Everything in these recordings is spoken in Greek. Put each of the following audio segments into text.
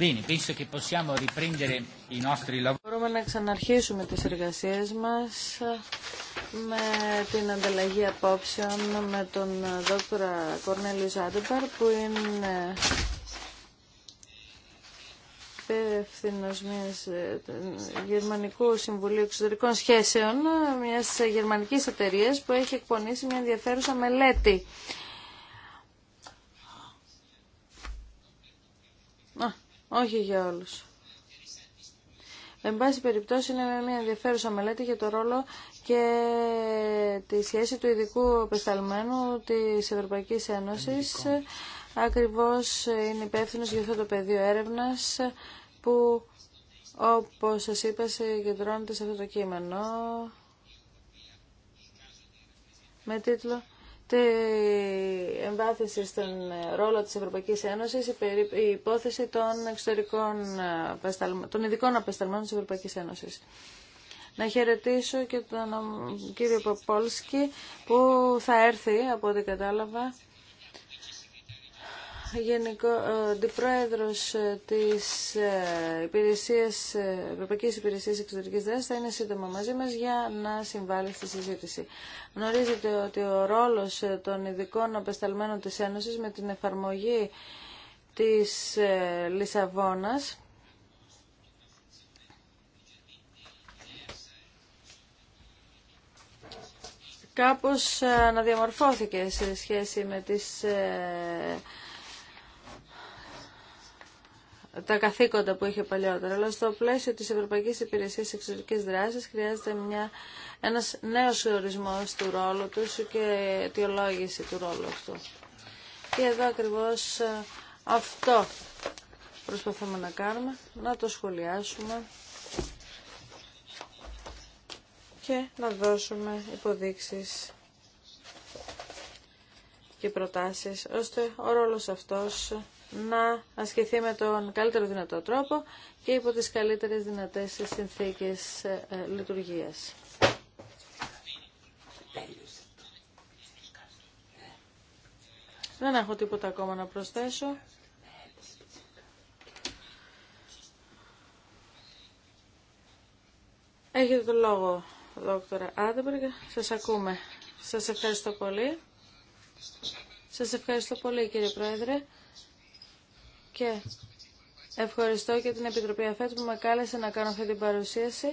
Bene, penso che Μπορούμε να ξαναρχίσουμε τις εργασίες μας με την ανταλλαγή απόψεων με τον δόκτωρα Κορνέλιο Ζάντεπαρ που είναι μιας ε, Γερμανικού Συμβουλίου Εξωτερικών Σχέσεων μιας γερμανικής εταιρείας που έχει εκπονήσει μια ενδιαφέρουσα μελέτη όχι για όλου. Εν πάση περιπτώσει είναι μια ενδιαφέρουσα μελέτη για το ρόλο και τη σχέση του ειδικού απεσταλμένου τη Ευρωπαϊκή Ένωση, ακριβώ είναι υπεύθυνο για αυτό το πεδίο έρευνα που όπω σα είπα συγκεντρώνεται σε αυτό το κείμενο με τίτλο τη εμβάθυνση στον ρόλο της Ευρωπαϊκής Ένωσης η υπόθεση των, εξωτερικών, των ειδικών απεσταλμών της Ευρωπαϊκής Ένωσης. Να χαιρετήσω και τον κύριο Ποπόλσκι που θα έρθει από ό,τι κατάλαβα Γενικό Αντιπρόεδρος ε, της ε, υπηρεσίας, ε, Ευρωπαϊκής Υπηρεσίας Εξωτερικής Δράσης θα είναι σύντομα μαζί μας για να συμβάλλει στη συζήτηση. Γνωρίζετε ότι ο ρόλος των ειδικών απεσταλμένων της Ένωσης με την εφαρμογή της Λισαβόνας κάπως αναδιαμορφώθηκε σε σχέση με τις τα καθήκοντα που είχε παλιότερα. Αλλά στο πλαίσιο της Ευρωπαϊκής Υπηρεσίας Εξωτερικής Δράσης χρειάζεται μια, ένας νέος ορισμός του ρόλου του και αιτιολόγηση του ρόλου αυτού. Και εδώ ακριβώς ε, αυτό προσπαθούμε να κάνουμε, να το σχολιάσουμε και να δώσουμε υποδείξεις και προτάσεις, ώστε ο ρόλος αυτός να ασκηθεί με τον καλύτερο δυνατό τρόπο και υπό τις καλύτερες δυνατές συνθήκες ε, ε, λειτουργίας. Δεν έχω τίποτα ακόμα να προσθέσω. Έχετε το λόγο, δόκτωρα Άντεμπεργκ. Σας ακούμε. Σας ευχαριστώ πολύ. Σας ευχαριστώ πολύ, κύριε Πρόεδρε. Και ευχαριστώ και την Επιτροπή ΑΦΕΤ που με κάλεσε να κάνω αυτή την παρουσίαση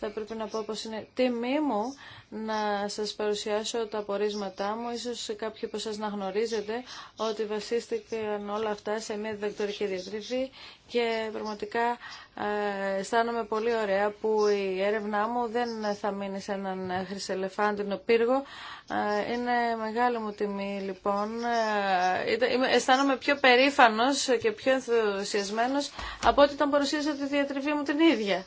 θα πρέπει να πω πως είναι τιμή μου να σας παρουσιάσω τα απορίσματά μου. Ίσως κάποιοι από σας να γνωρίζετε ότι βασίστηκαν όλα αυτά σε μια διδακτορική διατριβή και πραγματικά ε, αισθάνομαι πολύ ωραία που η έρευνά μου δεν θα μείνει σε έναν χρυσελεφάντινο πύργο. Ε, είναι μεγάλη μου τιμή λοιπόν. Ε, αισθάνομαι πιο περήφανος και πιο ενθουσιασμένος από ότι όταν παρουσίασα τη διατριβή μου την ίδια.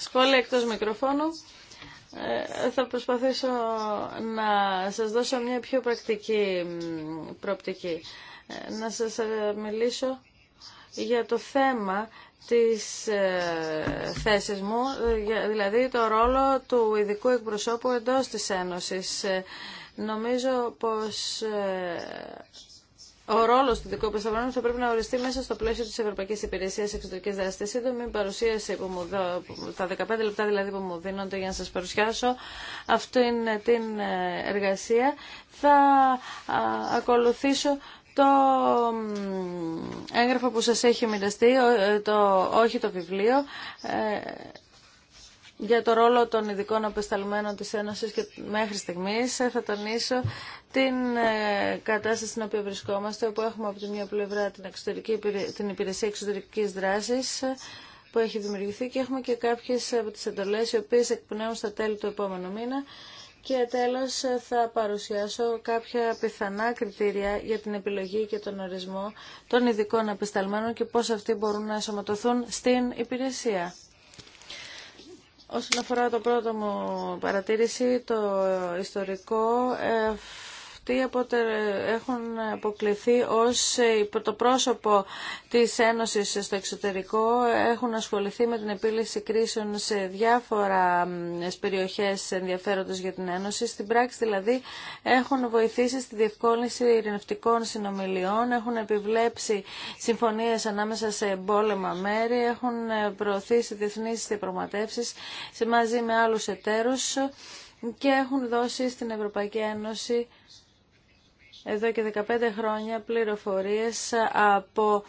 σχόλια εκτός μικροφώνου. Ε, θα προσπαθήσω να σας δώσω μια πιο πρακτική προοπτική. Ε, να σας ε, μιλήσω για το θέμα της θέσης μου, δηλαδή το ρόλο του ειδικού εκπροσώπου εντός της Ένωσης. Νομίζω πως ο ρόλο του δικού προστατευόμενου θα πρέπει να οριστεί μέσα στο πλαίσιο τη Ευρωπαϊκή Υπηρεσία Εξωτερική Δράση. Σύντομη παρουσίαση, που μου, τα 15 λεπτά δηλαδή που μου δίνονται για να σα παρουσιάσω αυτή την ε, εργασία, θα ακολουθήσω το έγγραφο που σας έχει μοιραστεί, ε, το, όχι το βιβλίο, ε, για το ρόλο των ειδικών απεσταλμένων της Ένωσης και μέχρι στιγμής ε, θα τονίσω την ε, κατάσταση στην οποία βρισκόμαστε, όπου έχουμε από τη μία πλευρά την, εξωτερική, την υπηρεσία εξωτερικής δράσης, ε, που έχει δημιουργηθεί και έχουμε και κάποιες από τις εντολές οι οποίες εκπνέουν στα τέλη του επόμενου μήνα και τέλος θα παρουσιάσω κάποια πιθανά κριτήρια για την επιλογή και τον ορισμό των ειδικών απεσταλμένων και πώς αυτοί μπορούν να εσωματωθούν στην υπηρεσία. Όσον αφορά το πρώτο μου παρατήρηση, το ιστορικό ε, αυτοί έχουν αποκληθεί ως ε, το πρόσωπο της Ένωσης στο εξωτερικό, έχουν ασχοληθεί με την επίλυση κρίσεων σε διάφορα περιοχές ενδιαφέροντος για την Ένωση. Στην πράξη δηλαδή έχουν βοηθήσει στη διευκόλυνση ειρηνευτικών συνομιλιών, έχουν επιβλέψει συμφωνίες ανάμεσα σε εμπόλεμα μέρη, έχουν ε, προωθήσει διεθνείς διαπραγματεύσεις μαζί με άλλους εταίρους και έχουν δώσει στην Ευρωπαϊκή Ένωση εδώ και 15 χρόνια πληροφορίες από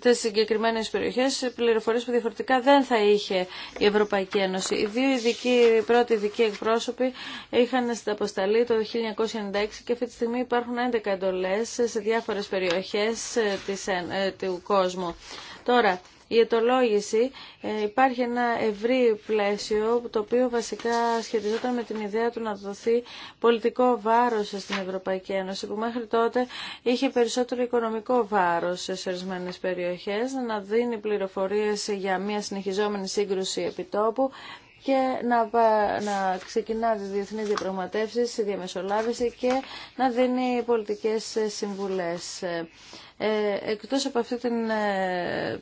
τι συγκεκριμένε περιοχέ, πληροφορίε που διαφορετικά δεν θα είχε η Ευρωπαϊκή Ένωση. Οι δύο ειδικοί, οι πρώτοι ειδικοί εκπρόσωποι είχαν στην αποσταλή το 1996 και αυτή τη στιγμή υπάρχουν 11 εντολέ σε διάφορε περιοχέ ε, ε, του κόσμου. Τώρα, η ετολόγηση ε, υπάρχει ένα ευρύ πλαίσιο το οποίο βασικά σχετιζόταν με την ιδέα του να δοθεί πολιτικό βάρος στην Ευρωπαϊκή Ένωση που μέχρι τότε είχε περισσότερο οικονομικό βάρος σε ορισμένε περιοχές να δίνει πληροφορίες για μια συνεχιζόμενη σύγκρουση επιτόπου και να, να ξεκινά τις διεθνείς διαπραγματεύσεις, η διαμεσολάβηση και να δίνει πολιτικές συμβουλές. Ε, εκτός από αυτή την ε,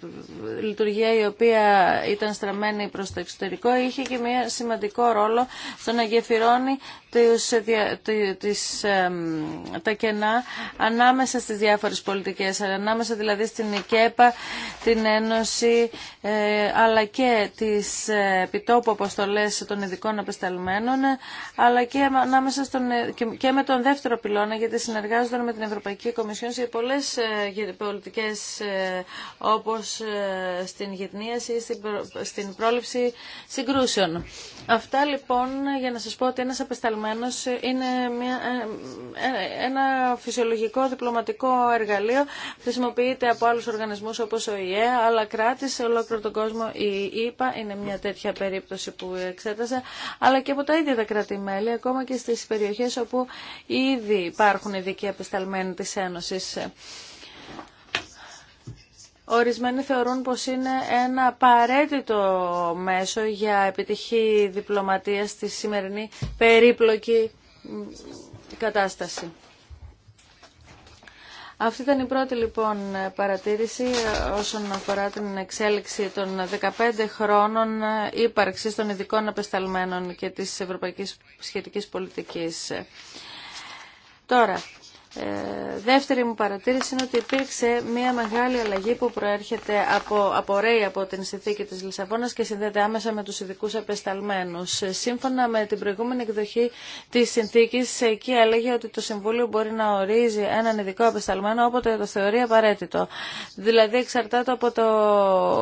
λειτουργία η οποία ήταν στραμμένη προς το εξωτερικό είχε και μια σημαντικό ρόλο στο να γεφυρώνει ε, τις, τα κενά ανάμεσα στις διάφορες πολιτικές ανάμεσα δηλαδή στην ΚΕΠΑ την Ένωση αλλά και τις επιτόπου αποστολές των ειδικών απεσταλμένων αλλά και, ανάμεσα στον, και, με τον δεύτερο πυλώνα γιατί συνεργάζονταν με την Ευρωπαϊκή Κομισιόν σε πολλές πολιτικές ε, όπως ε, στην γυρνίαση ή στην πρόληψη συγκρούσεων. Αυτά λοιπόν για να σας πω ότι ένας απεσταλμένος είναι μια, ε, ένα φυσιολογικό διπλωματικό εργαλείο χρησιμοποιείται από άλλους οργανισμούς όπως ο ΙΕ, άλλα κράτη σε ολόκληρο τον κόσμο η ΙΠΑ. είναι μια τέτοια περίπτωση που εξέτασα αλλά και από τα ίδια τα κράτη-μέλη ακόμα και στις περιοχές όπου ήδη υπάρχουν ειδικοί απεσταλμένοι της Ένωσης. Ορισμένοι θεωρούν πως είναι ένα απαραίτητο μέσο για επιτυχή διπλωματίας στη σημερινή περίπλοκη κατάσταση. Αυτή ήταν η πρώτη λοιπόν παρατήρηση όσον αφορά την εξέλιξη των 15 χρόνων ύπαρξης των ειδικών απεσταλμένων και της ευρωπαϊκής σχετικής πολιτικής. Τώρα, ε, δεύτερη μου παρατήρηση είναι ότι υπήρξε μια μεγάλη αλλαγή που προέρχεται από, ρέη από την συνθήκη της Λισαβόνας και συνδέεται άμεσα με τους ειδικού απεσταλμένους. Ε, σύμφωνα με την προηγούμενη εκδοχή της συνθήκης, εκεί έλεγε ότι το Συμβούλιο μπορεί να ορίζει έναν ειδικό απεσταλμένο όποτε το θεωρεί απαραίτητο. Δηλαδή εξαρτάται από το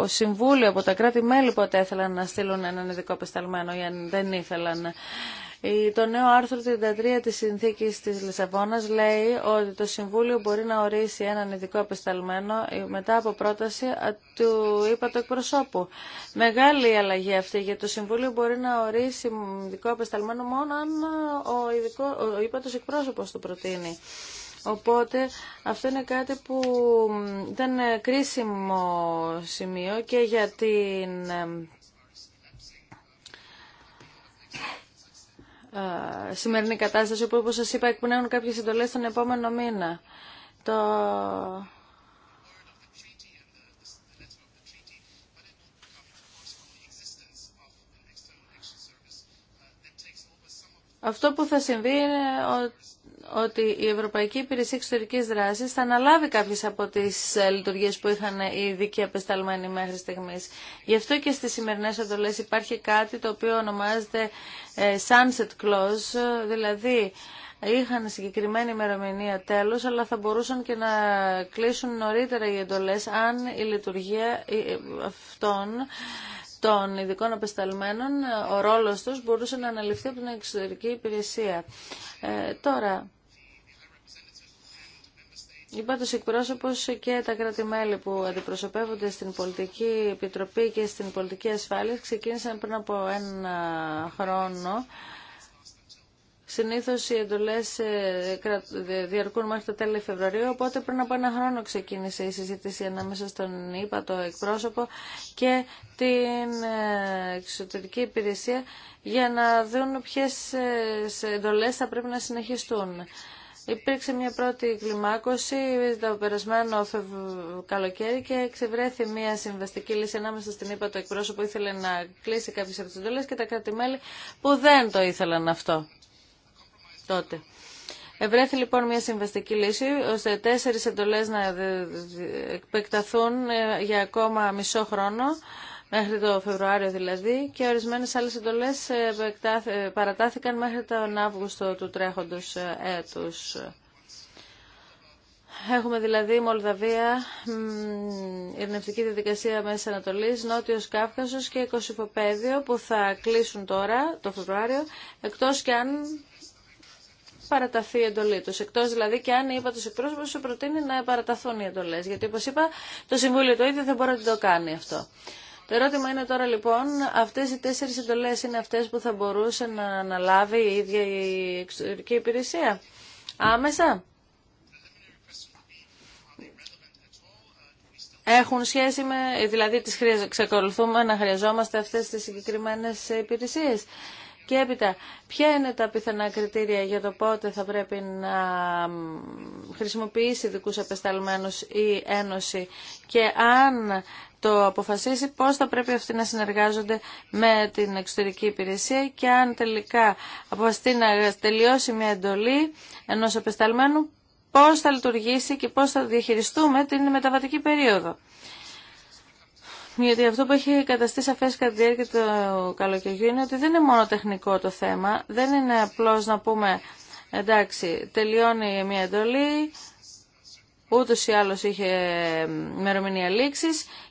Συμβούλιο, από τα κράτη-μέλη που έθελαν να στείλουν έναν ειδικό απεσταλμένο ή αν δεν ήθελαν. Το νέο άρθρο 33 της Συνθήκης της Λισαβόνας λέει ότι το Συμβούλιο μπορεί να ορίσει έναν ειδικό απεσταλμένο μετά από πρόταση του είπα το εκπροσώπου. Μεγάλη αλλαγή αυτή γιατί το Συμβούλιο μπορεί να ορίσει ειδικό απεσταλμένο μόνο αν ο, ειδικό, ο είπατος εκπρόσωπος το προτείνει. Οπότε αυτό είναι κάτι που ήταν κρίσιμο σημείο και για την Ε, σημερινή κατάσταση που όπως σας είπα εκπνέουν κάποιες εντολές τον επόμενο μήνα. Το... Αυτό που θα συμβεί είναι ότι ότι η Ευρωπαϊκή Υπηρεσία Εξωτερική Δράση θα αναλάβει κάποιε από τι ε, λειτουργίε που είχαν οι ειδικοί απεσταλμένοι μέχρι στιγμή. Γι' αυτό και στι σημερινέ εντολέ υπάρχει κάτι το οποίο ονομάζεται ε, sunset clause, δηλαδή είχαν συγκεκριμένη ημερομηνία τέλο, αλλά θα μπορούσαν και να κλείσουν νωρίτερα οι εντολέ αν η λειτουργία ε, αυτών των ειδικών απεσταλμένων, ο ρόλος τους μπορούσε να αναλυφθεί από την εξωτερική υπηρεσία. Ε, τώρα, Είπατε εκπρόσωπος και τα κράτη-μέλη που αντιπροσωπεύονται στην Πολιτική Επιτροπή και στην Πολιτική Ασφάλεια ξεκίνησαν πριν από ένα χρόνο Συνήθως οι εντολές ε, διαρκούν μέχρι το τέλος Φεβρουαρίου, οπότε πριν από ένα χρόνο ξεκίνησε η συζήτηση ανάμεσα στον ΙΠΑ, το εκπρόσωπο και την ε, εξωτερική υπηρεσία για να δουν ποιες ε, εντολές θα πρέπει να συνεχιστούν. Υπήρξε μια πρώτη κλιμάκωση το περασμένο καλοκαίρι και εξευρέθη μια συμβαστική λύση ανάμεσα στην ΕΠΑ το εκπρόσωπο ήθελε να κλείσει κάποιες από τις εντολές και τα κράτη-μέλη που δεν το ήθελαν αυτό τότε. Ευρέθη λοιπόν μια συμβαστική λύση ώστε τέσσερις εντολές να επεκταθούν ε, για ακόμα μισό χρόνο μέχρι το Φεβρουάριο δηλαδή, και ορισμένε άλλε εντολές ε, ε, παρατάθηκαν μέχρι τον Αύγουστο του τρέχοντος ε, έτους. Έχουμε δηλαδή Μολδαβία, ειρνευτική διαδικασία Μέση Ανατολή, Νότιο Κάφκασο και Κωσυφοπαίδιο που θα κλείσουν τώρα το Φεβρουάριο, εκτό και αν παραταθεί η εντολή του. Εκτό δηλαδή και αν είπα του εκπρόσωπου σου προτείνει να παραταθούν οι εντολέ. Γιατί όπω είπα, το Συμβούλιο το ίδιο δεν μπορεί να το κάνει αυτό. Το ερώτημα είναι τώρα λοιπόν, αυτές οι τέσσερις εντολές είναι αυτές που θα μπορούσε να αναλάβει η ίδια η εξωτερική υπηρεσία. Άμεσα. Έχουν σχέση με, δηλαδή τις χρειαζ, ξεκολουθούμε να χρειαζόμαστε αυτές τις συγκεκριμένες υπηρεσίες. Και έπειτα, ποια είναι τα πιθανά κριτήρια για το πότε θα πρέπει να χρησιμοποιήσει δικούς απεσταλμένους η Ένωση και αν το αποφασίσει πώς θα πρέπει αυτοί να συνεργάζονται με την εξωτερική υπηρεσία και αν τελικά αποφασιστεί να τελειώσει μια εντολή ενός απεσταλμένου πώς θα λειτουργήσει και πώς θα διαχειριστούμε την μεταβατική περίοδο γιατί αυτό που έχει καταστεί σαφές κατά τη διάρκεια του καλοκαιριού είναι ότι δεν είναι μόνο τεχνικό το θέμα, δεν είναι απλώ να πούμε εντάξει τελειώνει μια εντολή, ούτως ή άλλω είχε ημερομηνία λήξη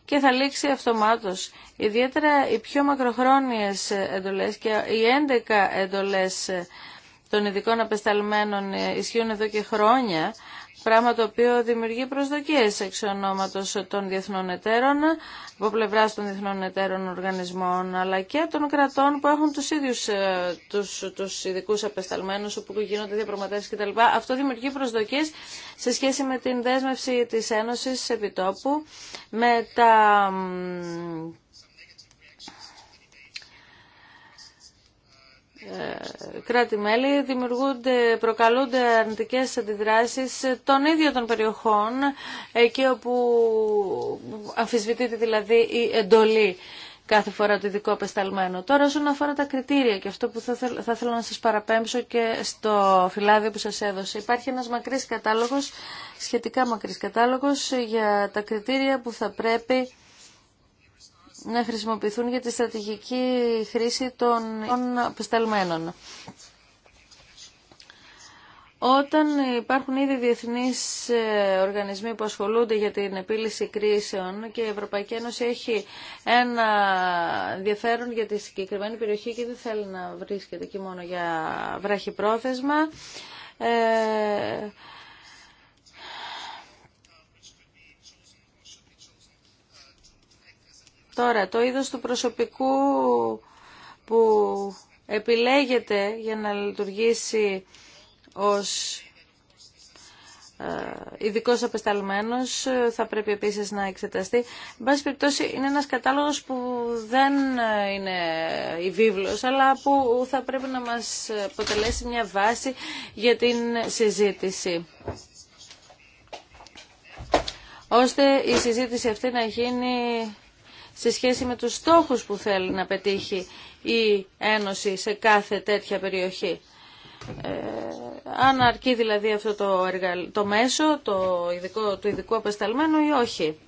και θα λήξει αυτομάτως. Ιδιαίτερα οι πιο μακροχρόνιε εντολέ και οι 11 εντολέ των ειδικών απεσταλμένων ισχύουν εδώ και χρόνια Πράγμα το οποίο δημιουργεί προσδοκίες εξ ονόματος των διεθνών εταίρων, από πλευρά των διεθνών εταίρων οργανισμών, αλλά και των κρατών που έχουν τους ίδιους ε, τους, τους ειδικούς απεσταλμένους, όπου γίνονται διαπραγματεύσεις κτλ. Αυτό δημιουργεί προσδοκίες σε σχέση με την δέσμευση της Ένωσης επιτόπου, με τα Ε, κράτη-μέλη δημιουργούνται, προκαλούνται αρνητικές αντιδράσεις των ίδιων των περιοχών, εκεί όπου αμφισβητείται δηλαδή η εντολή κάθε φορά το ειδικό απεσταλμένο. Τώρα όσον αφορά τα κριτήρια και αυτό που θα, θέλ, θέλω να σας παραπέμψω και στο φυλάδιο που σας έδωσε. Υπάρχει ένας μακρύς κατάλογος, σχετικά μακρύς κατάλογος για τα κριτήρια που θα πρέπει να χρησιμοποιηθούν για τη στρατηγική χρήση των απεσταλμένων. Όταν υπάρχουν ήδη διεθνείς ε, οργανισμοί που ασχολούνται για την επίλυση κρίσεων και η Ευρωπαϊκή Ένωση έχει ένα ενδιαφέρον για τη συγκεκριμένη περιοχή και δεν θέλει να βρίσκεται εκεί μόνο για βράχη πρόθεσμα, ε, Τώρα, το είδος του προσωπικού που επιλέγεται για να λειτουργήσει ως ε, ειδικό απεσταλμένο ε, θα πρέπει επίσης να εξεταστεί. Εν πάση περιπτώσει, είναι ένας κατάλογος που δεν ε, είναι η βίβλο, αλλά που θα πρέπει να μας αποτελέσει μια βάση για την συζήτηση. Ώστε η συζήτηση αυτή να γίνει σε σχέση με τους στόχους που θέλει να πετύχει η Ένωση σε κάθε τέτοια περιοχή. Ε, αν αρκεί δηλαδή αυτό το, το μέσο το ειδικό, του ειδικού απεσταλμένου ή όχι.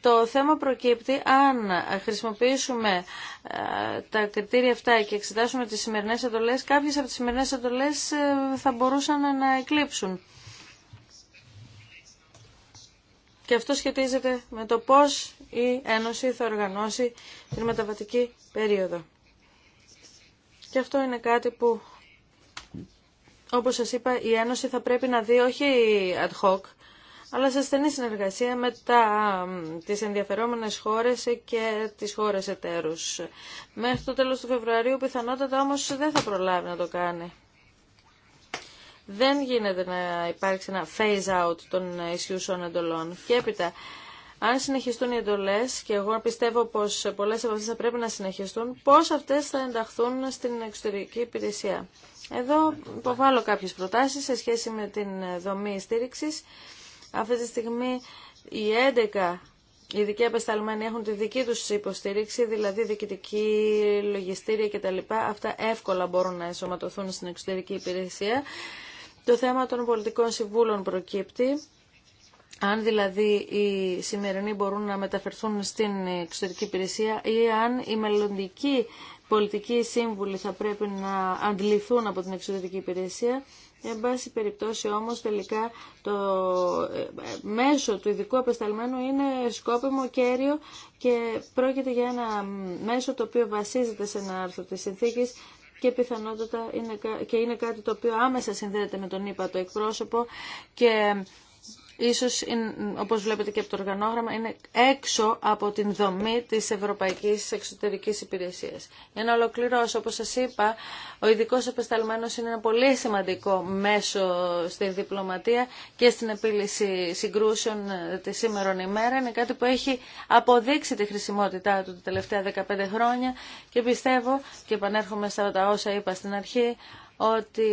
Το θέμα προκύπτει αν χρησιμοποιήσουμε ε, τα κριτήρια αυτά και εξετάσουμε τις σημερινές εντολές, κάποιες από τις σημερινές εντολές ε, θα μπορούσαν να εκλείψουν. και αυτό σχετίζεται με το πώς η Ένωση θα οργανώσει την μεταβατική περίοδο. Και αυτό είναι κάτι που, όπως σας είπα, η Ένωση θα πρέπει να δει όχι ad hoc, αλλά σε στενή συνεργασία με τα, τις ενδιαφερόμενες χώρες και τις χώρες εταίρους. Μέχρι το τέλος του Φεβρουαρίου πιθανότατα όμως δεν θα προλάβει να το κάνει. Δεν γίνεται να υπάρξει ένα phase out των ισχυούσων εντολών. Και έπειτα, αν συνεχιστούν οι εντολέ, και εγώ πιστεύω πω πολλέ από αυτέ θα πρέπει να συνεχιστούν, πώ αυτέ θα ενταχθούν στην εξωτερική υπηρεσία. Εδώ υποβάλλω κάποιε προτάσει σε σχέση με την δομή στήριξη. Αυτή τη στιγμή οι 11 οι ειδικοί απεσταλμένοι έχουν τη δική τους υποστήριξη, δηλαδή διοικητική, λογιστήρια κτλ. Αυτά εύκολα μπορούν να ενσωματωθούν στην εξωτερική υπηρεσία. Το θέμα των πολιτικών συμβούλων προκύπτει. Αν δηλαδή οι σημερινοί μπορούν να μεταφερθούν στην εξωτερική υπηρεσία ή αν οι μελλοντικοί πολιτικοί σύμβουλοι θα πρέπει να αντληθούν από την εξωτερική υπηρεσία. Εν πάση περιπτώσει όμως τελικά το ε, μέσο του ειδικού απεσταλμένου είναι σκόπιμο, κέριο και πρόκειται για ένα μέσο το οποίο βασίζεται σε ένα άρθρο της συνθήκης και πιθανότατα είναι, και είναι κάτι το οποίο άμεσα συνδέεται με τον ύπατο εκπρόσωπο και ίσως, όπως βλέπετε και από το οργανόγραμμα, είναι έξω από την δομή της Ευρωπαϊκής Εξωτερικής Υπηρεσίας. Για να ολοκληρώσω, όπως σας είπα, ο ειδικό επεσταλμένος είναι ένα πολύ σημαντικό μέσο στη διπλωματία και στην επίλυση συγκρούσεων τη σήμερων ημέρα. Είναι κάτι που έχει αποδείξει τη χρησιμότητά του τα τελευταία 15 χρόνια και πιστεύω, και επανέρχομαι στα όσα είπα στην αρχή, ότι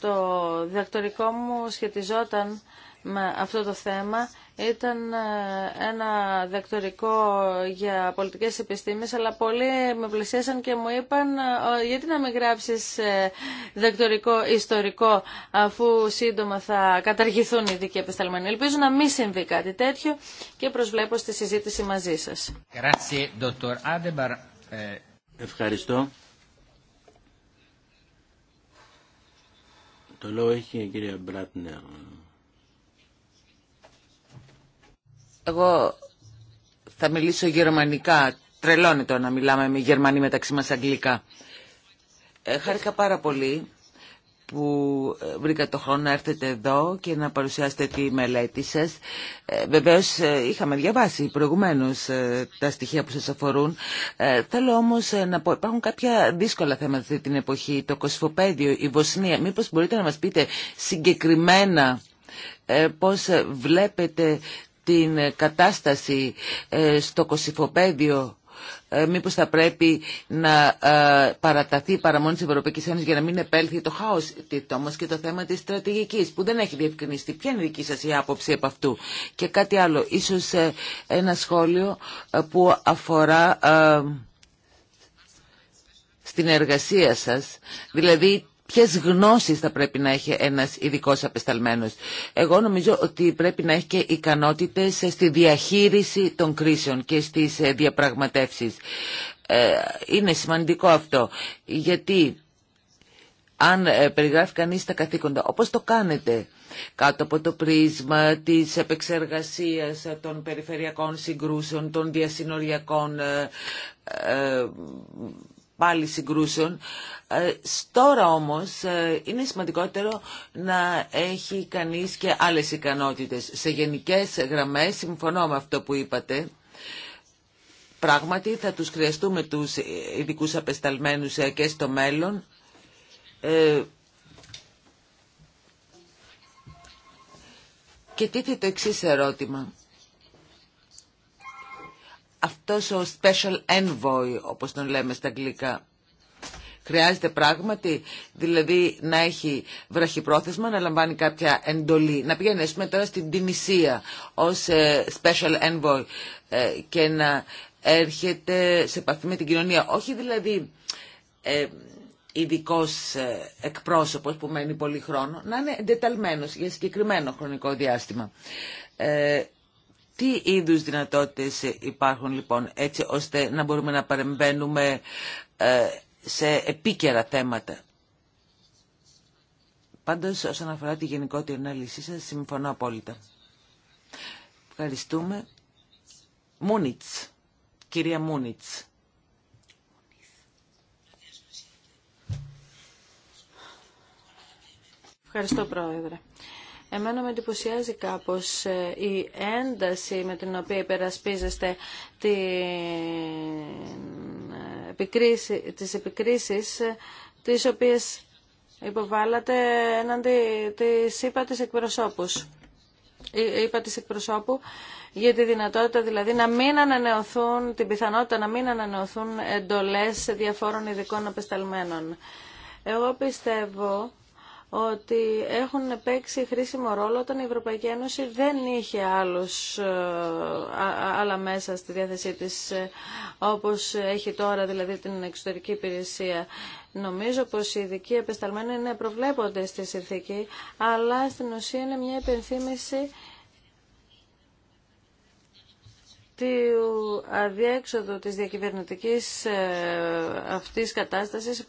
το διδακτορικό μου σχετιζόταν με αυτό το θέμα ήταν ε, ένα δεκτορικό για πολιτικές επιστήμες, αλλά πολλοί με πλησίασαν και μου είπαν ε, γιατί να μην γράψεις ε, δεκτορικό ιστορικό αφού σύντομα θα καταργηθούν οι δικοί επισταλμένοι. Ελπίζω να μην συμβεί κάτι τέτοιο και προσβλέπω στη συζήτηση μαζί σας. Ευχαριστώ. Το λόγο έχει η κυρία Μπράτνερ. Εγώ θα μιλήσω γερμανικά. Τρελώνει το να μιλάμε με Γερμανοί μεταξύ μας αγγλικά. Ε, χάρηκα πάρα πολύ που ε, βρήκα το χρόνο να έρθετε εδώ και να παρουσιάσετε τη μελέτη σας. Ε, βεβαίως ε, είχαμε διαβάσει προηγουμένως τα στοιχεία που σας αφορούν. θέλω όμως να πω, υπάρχουν κάποια δύσκολα θέματα αυτή την εποχή. Το Κοσφοπέδιο, η Βοσνία. Μήπως μπορείτε να μας πείτε συγκεκριμένα πώς βλέπετε την ε, κατάσταση ε, στο κοσυφοπέδιο ε, μήπως θα πρέπει να παραταθεί η παραμονή της Ευρωπαϊκής Ένωσης για να μην επέλθει το χάος όμως και το θέμα της στρατηγικής που δεν έχει διευκρινιστεί. Ποια είναι η δική σας η άποψη από αυτού. Και κάτι άλλο, ίσως ένα σχόλιο που αφορά στην εργασία σας, δηλαδή ποιες γνώσεις θα πρέπει να έχει ένας ειδικό απεσταλμένος. Εγώ νομίζω ότι πρέπει να έχει και ικανότητες στη διαχείριση των κρίσεων και στις ε, διαπραγματεύσεις. Ε, είναι σημαντικό αυτό, γιατί αν ε, περιγράφει κανείς τα καθήκοντα, όπως το κάνετε, κάτω από το πρίσμα της επεξεργασίας των περιφερειακών συγκρούσεων, των διασυνοριακών πάλι συγκρούσεων. Ε, τώρα όμως ε, είναι σημαντικότερο να έχει κανείς και άλλες ικανότητες. Σε γενικές γραμμές συμφωνώ με αυτό που είπατε. Πράγματι θα τους χρειαστούμε τους ειδικού απεσταλμένους ε, και στο μέλλον. Και τίθεται το εξής ερώτημα αυτός ο special envoy, όπως τον λέμε στα αγγλικά, Χρειάζεται πράγματι, δηλαδή να έχει βραχυπρόθεσμα, να λαμβάνει κάποια εντολή. Να πηγαίνει, ας πούμε, τώρα στην Τινησία ως ε, special envoy ε, και να έρχεται σε επαφή με την κοινωνία. Όχι δηλαδή ε, ειδικό ε, εκπρόσωπος που μένει πολύ χρόνο, να είναι εντεταλμένος για συγκεκριμένο χρονικό διάστημα. Τι είδους δυνατότητες υπάρχουν λοιπόν έτσι ώστε να μπορούμε να παρεμβαίνουμε ε, σε επίκαιρα θέματα. Πάντως όσον αφορά τη γενικότερη ανάλυση σας συμφωνώ απόλυτα. Ευχαριστούμε. Μούνιτς. Κυρία Μούνιτς. Ευχαριστώ πρόεδρε. Εμένα με εντυπωσιάζει κάπως ε, η ένταση με την οποία υπερασπίζεστε την... Ε, τις επικρίσεις ε, τις οποίες υποβάλλατε έναντι της είπα της εκπροσώπους. Είπα της εκπροσώπου για τη δυνατότητα δηλαδή να μην ανανεωθούν, την πιθανότητα να μην ανανεωθούν εντολές διαφόρων ειδικών απεσταλμένων. Εγώ πιστεύω ότι έχουν παίξει χρήσιμο ρόλο όταν η Ευρωπαϊκή Ένωση δεν είχε άλλους, ε, άλλα μέσα στη διάθεσή της ε, όπως έχει τώρα δηλαδή την εξωτερική υπηρεσία. Νομίζω πως οι ειδικοί επεσταλμένοι είναι προβλέπονται στη συνθήκη, αλλά στην ουσία είναι μια υπενθύμηση του αδιέξοδο της διακυβερνητικής ε, αυτής κατάστασης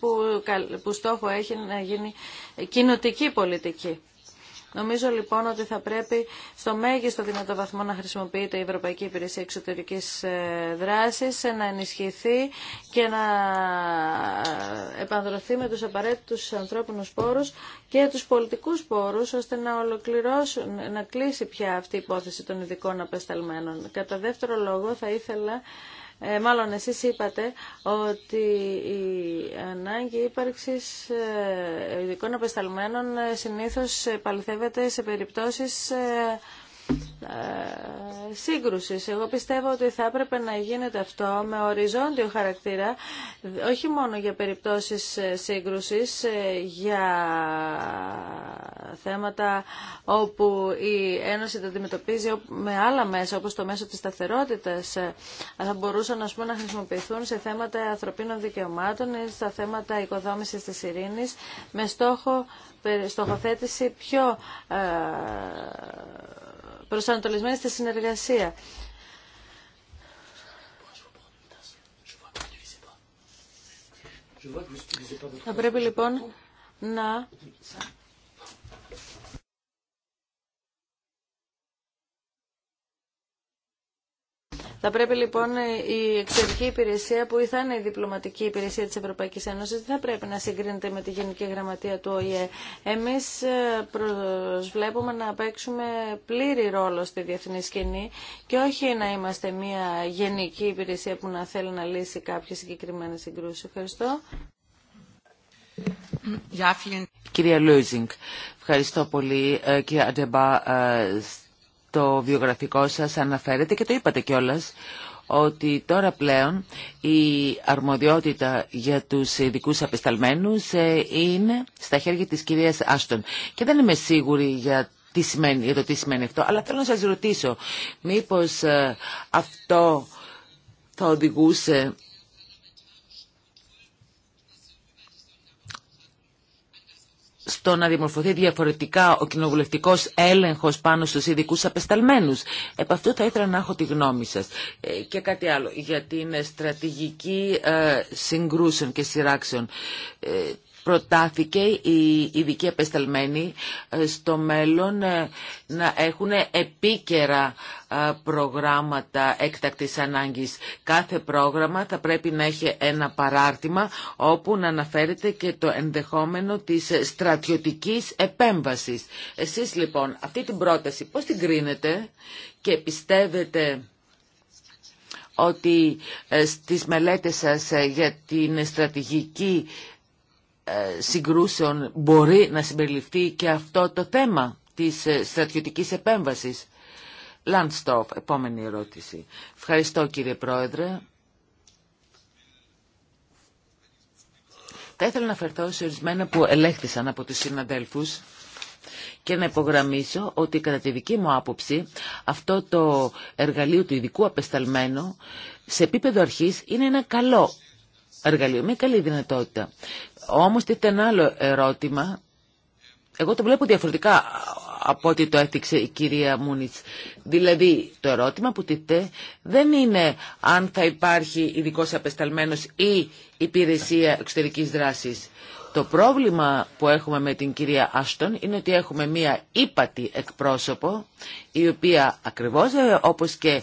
που στόχο έχει να γίνει κοινοτική πολιτική. Νομίζω λοιπόν ότι θα πρέπει στο μέγιστο δυνατό βαθμό να χρησιμοποιείται η Ευρωπαϊκή Υπηρεσία Εξωτερικής ε, Δράσης, ε, να ενισχυθεί και να ε, επανδρωθεί με τους απαραίτητους ανθρώπινους πόρους και τους πολιτικούς πόρους, ώστε να ολοκληρώσουν, να κλείσει πια αυτή η υπόθεση των ειδικών απεσταλμένων. Κατά δεύτερο λόγο θα ήθελα ε, μάλλον εσείς είπατε ότι η ανάγκη ύπαρξης ε, ειδικών απεσταλμένων ε, συνήθως ε, παληθεύεται σε περιπτώσεις ε, σύγκρουσης. Εγώ πιστεύω ότι θα έπρεπε να γίνεται αυτό με οριζόντιο χαρακτήρα, όχι μόνο για περιπτώσεις ε, σύγκρουσης, ε, για θέματα όπου η Ένωση τα αντιμετωπίζει με άλλα μέσα, όπως το μέσο της σταθερότητας, θα μπορούσαν πούμε, να χρησιμοποιηθούν σε θέματα ανθρωπίνων δικαιωμάτων ή στα θέματα οικοδόμησης της ειρήνης, με στόχο στοχοθέτηση πιο προσανατολισμένη στη συνεργασία. Θα πρέπει λοιπόν να Θα πρέπει λοιπόν η εξωτερική υπηρεσία που θα είναι η διπλωματική υπηρεσία της Ευρωπαϊκής Ένωσης δεν θα πρέπει να συγκρίνεται με τη Γενική Γραμματεία του ΟΗΕ. Εμείς ε, προσβλέπουμε να παίξουμε πλήρη ρόλο στη διεθνή σκηνή και όχι να είμαστε μια γενική υπηρεσία που να θέλει να λύσει κάποιες συγκεκριμένες συγκρούσεις. Ευχαριστώ. Κυρία Λούζινγκ, ευχαριστώ πολύ. Ε, Αντεμπά, ε, το βιογραφικό σας αναφέρεται και το είπατε κιόλας ότι τώρα πλέον η αρμοδιότητα για τους ειδικού απεσταλμένους ε, είναι στα χέρια της κυρίας Άστον. Και δεν είμαι σίγουρη για, τι σημαίνει, για το τι σημαίνει αυτό, αλλά θέλω να σας ρωτήσω μήπως ε, αυτό θα οδηγούσε στο να διαμορφωθεί διαφορετικά ο κοινοβουλευτικό έλεγχο πάνω στου ειδικού απεσταλμένου. Επ' αυτού θα ήθελα να έχω τη γνώμη σα. Ε, και κάτι άλλο για την στρατηγική ε, συγκρούσεων και σειράξεων. Ε, προτάθηκε οι ειδικοί επεσταλμένοι ε, στο μέλλον ε, να έχουν επίκαιρα ε, προγράμματα έκτακτης ανάγκης. Κάθε πρόγραμμα θα πρέπει να έχει ένα παράρτημα όπου να αναφέρεται και το ενδεχόμενο της στρατιωτικής επέμβασης. Εσείς λοιπόν αυτή την πρόταση πώς την κρίνετε και πιστεύετε ότι στις μελέτες σας για την στρατηγική ε, συγκρούσεων μπορεί να συμπεριληφθεί και αυτό το θέμα της ε, στρατιωτικής επέμβασης. Λαντστοφ, επόμενη ερώτηση. Ευχαριστώ κύριε Πρόεδρε. Θα ήθελα να φερθώ σε ορισμένα που ελέγχθησαν από τους συναδέλφους και να υπογραμμίσω ότι κατά τη δική μου άποψη αυτό το εργαλείο του ειδικού απεσταλμένου σε επίπεδο αρχής είναι ένα καλό εργαλείο, μια καλή δυνατότητα. Όμως τίθεται ένα άλλο ερώτημα. Εγώ το βλέπω διαφορετικά από ό,τι το έθιξε η κυρία Μούνιτς. Δηλαδή το ερώτημα που τίθε δεν είναι αν θα υπάρχει ειδικό απεσταλμένος ή υπηρεσία εξωτερικής δράσης. Το πρόβλημα που έχουμε με την κυρία Άστον είναι ότι έχουμε μία ύπατη εκπρόσωπο η οποία ακριβώς ε, όπως και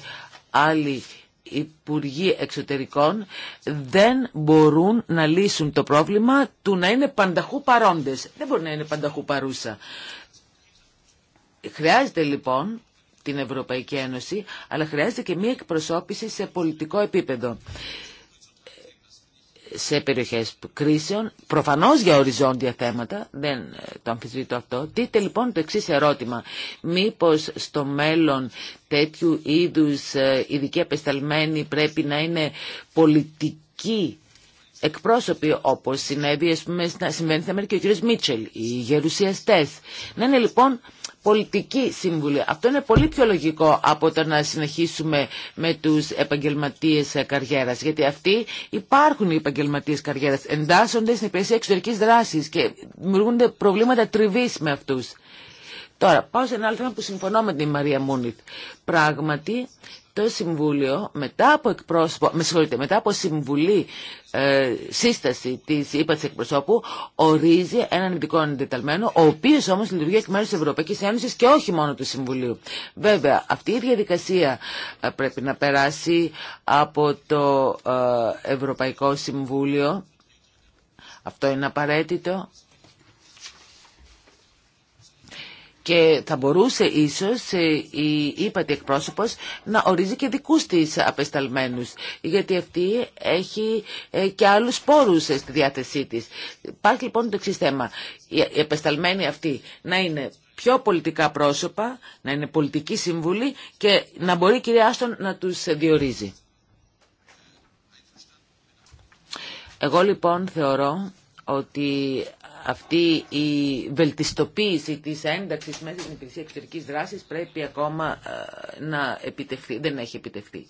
άλλοι Υπουργοί Εξωτερικών δεν μπορούν να λύσουν το πρόβλημα του να είναι πανταχού παρόντες. Δεν μπορεί να είναι πανταχού παρούσα. Χρειάζεται λοιπόν την Ευρωπαϊκή Ένωση, αλλά χρειάζεται και μία εκπροσώπηση σε πολιτικό επίπεδο σε περιοχές κρίσεων, προφανώς για οριζόντια θέματα, δεν ε, το αμφισβήτω αυτό. Δείτε λοιπόν το εξής ερώτημα. Μήπως στο μέλλον τέτοιου είδους ε, ειδικοί απεσταλμένοι πρέπει να είναι πολιτικοί εκπρόσωποι όπως συνέβη, ας πούμε, συμβαίνει στην Αμερική, ο κ. Μίτσελ, οι γερουσιαστές. Να είναι λοιπόν πολιτική σύμβουλη. Αυτό είναι πολύ πιο λογικό από το να συνεχίσουμε με τους επαγγελματίες καριέρας. Γιατί αυτοί υπάρχουν οι επαγγελματίες καριέρας, εντάσσονται στην υπηρεσία εξωτερικής δράσης και δημιουργούνται προβλήματα τριβής με αυτούς. Τώρα, πάω σε ένα άλλο θέμα που συμφωνώ με την Μαρία Μούνιθ. Πράγματι, το Συμβούλιο μετά από εκπρόσωπο, με συγχωρείτε, μετά από συμβουλή ε, σύσταση της ύπαρξη εκπροσώπου ορίζει έναν ειδικό αντιταλμένο, ο οποίος όμως λειτουργεί εκ μέρους της Ευρωπαϊκής Ένωσης και όχι μόνο του Συμβουλίου. Βέβαια, αυτή η διαδικασία ε, πρέπει να περάσει από το ε, Ευρωπαϊκό Συμβούλιο. Αυτό είναι απαραίτητο. και θα μπορούσε ίσως ε, η ύπατη εκπρόσωπος να ορίζει και δικούς της απεσταλμένους γιατί αυτή έχει ε, και άλλους πόρους ε, στη διάθεσή της. Υπάρχει λοιπόν το εξή θέμα. Οι απεσταλμένοι αυτοί να είναι πιο πολιτικά πρόσωπα, να είναι πολιτικοί σύμβουλοι και να μπορεί η κυρία Άστον να τους διορίζει. Εγώ λοιπόν θεωρώ ότι αυτή η βελτιστοποίηση της ένταξης μέσα στην υπηρεσία εξωτερικής δράσης πρέπει ακόμα ε, να επιτευχθεί. Δεν έχει επιτευχθεί.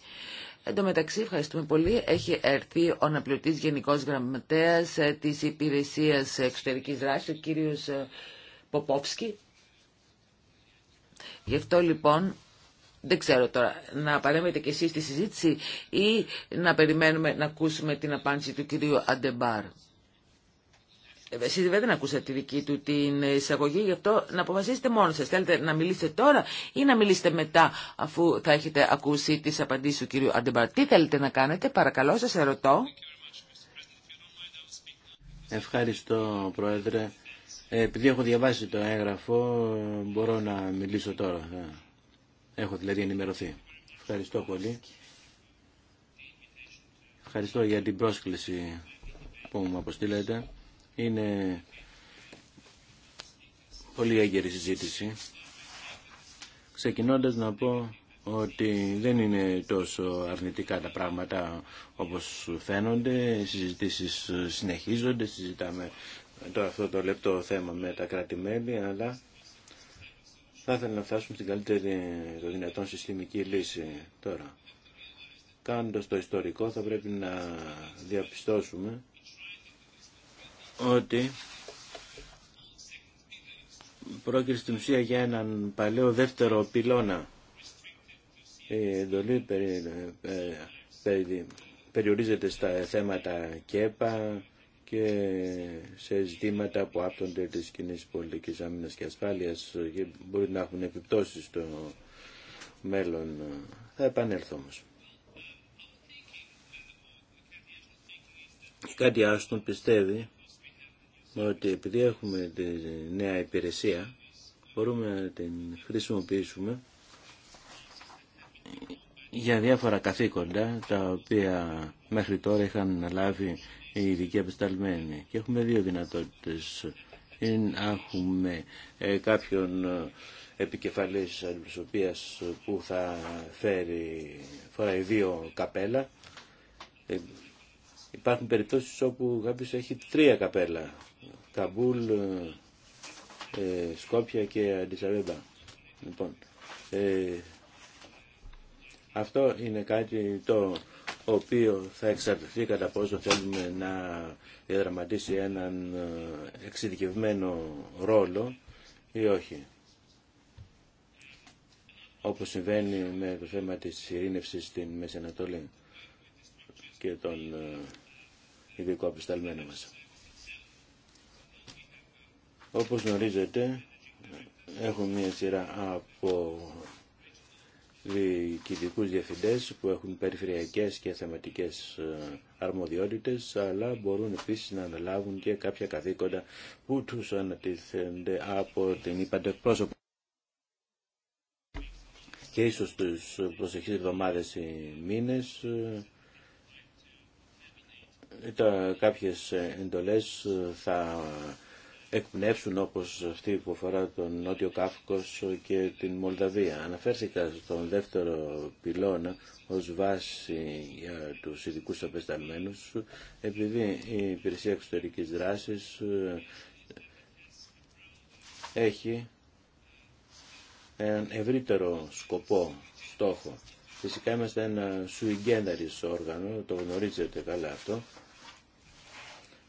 Εν τω μεταξύ, ευχαριστούμε πολύ. Έχει έρθει ο αναπληρωτή Γενικό Γραμματέα ε, της Υπηρεσία εξωτερικής δράσης, ο κύριο ε, Ποπόφσκι. Γι' αυτό λοιπόν δεν ξέρω τώρα, να παρέμετε και εσείς στη συζήτηση ή να περιμένουμε να ακούσουμε την απάντηση του κυρίου Αντεμπάρ. Εσείς δεν ακούσατε τη δική του την εισαγωγή, γι' αυτό να αποφασίσετε μόνο σας. Θέλετε να μιλήσετε τώρα ή να μιλήσετε μετά, αφού θα έχετε ακούσει τι απαντήσει του κύριου Αντεμπαρ. Τι θέλετε να κάνετε, παρακαλώ, σα ερωτώ. Ευχαριστώ, Πρόεδρε. Ε, επειδή έχω διαβάσει το έγγραφο, μπορώ να μιλήσω τώρα. Ε, έχω δηλαδή ενημερωθεί. Ευχαριστώ πολύ. Ευχαριστώ για την πρόσκληση που μου αποστήλετε. Είναι πολύ έγκαιρη συζήτηση. Ξεκινώντας να πω ότι δεν είναι τόσο αρνητικά τα πράγματα όπως φαίνονται. Οι συζητήσεις συνεχίζονται, συζητάμε τώρα αυτό το λεπτό θέμα με τα κρατη αλλά θα ήθελα να φτάσουμε στην καλύτερη το δυνατόν συστημική λύση τώρα. Κάνοντας το ιστορικό θα πρέπει να διαπιστώσουμε ότι πρόκειται στην ουσία για έναν παλαιό δεύτερο πυλώνα. Η εντολή ε, περιορίζεται στα θέματα ΚΕΠΑ και σε ζητήματα που άπτονται της κοινή πολιτικής άμυνας και ασφάλειας και μπορεί να έχουν επιπτώσεις στο μέλλον. Θα επανέλθω όμως. Κάτι άστον πιστεύει ότι επειδή έχουμε τη νέα υπηρεσία μπορούμε να την χρησιμοποιήσουμε για διάφορα καθήκοντα τα οποία μέχρι τώρα είχαν λάβει οι ειδικοί απεσταλμένοι. Και έχουμε δύο δυνατότητες. Έχουμε ε, κάποιον ε, επικεφαλής αντιπροσωπείας που θα φέρει φοράει δύο καπέλα. Ε, υπάρχουν περιπτώσεις όπου κάποιος έχει τρία καπέλα Καμπούλ, ε, ε, Σκόπια και Αντισαβέμπα. Λοιπόν, ε, αυτό είναι κάτι το οποίο θα εξαρτηθεί κατά πόσο θέλουμε να διαδραματίσει έναν εξειδικευμένο ρόλο ή όχι. Όπως συμβαίνει με το θέμα της ειρήνευσης στην Μέση Ανατολή και των ειδικό απεσταλμένο μας. Όπως γνωρίζετε, έχουν μια σειρά από διοικητικούς διευθυντές που έχουν περιφερειακές και θεματικές ε, αρμοδιότητες, αλλά μπορούν επίσης να αναλάβουν και κάποια καθήκοντα που τους ανατίθενται από την είπατε Και ίσως τους προσεχείς εβδομάδες ή μήνες ε, τα κάποιες εντολές θα εκπνεύσουν όπως αυτή που αφορά τον Νότιο Κάφκος και την Μολδαβία. Αναφέρθηκα στον δεύτερο πυλώνα ως βάση για τους ειδικούς απεσταλμένους επειδή η Υπηρεσία Εξωτερικής Δράσης ε, έχει έναν ευρύτερο σκοπό, στόχο. Φυσικά είμαστε ένα generis όργανο, το γνωρίζετε καλά αυτό,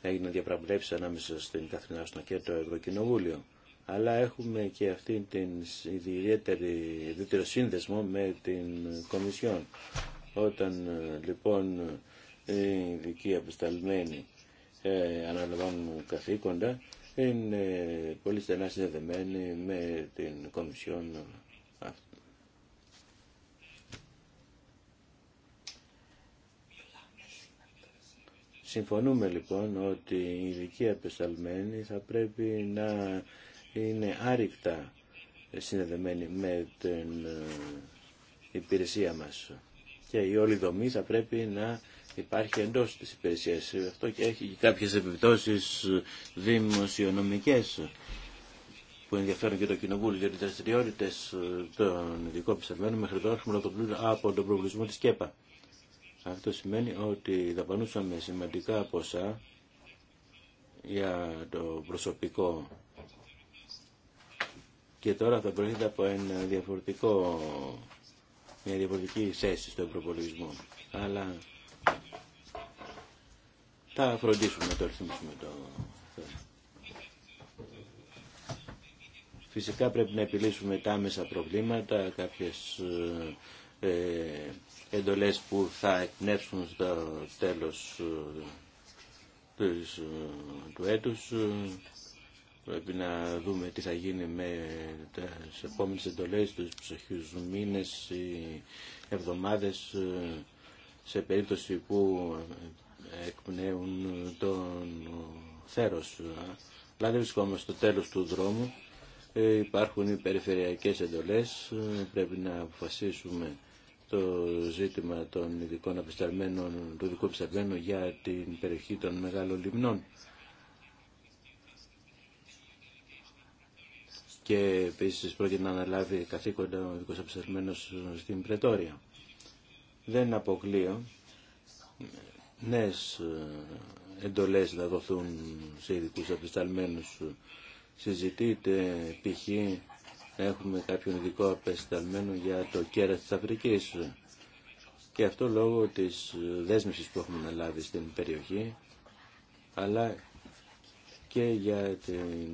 έγιναν διαπραγματεύσει ανάμεσα στην Καθηνά και το Ευρωκοινοβούλιο. Αλλά έχουμε και αυτή την ιδιαίτερη, ιδιαίτερο σύνδεσμο με την Κομισιόν. Όταν ε, λοιπόν οι ειδικοί απεσταλμένοι ε, αναλαμβάνουν καθήκοντα, είναι πολύ στενά συνδεδεμένοι με την Κομισιόν αυτή Συμφωνούμε λοιπόν ότι οι ειδικοί απεσταλμένοι θα πρέπει να είναι άρρηκτα συνδεδεμένοι με την ε, υπηρεσία μας και η όλη δομή θα πρέπει να υπάρχει εντός της υπηρεσίας. Αυτό και έχει κάποιες επιπτώσεις δημοσιονομικές που ενδιαφέρουν και το Κοινοβούλιο για τις δραστηριότητες ε, των ειδικών πιστευμένων μέχρι τώρα πλούν από τον προβλησμό της ΚΕΠΑ. Αυτό σημαίνει ότι δαπανούσαμε σημαντικά ποσά για το προσωπικό και τώρα θα προέρχεται από ένα διαφορετικό, μια διαφορετική θέση στον προπολογισμό. Αλλά θα φροντίσουμε να το ρυθμίσουμε Φυσικά πρέπει να επιλύσουμε τα άμεσα προβλήματα, κάποιες ε, εντολές που θα εκπνεύσουν στο τέλος ε, ε, του έτους. Ε, πρέπει να δούμε τι θα γίνει με τις επόμενες εντολές, τους ψυχούς μήνες, ή εβδομάδες, σε περίπτωση που εκπνέουν τον θέρος. Αλλά δεν βρισκόμαστε στο τέλος του δρόμου. Υπάρχουν οι περιφερειακές εντολές, πρέπει να αποφασίσουμε το ζήτημα των ειδικών απεσταλμένων, του ειδικού απεσταλμένου για την περιοχή των μεγάλων λιμνών. Και επίση πρόκειται να αναλάβει καθήκοντα ο ειδικό απεσταλμένος στην Πρετόρια. Δεν αποκλείω νέε ε, εντολές να δοθούν σε ειδικού απεσταλμένου, Συζητείται π.χ έχουμε κάποιον ειδικό απεσταλμένο για το κέρας της Αφρικής. Και αυτό λόγω της δέσμευσης που έχουμε λάβει στην περιοχή, αλλά και για την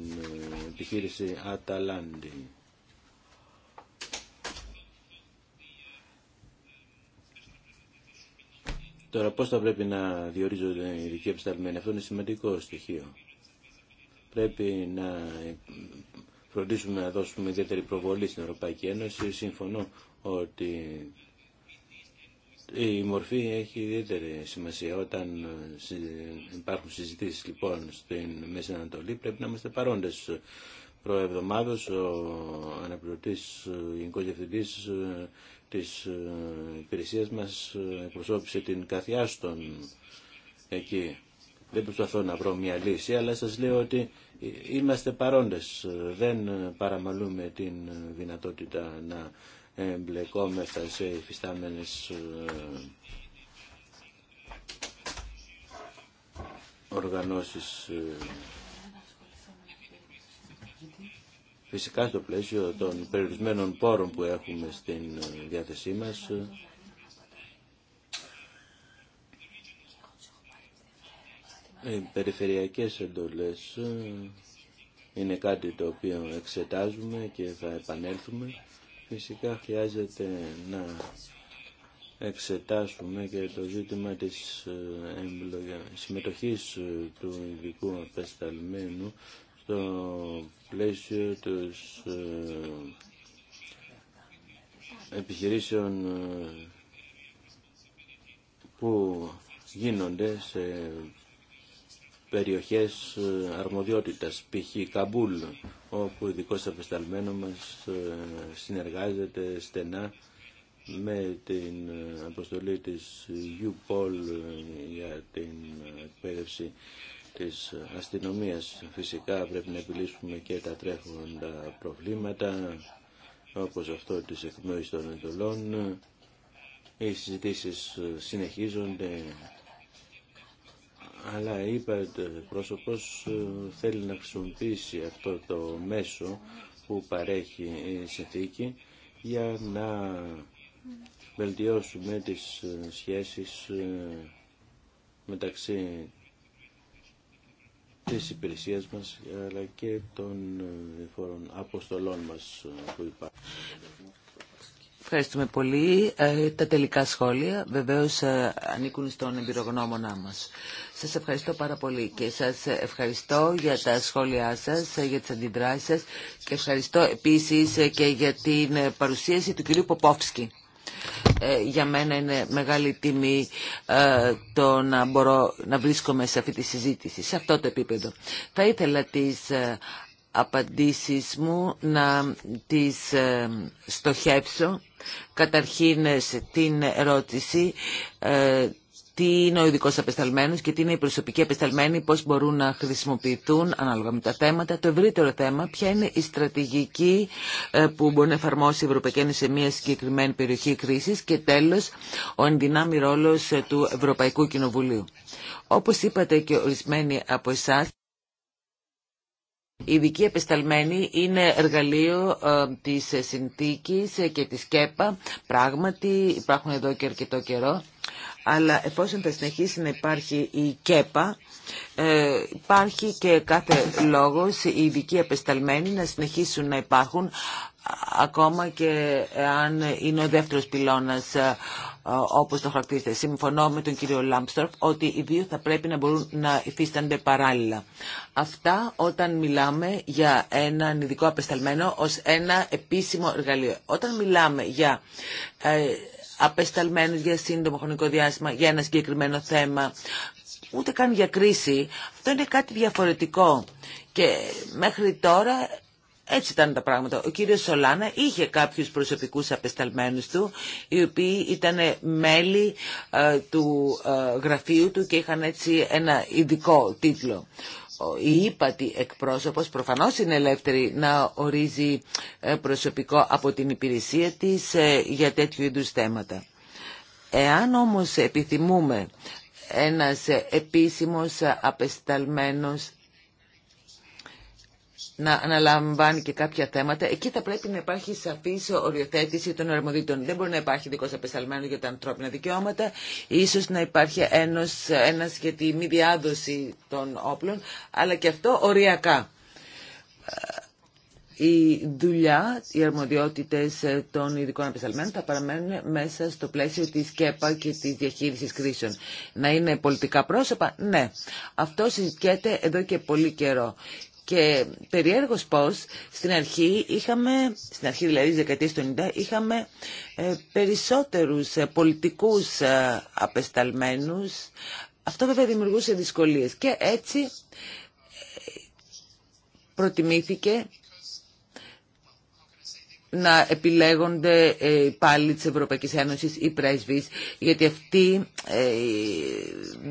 επιχείρηση Αταλάντη. Τώρα πώς θα πρέπει να διορίζονται οι ειδικοί επισταλμένοι, αυτό είναι σημαντικό στοιχείο. Πρέπει να φροντίσουμε να δώσουμε ιδιαίτερη προβολή στην Ευρωπαϊκή Ένωση. Συμφωνώ ότι η μορφή έχει ιδιαίτερη σημασία. Όταν υπάρχουν συζητήσεις λοιπόν στην Μέση Ανατολή πρέπει να είμαστε παρόντες. Προεβδομάδος ο αναπληρωτής γενικός διευθυντής ε, της ε, υπηρεσίας μας ε, εκπροσώπησε την καθιάστον εκεί. Δεν προσπαθώ να βρω μια λύση, αλλά σας λέω ότι είμαστε παρόντες, δεν παραμαλούμε την δυνατότητα να εμπλεκόμεθα σε υφιστάμενες ε, οργανώσεις ε, Φυσικά στο πλαίσιο των περιορισμένων πόρων που έχουμε στην ε, διάθεσή μας Οι ε, περιφερειακές εντολές ε, είναι κάτι το οποίο εξετάζουμε και θα επανέλθουμε. Φυσικά χρειάζεται να εξετάσουμε και το ζήτημα της ε, συμμετοχής του ειδικού απεσταλμένου στο πλαίσιο της επιχειρήσεων που γίνονται σε περιοχές ε, αρμοδιότητας, π.χ. Καμπούλ, όπου ο ειδικό απεσταλμένο μας ε, συνεργάζεται στενά με την αποστολή της UPOL ε, για την εκπαίδευση της αστυνομίας. Φυσικά πρέπει να επιλύσουμε και τα τρέχοντα προβλήματα, όπως αυτό της εκπνοής των εντολών. Οι συζητήσεις συνεχίζονται αλλά είπα ότι ο πρόσωπος ε, θέλει να χρησιμοποιήσει αυτό το μέσο που παρέχει η συνθήκη για να βελτιώσουμε τις ε, σχέσεις ε, μεταξύ της υπηρεσίας μας αλλά και των διαφόρων αποστολών μας που υπάρχουν. Ευχαριστούμε πολύ. Ε, τα τελικά σχόλια βεβαίως ε, ανήκουν στον εμπειρογνώμονά μας. Σας ευχαριστώ πάρα πολύ και σας ευχαριστώ για τα σχόλιά σας, ε, για τις αντιδράσεις σας και ευχαριστώ επίσης και για την παρουσίαση του κυρίου Ποπόφσκη. για μένα είναι μεγάλη τιμή το να μπορώ να βρίσκομαι σε αυτή τη συζήτηση, σε αυτό το επίπεδο. Θα ήθελα τις απαντήσεις μου να τις ε, στοχεύσω. Καταρχήν ε, την ερώτηση ε, τι είναι ο ειδικό απεσταλμένο και τι είναι οι προσωπικοί απεσταλμένοι, πώς μπορούν να χρησιμοποιηθούν ανάλογα με τα θέματα. Το ευρύτερο θέμα, ποια είναι η στρατηγική που μπορεί να εφαρμόσει η Ευρωπαϊκή Ένωση σε μια συγκεκριμένη περιοχή κρίσης. και τέλος, ο ενδυνάμει ρόλο του Ευρωπαϊκού Κοινοβουλίου. Όπως είπατε και ορισμένοι από εσά, οι ειδικοί επισταλμένη είναι εργαλείο ε, της συνθήκης και της ΚΕΠΑ. Πράγματι υπάρχουν εδώ και αρκετό καιρό. Αλλά εφόσον θα συνεχίσει να υπάρχει η ΚΕΠΑ, ε, υπάρχει και κάθε λόγος οι ειδικοί απεσταλμένοι να συνεχίσουν να υπάρχουν ακόμα και αν είναι ο δεύτερος πυλώνας όπως το χαρακτήρισε Συμφωνώ με τον κύριο Λάμπστροφ ότι οι δύο θα πρέπει να μπορούν να υφίστανται παράλληλα. Αυτά όταν μιλάμε για έναν ειδικό απεσταλμένο ως ένα επίσημο εργαλείο. Όταν μιλάμε για ε, απεσταλμένους για σύντομο χρονικό διάστημα, για ένα συγκεκριμένο θέμα, ούτε καν για κρίση, αυτό είναι κάτι διαφορετικό. Και μέχρι τώρα έτσι ήταν τα πράγματα. Ο κύριος Σολάνα είχε κάποιους προσωπικούς απεσταλμένους του, οι οποίοι ήταν μέλη ε, του ε, γραφείου του και είχαν έτσι ένα ειδικό τίτλο. Η ύπατη εκπρόσωπος προφανώς είναι ελεύθερη να ορίζει ε, προσωπικό από την υπηρεσία της για τέτοιου είδους θέματα. Εάν όμως επιθυμούμε ένας επίσημος απεσταλμένος να αναλαμβάνει και κάποια θέματα, εκεί θα πρέπει να υπάρχει σαφή οριοθέτηση των αρμοδίτων. Δεν μπορεί να υπάρχει δικό απεσταλμένο για τα ανθρώπινα δικαιώματα, ίσω να υπάρχει ένα για τη μη διάδοση των όπλων, αλλά και αυτό οριακά. Ε, η δουλειά, οι αρμοδιότητε των ειδικών απεσταλμένων θα παραμένουν μέσα στο πλαίσιο της ΚΕΠΑ και της διαχείρισης κρίσεων. Να είναι πολιτικά πρόσωπα, ναι. Αυτό συζητιέται εδώ και πολύ καιρό. Και περιέργως πως στην αρχή είχαμε, στην αρχή δηλαδή της δεκαετίας του 90, είχαμε ε, περισσότερους ε, πολιτικούς ε, απεσταλμένους. Αυτό βέβαια δημιουργούσε δυσκολίες και έτσι προτιμήθηκε να επιλέγονται πάλι της Ευρωπαϊκή Ένωσης οι πρέσβεις, γιατί αυτοί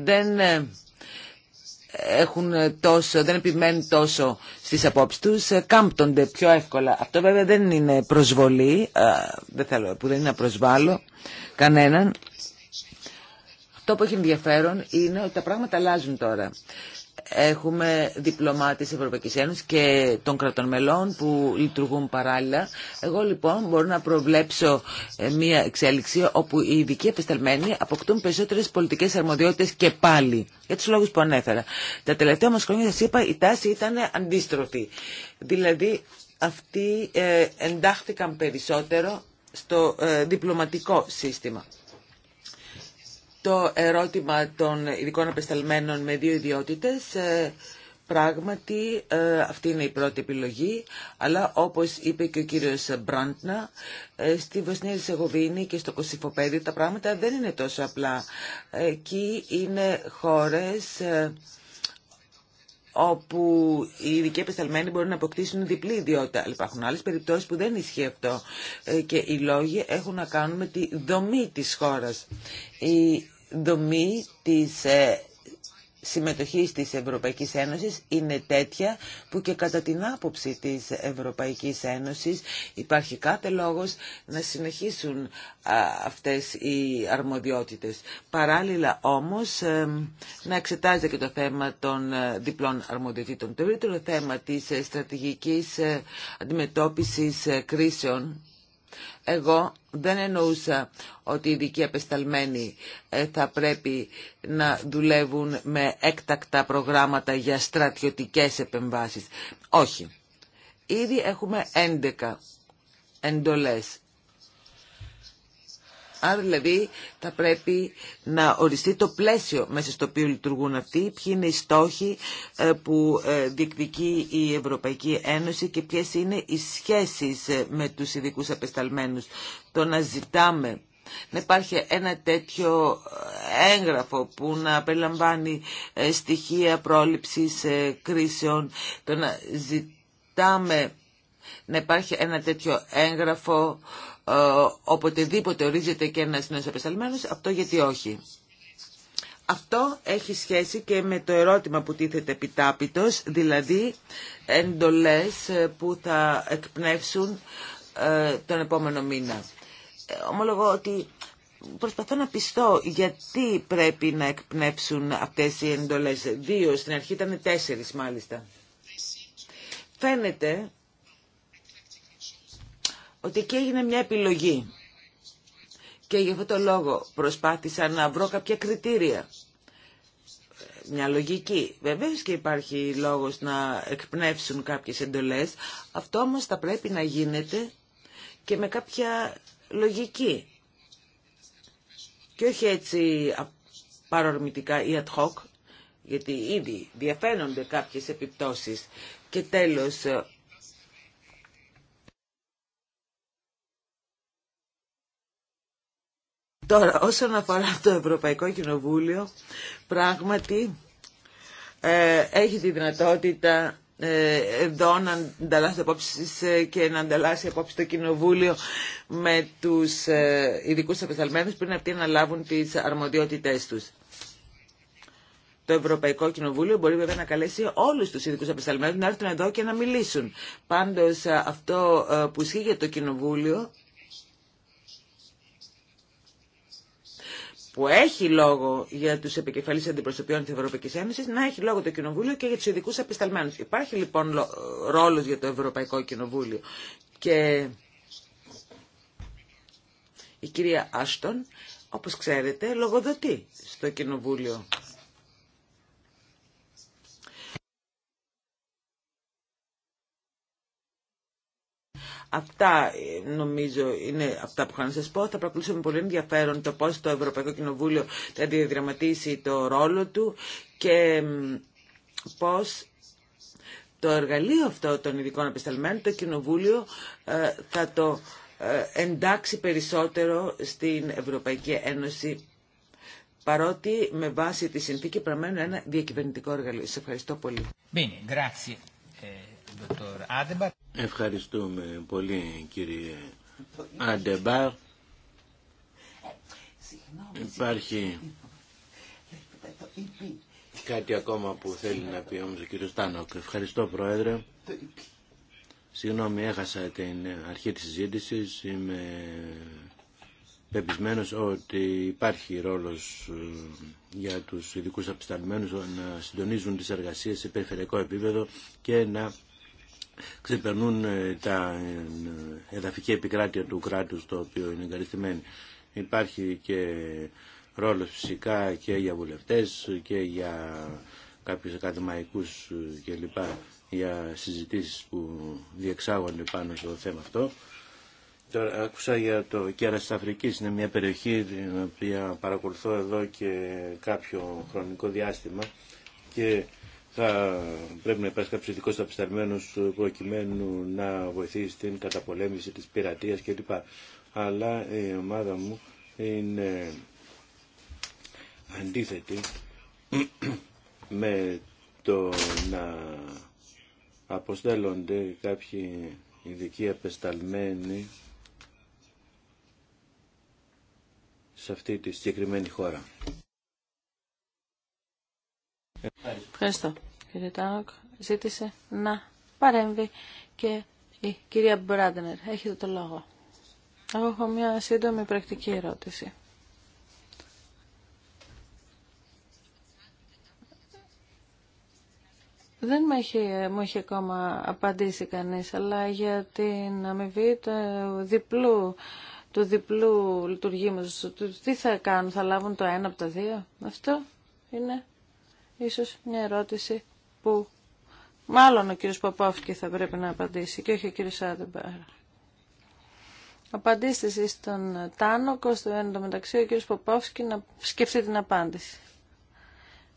δεν έχουν τόσο, δεν επιμένουν τόσο στις απόψεις τους, ε, κάμπτονται πιο εύκολα. Αυτό βέβαια δεν είναι προσβολή, ε, δεν θέλω, που δεν είναι να προσβάλλω κανέναν. Αυτό που έχει ενδιαφέρον είναι ότι τα πράγματα αλλάζουν τώρα έχουμε διπλωμάτες Ευρωπαϊκής Ένωσης και των κρατών μελών που λειτουργούν παράλληλα. Εγώ λοιπόν μπορώ να προβλέψω ε, μια εξέλιξη όπου οι ειδικοί επιστελμένοι αποκτούν περισσότερες πολιτικές αρμοδιότητες και πάλι, για τους λόγους που ανέφερα. Τα τελευταία μας χρόνια σας είπα η τάση ήταν αντίστροφη. Δηλαδή αυτοί ε, εντάχθηκαν περισσότερο στο ε, διπλωματικό σύστημα το ερώτημα των ειδικών απεσταλμένων με δύο ιδιότητες ε, πράγματι ε, αυτή είναι η πρώτη επιλογή αλλά όπως είπε και ο κύριος Μπραντνα ε, στη Βοσνία Ρισεγοβίνη και στο Κωσυφοπέδιο τα πράγματα δεν είναι τόσο απλά εκεί είναι χώρες όπου οι ειδικοί επεσταλμένοι μπορούν να αποκτήσουν διπλή ιδιότητα. Αλλά υπάρχουν άλλε περιπτώσει που δεν ισχύει αυτό. Και οι λόγοι έχουν να κάνουν με τη δομή της χώρας δομή της ε, συμμετοχής της Ευρωπαϊκής Ένωσης είναι τέτοια που και κατά την άποψη της Ευρωπαϊκής Ένωσης υπάρχει κάθε λόγος να συνεχίσουν αυτές οι αρμοδιότητες. Παράλληλα όμως ε, να εξετάζεται και το θέμα των ε, διπλών αρμοδιοτήτων. Το ευρύτερο θέμα της στρατηγικής αντιμετώπισης κρίσεων εγώ δεν εννοούσα ότι οι ειδικοί απεσταλμένοι ε, θα πρέπει να δουλεύουν με έκτακτα προγράμματα για στρατιωτικές επεμβάσεις. Όχι. Ήδη έχουμε 11 εντολές Άρα δηλαδή θα πρέπει να οριστεί το πλαίσιο μέσα στο οποίο λειτουργούν αυτοί, ποιοι είναι οι στόχοι ε, που ε, διεκδικεί η Ευρωπαϊκή Ένωση και ποιες είναι οι σχέσεις ε, με τους ειδικούς απεσταλμένους. Το να ζητάμε να υπάρχει ένα τέτοιο έγγραφο που να περιλαμβάνει στοιχεία πρόληψης κρίσεων, το να ζητάμε να υπάρχει ένα τέτοιο έγγραφο ε, οποτεδήποτε ορίζεται και ένας νέος απεσταλμένος, αυτό γιατί όχι. Αυτό έχει σχέση και με το ερώτημα που τίθεται επιτάπητος, δηλαδή εντολές ε, που θα εκπνεύσουν ε, τον επόμενο μήνα. Ομολογώ ότι προσπαθώ να πιστώ γιατί πρέπει να εκπνεύσουν αυτές οι εντολές. Δύο, στην αρχή ήταν τέσσερις μάλιστα. Φαίνεται ότι εκεί έγινε μια επιλογή. Και γι' αυτό το λόγο προσπάθησα να βρω κάποια κριτήρια. Μια λογική. Βεβαίως και υπάρχει λόγος να εκπνεύσουν κάποιες εντολές. Αυτό όμως θα πρέπει να γίνεται και με κάποια λογική. Και όχι έτσι παρορμητικά ή ad hoc, γιατί ήδη διαφαίνονται κάποιες επιπτώσεις. Και τέλος, Τώρα, όσον αφορά το Ευρωπαϊκό Κοινοβούλιο, πράγματι ε, έχει τη δυνατότητα ε, εδώ να ανταλλάσσει απόψει ε, και να ανταλλάσσει απόψει το Κοινοβούλιο με του ειδικού απεσταλμένου πριν αυτοί να λάβουν τι αρμοδιότητέ του. Το Ευρωπαϊκό Κοινοβούλιο μπορεί βέβαια να καλέσει όλου του ειδικού απεσταλμένου να έρθουν εδώ και να μιλήσουν. Πάντω αυτό που ισχύει για το Κοινοβούλιο που έχει λόγο για τους επικεφαλεί αντιπροσωπιών της Ευρωπαϊκής Ένωσης να έχει λόγο το Κοινοβούλιο και για του ειδικού απεσταλμένου. Υπάρχει λοιπόν ρόλος για το Ευρωπαϊκό Κοινοβούλιο και η κυρία Άστον όπως ξέρετε λογοδοτεί στο Κοινοβούλιο Αυτά ε, νομίζω είναι αυτά που είχα να σα πω. Θα παρακολουθήσουμε πολύ ενδιαφέρον το πώ το Ευρωπαϊκό Κοινοβούλιο θα διαδραματίσει το ρόλο του και πώ το εργαλείο αυτό των ειδικών απεσταλμένων, το Κοινοβούλιο ε, θα το ε, εντάξει περισσότερο στην Ευρωπαϊκή Ένωση παρότι με βάση τη συνθήκη παραμένει ένα διακυβερνητικό εργαλείο. Σα ευχαριστώ πολύ. Ευχαριστούμε πολύ κύριε Αντεμπάρ. Υπάρχει κάτι ακόμα που θέλει να πει όμως ο κύριος Τάνοκ. Ευχαριστώ Πρόεδρε. Συγγνώμη έχασα την αρχή της συζήτησης. Είμαι πεπισμένος ότι υπάρχει ρόλος ε, για τους ειδικούς απεσταλμένους να συντονίζουν τις εργασίες σε περιφερειακό επίπεδο και να ξεπερνούν ε, τα ε, εδαφική επικράτεια του κράτους το οποίο είναι εγκαριστημένοι. Υπάρχει και ρόλος φυσικά και για βουλευτές και για κάποιους ακαδημαϊκούς ε, κλπ για συζητήσεις που διεξάγονται πάνω στο θέμα αυτό. Τώρα άκουσα για το κέρα της Αφρικής, είναι μια περιοχή την οποία παρακολουθώ εδώ και κάποιο χρονικό διάστημα και θα πρέπει να υπάρχει κάποιο ειδικό απεσταλμένο προκειμένου να βοηθήσει στην καταπολέμηση τη πειρατεία κλπ. Αλλά η ομάδα μου είναι αντίθετη με το να αποστέλλονται κάποιοι ειδικοί απεσταλμένοι σε αυτή τη συγκεκριμένη χώρα. Ευχαριστώ. Κύριε Τάνοκ, ζήτησε να παρέμβει και η κυρία Μπράντενερ. Έχετε το λόγο. Εγώ έχω μια σύντομη πρακτική ερώτηση. Δεν μου έχει, μου έχει ακόμα απαντήσει κανείς, αλλά για την αμοιβή του διπλού, του διπλού τι θα κάνουν, θα λάβουν το ένα από τα δύο. Αυτό είναι ίσως μια ερώτηση που μάλλον ο κύριος Παπόφσκι θα πρέπει να απαντήσει και όχι ο κύριος Άντεμπάρα. Απαντήστε εσείς στον Τάνοκο, στο εν μεταξύ ο κύριος Παπόφσκι να σκεφτεί την απάντηση.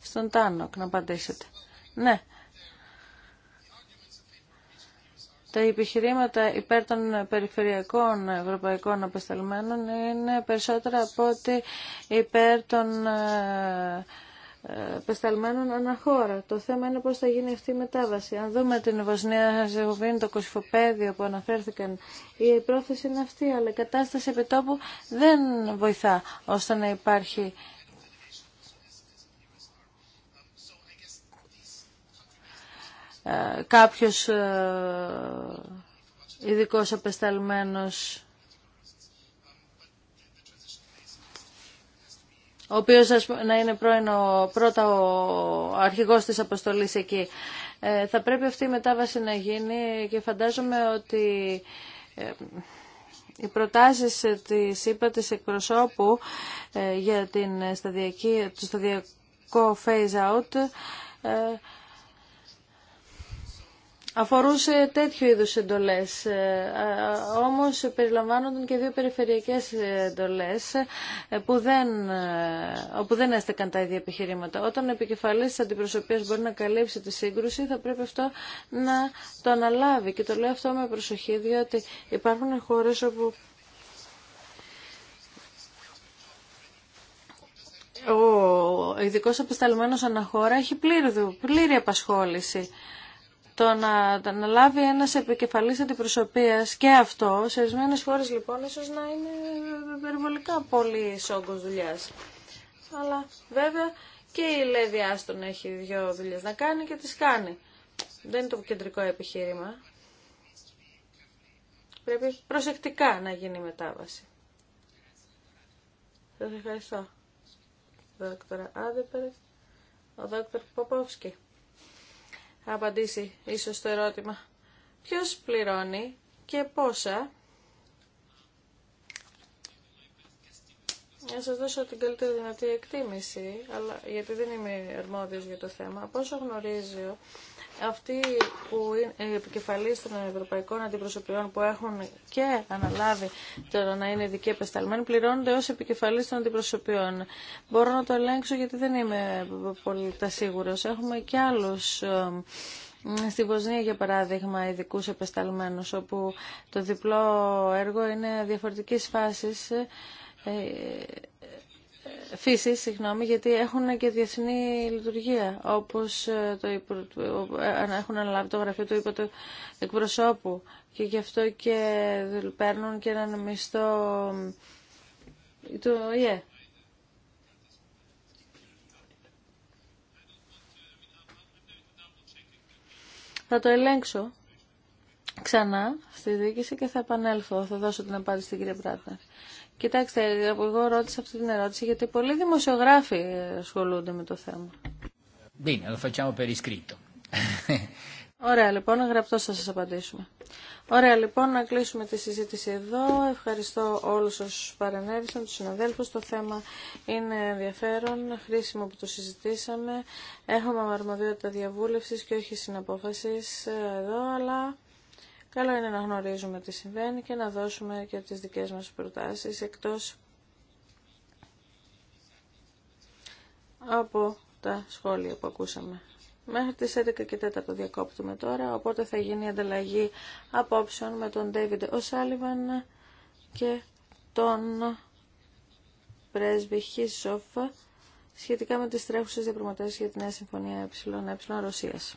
Στον Τάνοκ να απαντήσετε. Ναι. Τα επιχειρήματα υπέρ των περιφερειακών ευρωπαϊκών απεσταλμένων είναι περισσότερα από ότι υπέρ των ε, πεσταλμένων αναχώρα. Το θέμα είναι πώς θα γίνει αυτή η μετάβαση. Αν δούμε την Βοσνία Ζεγοβίνη, το Κοσφοπέδιο που αναφέρθηκαν, η πρόθεση είναι αυτή, αλλά η κατάσταση επιτόπου δεν βοηθά ώστε να υπάρχει ε, κάποιος ε, ειδικός απεσταλμένος ο οποίος να είναι πρώτα ο αρχηγός της αποστολής εκεί. Ε, θα πρέπει αυτή η μετάβαση να γίνει και φαντάζομαι ότι ε, οι προτάσεις της είπα της εκπροσώπου ε, για την σταδιακή, το σταδιακό phase out ε, αφορούσε τέτοιου είδους εντολές. Ε, όμως περιλαμβάνονταν και δύο περιφερειακές εντολές ε, που δεν, ε, όπου δεν έστεκαν τα ίδια επιχειρήματα. Όταν ο επικεφαλής της αντιπροσωπείας μπορεί να καλύψει τη σύγκρουση θα πρέπει αυτό να το αναλάβει. Και το λέω αυτό με προσοχή διότι υπάρχουν χώρες όπου ο ειδικό απεσταλμένος αναχώρα έχει πλήρη, πλήρη απασχόληση το να, να λάβει ένας επικεφαλής αντιπροσωπείας και αυτό, σε ορισμένε χώρε λοιπόν, ίσω να είναι περιβολικά πολύ όγκο δουλειά. Αλλά βέβαια και η Λέδη Άστον έχει δύο δουλειέ να κάνει και τι κάνει. Δεν είναι το κεντρικό επιχείρημα. Πρέπει προσεκτικά να γίνει η μετάβαση. Σα ευχαριστώ. Δόκτωρα Άδεπερ, ο δόκτωρ Ποπόφσκι απαντήσει ίσως το ερώτημα ποιος πληρώνει και πόσα. Να σας δώσω την καλύτερη δυνατή εκτίμηση, αλλά, γιατί δεν είμαι αρμόδιος για το θέμα. Πόσο γνωρίζω, αυτοί που είναι επικεφαλής των ευρωπαϊκών αντιπροσωπιών που έχουν και αναλάβει τώρα να είναι ειδικοί επεσταλμένοι πληρώνονται ω επικεφαλής των αντιπροσωπιών. Μπορώ να το ελέγξω γιατί δεν είμαι πολύ τα σίγουρο. Έχουμε και άλλου. Στη Βοσνία, για παράδειγμα, ειδικού επεσταλμένους, όπου το διπλό έργο είναι διαφορετικής φάσης ε, φύση, συγγνώμη, γιατί έχουν και διεθνή λειτουργία, όπως ε, το, ε, έχουν αναλάβει το γραφείο του υπό εκπροσώπου και γι' αυτό και παίρνουν και έναν μισθό του ΙΕ. Θα το ελέγξω ξανά στη διοίκηση και θα επανέλθω. Θα δώσω την απάντηση στην κυρία Κοιτάξτε, εγώ ρώτησα αυτή την ερώτηση γιατί πολλοί δημοσιογράφοι ασχολούνται με το θέμα. Bene, lo facciamo per iscritto. Ωραία, λοιπόν, γραπτό θα σα απαντήσουμε. Ωραία, λοιπόν, να κλείσουμε τη συζήτηση εδώ. Ευχαριστώ όλου όσου παρενέβησαν, του συναδέλφου. Το θέμα είναι ενδιαφέρον, χρήσιμο που το συζητήσαμε. Έχουμε αρμοδιότητα διαβούλευση και όχι συναπόφαση ε, εδώ, αλλά... Καλό είναι να γνωρίζουμε τι συμβαίνει και να δώσουμε και τις δικές μας προτάσεις εκτός από τα σχόλια που ακούσαμε. Μέχρι τις 11 και 4 το διακόπτουμε τώρα, οπότε θα γίνει η ανταλλαγή απόψεων με τον David O'Sullivan και τον πρέσβη Χίσοφ σχετικά με τις τρέχουσες διαπραγματεύσεις για τη Νέα Συμφωνία ΕΕ Ρωσίας.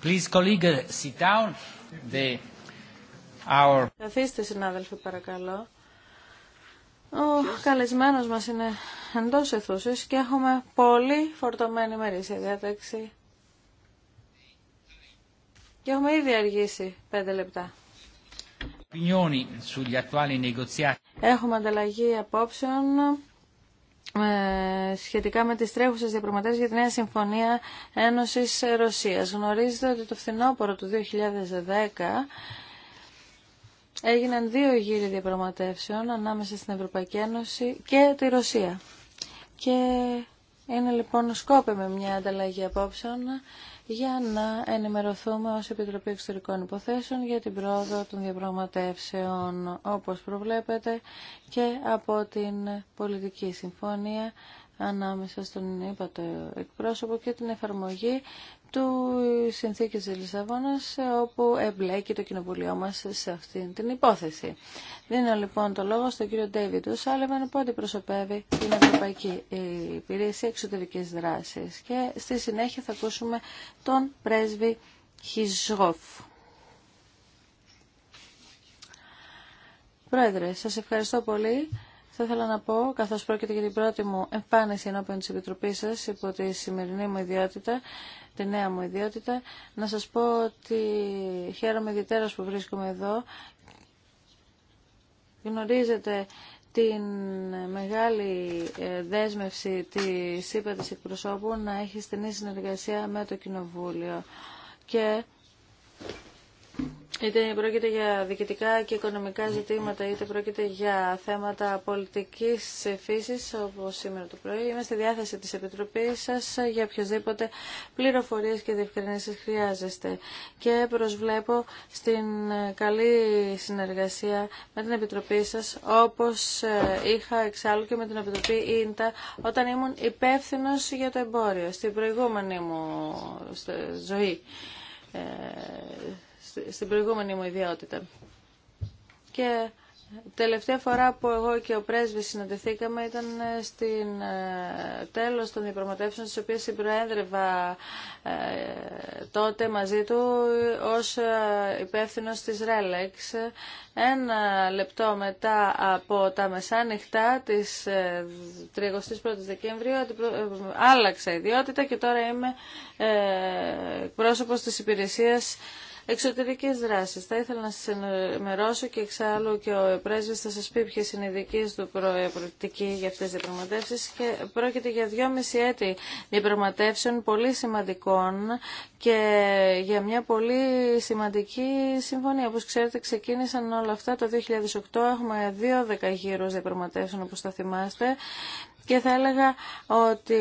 Please, colleague, sit down. The... Our... Καθίστε, συνάδελφοι, παρακαλώ. Ο καλεσμένος μας είναι εντός αιθούσης και έχουμε πολύ φορτωμένη μερίσια διάταξη. Και έχουμε ήδη αργήσει πέντε λεπτά. Έχουμε ανταλλαγή απόψεων ε, σχετικά με τις τρέχουσες διαπραγματεύσεις για τη Νέα Συμφωνία Ένωσης Ρωσίας. Γνωρίζετε ότι το φθινόπωρο του 2010 έγιναν δύο γύροι διαπραγματεύσεων ανάμεσα στην Ευρωπαϊκή Ένωση και τη Ρωσία. Και είναι λοιπόν σκόπε με μια ανταλλαγή απόψεων για να ενημερωθούμε ως Επιτροπή Εξωτερικών Υποθέσεων για την πρόοδο των διαπραγματεύσεων όπως προβλέπετε και από την πολιτική συμφωνία ανάμεσα στον είπατε εκπρόσωπο και την εφαρμογή του Συνθήκη τη Λισαβόνα, όπου εμπλέκει το κοινοβουλίο μα σε αυτή την υπόθεση. Δίνω λοιπόν το λόγο στον κύριο Ντέιβιντ Σάλεβαν που αντιπροσωπεύει την Ευρωπαϊκή Υπηρεσία Εξωτερική δράση και στη συνέχεια θα ακούσουμε τον πρέσβη Χιζόφ. Πρόεδρε, σας ευχαριστώ πολύ. Θα ήθελα να πω, καθώς πρόκειται για την πρώτη μου εμφάνιση ενώπιον της Επιτροπής σας υπό τη σημερινή μου ιδιότητα, τη νέα μου ιδιότητα, να σας πω ότι χαίρομαι ιδιαίτερα που βρίσκομαι εδώ. Γνωρίζετε την μεγάλη ε, δέσμευση της ΥΠΑ της εκπροσώπου να έχει στενή συνεργασία με το Κοινοβούλιο. Και Είτε πρόκειται για διοικητικά και οικονομικά ζητήματα, είτε πρόκειται για θέματα πολιτικής φύσης, όπως σήμερα το πρωί. Είμαι στη διάθεση της Επιτροπής σας για οποιασδήποτε πληροφορίες και διευκρινήσεις χρειάζεστε. Και προσβλέπω στην καλή συνεργασία με την Επιτροπή σας, όπως ε, είχα εξάλλου και με την Επιτροπή ΙΝΤΑ, όταν ήμουν υπεύθυνο για το εμπόριο, στην προηγούμενη μου ζωή ε, στην προηγούμενη μου ιδιότητα. Και τελευταία φορά που εγώ και ο πρέσβης συναντηθήκαμε ήταν ε, στην ε, τέλος των διαπραγματεύσεων στις οποίες συμπροέδρευα ε, τότε μαζί του ως υπεύθυνο της Ρέλεξ. Ένα λεπτό μετά από τα μεσάνυχτα της 31ης Δεκεμβρίου άλλαξα ιδιότητα και τώρα είμαι πρόσωπος της υπηρεσία Εξωτερικές δράσεις. Θα ήθελα να σα ενημερώσω και εξάλλου και ο πρέσβη θα σας πει ποιες είναι οι δικέ του προεπτικοί για αυτές τις διαπραγματεύσει. και πρόκειται για δυόμιση έτη διαπραγματεύσεων πολύ σημαντικών και για μια πολύ σημαντική συμφωνία. Όπω ξέρετε ξεκίνησαν όλα αυτά το 2008, έχουμε δύο δεκαγύρου διαπραγματεύσεων όπω θα θυμάστε και θα έλεγα ότι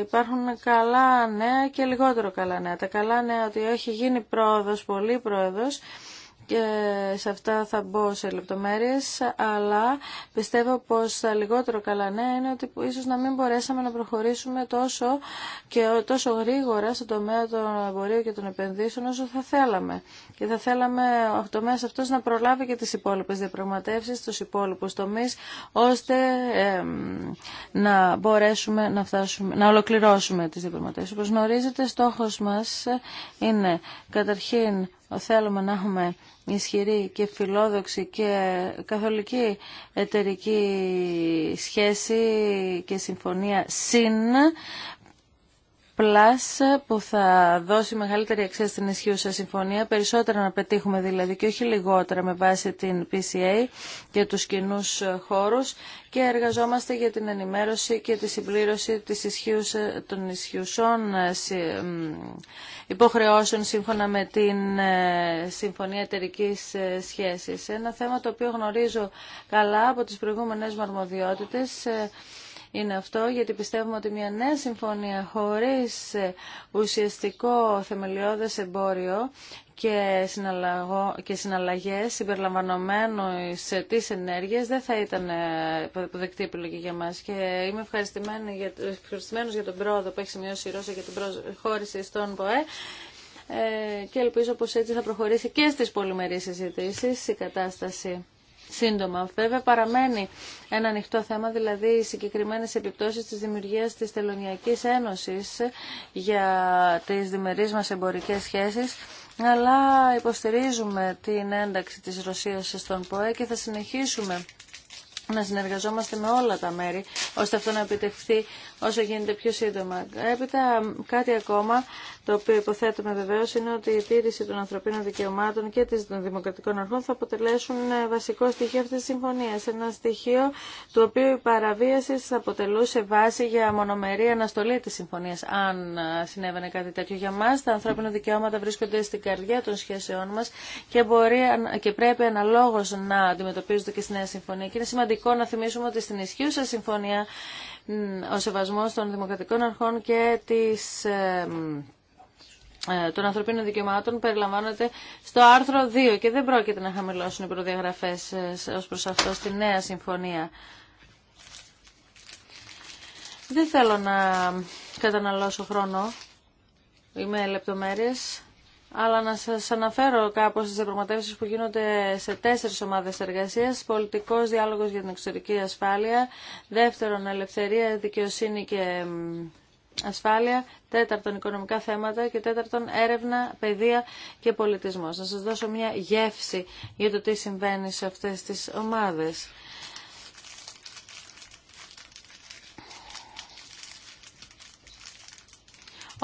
υπάρχουν καλά νέα και λιγότερο καλά νέα. Τα καλά νέα ότι έχει γίνει πρόοδος, πολύ πρόοδος και σε αυτά θα μπω σε λεπτομέρειες, αλλά πιστεύω πως τα λιγότερο καλά νέα είναι ότι ίσως να μην μπορέσαμε να προχωρήσουμε τόσο και τόσο γρήγορα στον τομέα των εμπορίων και των επενδύσεων όσο θα θέλαμε. Και θα θέλαμε ο τομέα αυτός να προλάβει και τις υπόλοιπες διαπραγματεύσεις, τους υπόλοιπους τομείς, ώστε να μπορέσουμε να, φτάσουμε, να ολοκληρώσουμε τις διαπραγματεύσεις. Όπως γνωρίζετε, στόχος μας είναι καταρχήν θέλουμε να έχουμε ισχυρή και φιλόδοξη και καθολική εταιρική σχέση και συμφωνία συν Plus που θα δώσει μεγαλύτερη αξία στην ισχύουσα συμφωνία, περισσότερα να πετύχουμε δηλαδή και όχι λιγότερα με βάση την PCA και τους κοινού χώρους και εργαζόμαστε για την ενημέρωση και τη συμπλήρωση της ισχύουσα, των ισχυουσών ε, υποχρεώσεων σύμφωνα με την ε, Συμφωνία εταιρική ε, Σχέσης. Ένα θέμα το οποίο γνωρίζω καλά από τις προηγούμενες μου είναι αυτό, γιατί πιστεύουμε ότι μια νέα συμφωνία χωρίς ε, ουσιαστικό θεμελιώδες εμπόριο και, συναλλαγό, και συναλλαγές συμπεριλαμβανομένου σε τις ενέργειες δεν θα ήταν ε, υποδεκτή επιλογή για μας και είμαι ευχαριστημένη για, ευχαριστημένος για τον πρόοδο που έχει σημειώσει η Ρώσα για την προσχώρηση στον ΠΟΕ ε, και ελπίζω πως έτσι θα προχωρήσει και στις πολυμερείς συζητήσεις η κατάσταση σύντομα. Βέβαια παραμένει ένα ανοιχτό θέμα, δηλαδή οι συγκεκριμένες επιπτώσεις της δημιουργίας της Τελωνιακής Ένωσης για τις διμερείς μας εμπορικές σχέσεις αλλά υποστηρίζουμε την ένταξη της Ρωσίας στον ΠΟΕ και θα συνεχίσουμε να συνεργαζόμαστε με όλα τα μέρη ώστε αυτό να επιτευχθεί όσο γίνεται πιο σύντομα. Έπειτα κάτι ακόμα το οποίο υποθέτουμε βεβαίω είναι ότι η τήρηση των ανθρωπίνων δικαιωμάτων και των δημοκρατικών αρχών θα αποτελέσουν ε, βασικό στοιχείο αυτή τη συμφωνία. Ένα στοιχείο το οποίο η παραβίαση θα αποτελούσε βάση για μονομερή αναστολή τη συμφωνία. Αν ε, συνέβαινε κάτι τέτοιο για μα, τα ανθρώπινα δικαιώματα βρίσκονται στην καρδιά των σχέσεών μα και, και πρέπει αναλόγω να αντιμετωπίζονται και στη νέα συμφωνία. Και είναι σημαντικό να θυμίσουμε ότι στην ισχύουσα συμφωνία ο σεβασμός των δημοκρατικών αρχών και της ε, ε, των ανθρωπίνων δικαιωμάτων περιλαμβάνεται στο άρθρο 2 και δεν πρόκειται να χαμηλώσουν οι προδιαγραφές ε, ως προς αυτό στη νέα συμφωνία. Δεν θέλω να καταναλώσω χρόνο. Είμαι λεπτομέρειες αλλά να σας αναφέρω κάπως τι διαπραγματεύσεις που γίνονται σε τέσσερις ομάδες εργασίας. Πολιτικός διάλογος για την εξωτερική ασφάλεια. Δεύτερον, ελευθερία, δικαιοσύνη και ασφάλεια. Τέταρτον, οικονομικά θέματα. Και τέταρτον, έρευνα, παιδεία και πολιτισμός. Να σας δώσω μια γεύση για το τι συμβαίνει σε αυτές τις ομάδες.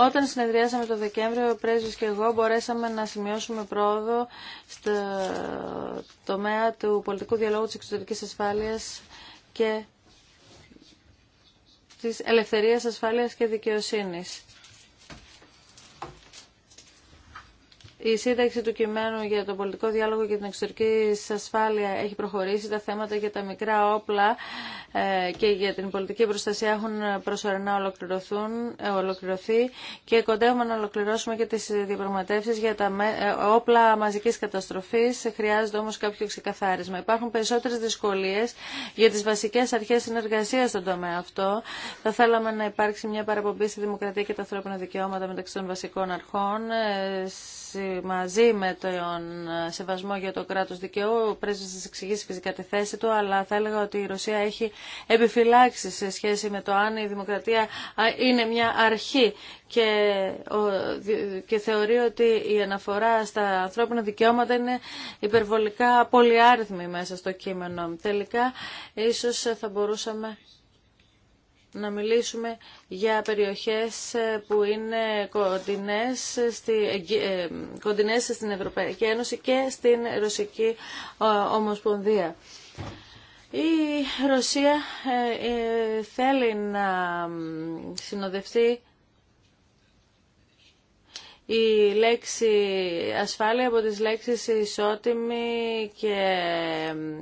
Όταν συνεδριάσαμε το Δεκέμβριο, ο πρέσβης και εγώ μπορέσαμε να σημειώσουμε πρόοδο στο τομέα του πολιτικού διαλόγου της εξωτερικής ασφάλειας και της ελευθερίας ασφάλειας και δικαιοσύνης. Η σύνταξη του κειμένου για τον πολιτικό διάλογο και την εξωτερική ασφάλεια έχει προχωρήσει. Τα θέματα για τα μικρά όπλα ε, και για την πολιτική προστασία έχουν προσωρινά ολοκληρωθούν, ε, ολοκληρωθεί και κοντεύουμε να ολοκληρώσουμε και τις διαπραγματεύσεις για τα ε, όπλα μαζικής καταστροφής. Χρειάζεται όμως κάποιο ξεκαθάρισμα. Υπάρχουν περισσότερες δυσκολίες για τις βασικές αρχές συνεργασίας στον τομέα αυτό. Θα θέλαμε να υπάρξει μια παραπομπή στη δημοκρατία και τα ανθρώπινα δικαιώματα μεταξύ των βασικών αρχών μαζί με τον ε, σεβασμό για το κράτος δικαιού. πρέπει να σα εξηγήσει φυσικά τη θέση του, αλλά θα έλεγα ότι η Ρωσία έχει επιφυλάξει σε σχέση με το αν η δημοκρατία είναι μια αρχή και, και θεωρεί ότι η αναφορά στα ανθρώπινα δικαιώματα είναι υπερβολικά πολυάριθμη μέσα στο κείμενο. Τελικά, ίσως θα μπορούσαμε να μιλήσουμε για περιοχές ε, που είναι κοντινές, στη, ε, κοντινές στην Ευρωπαϊκή Ένωση και στην Ρωσική ε, Ομοσπονδία. Η Ρωσία θέλει να συνοδευτεί η λέξη ασφάλεια από τις λέξεις ισότιμη και,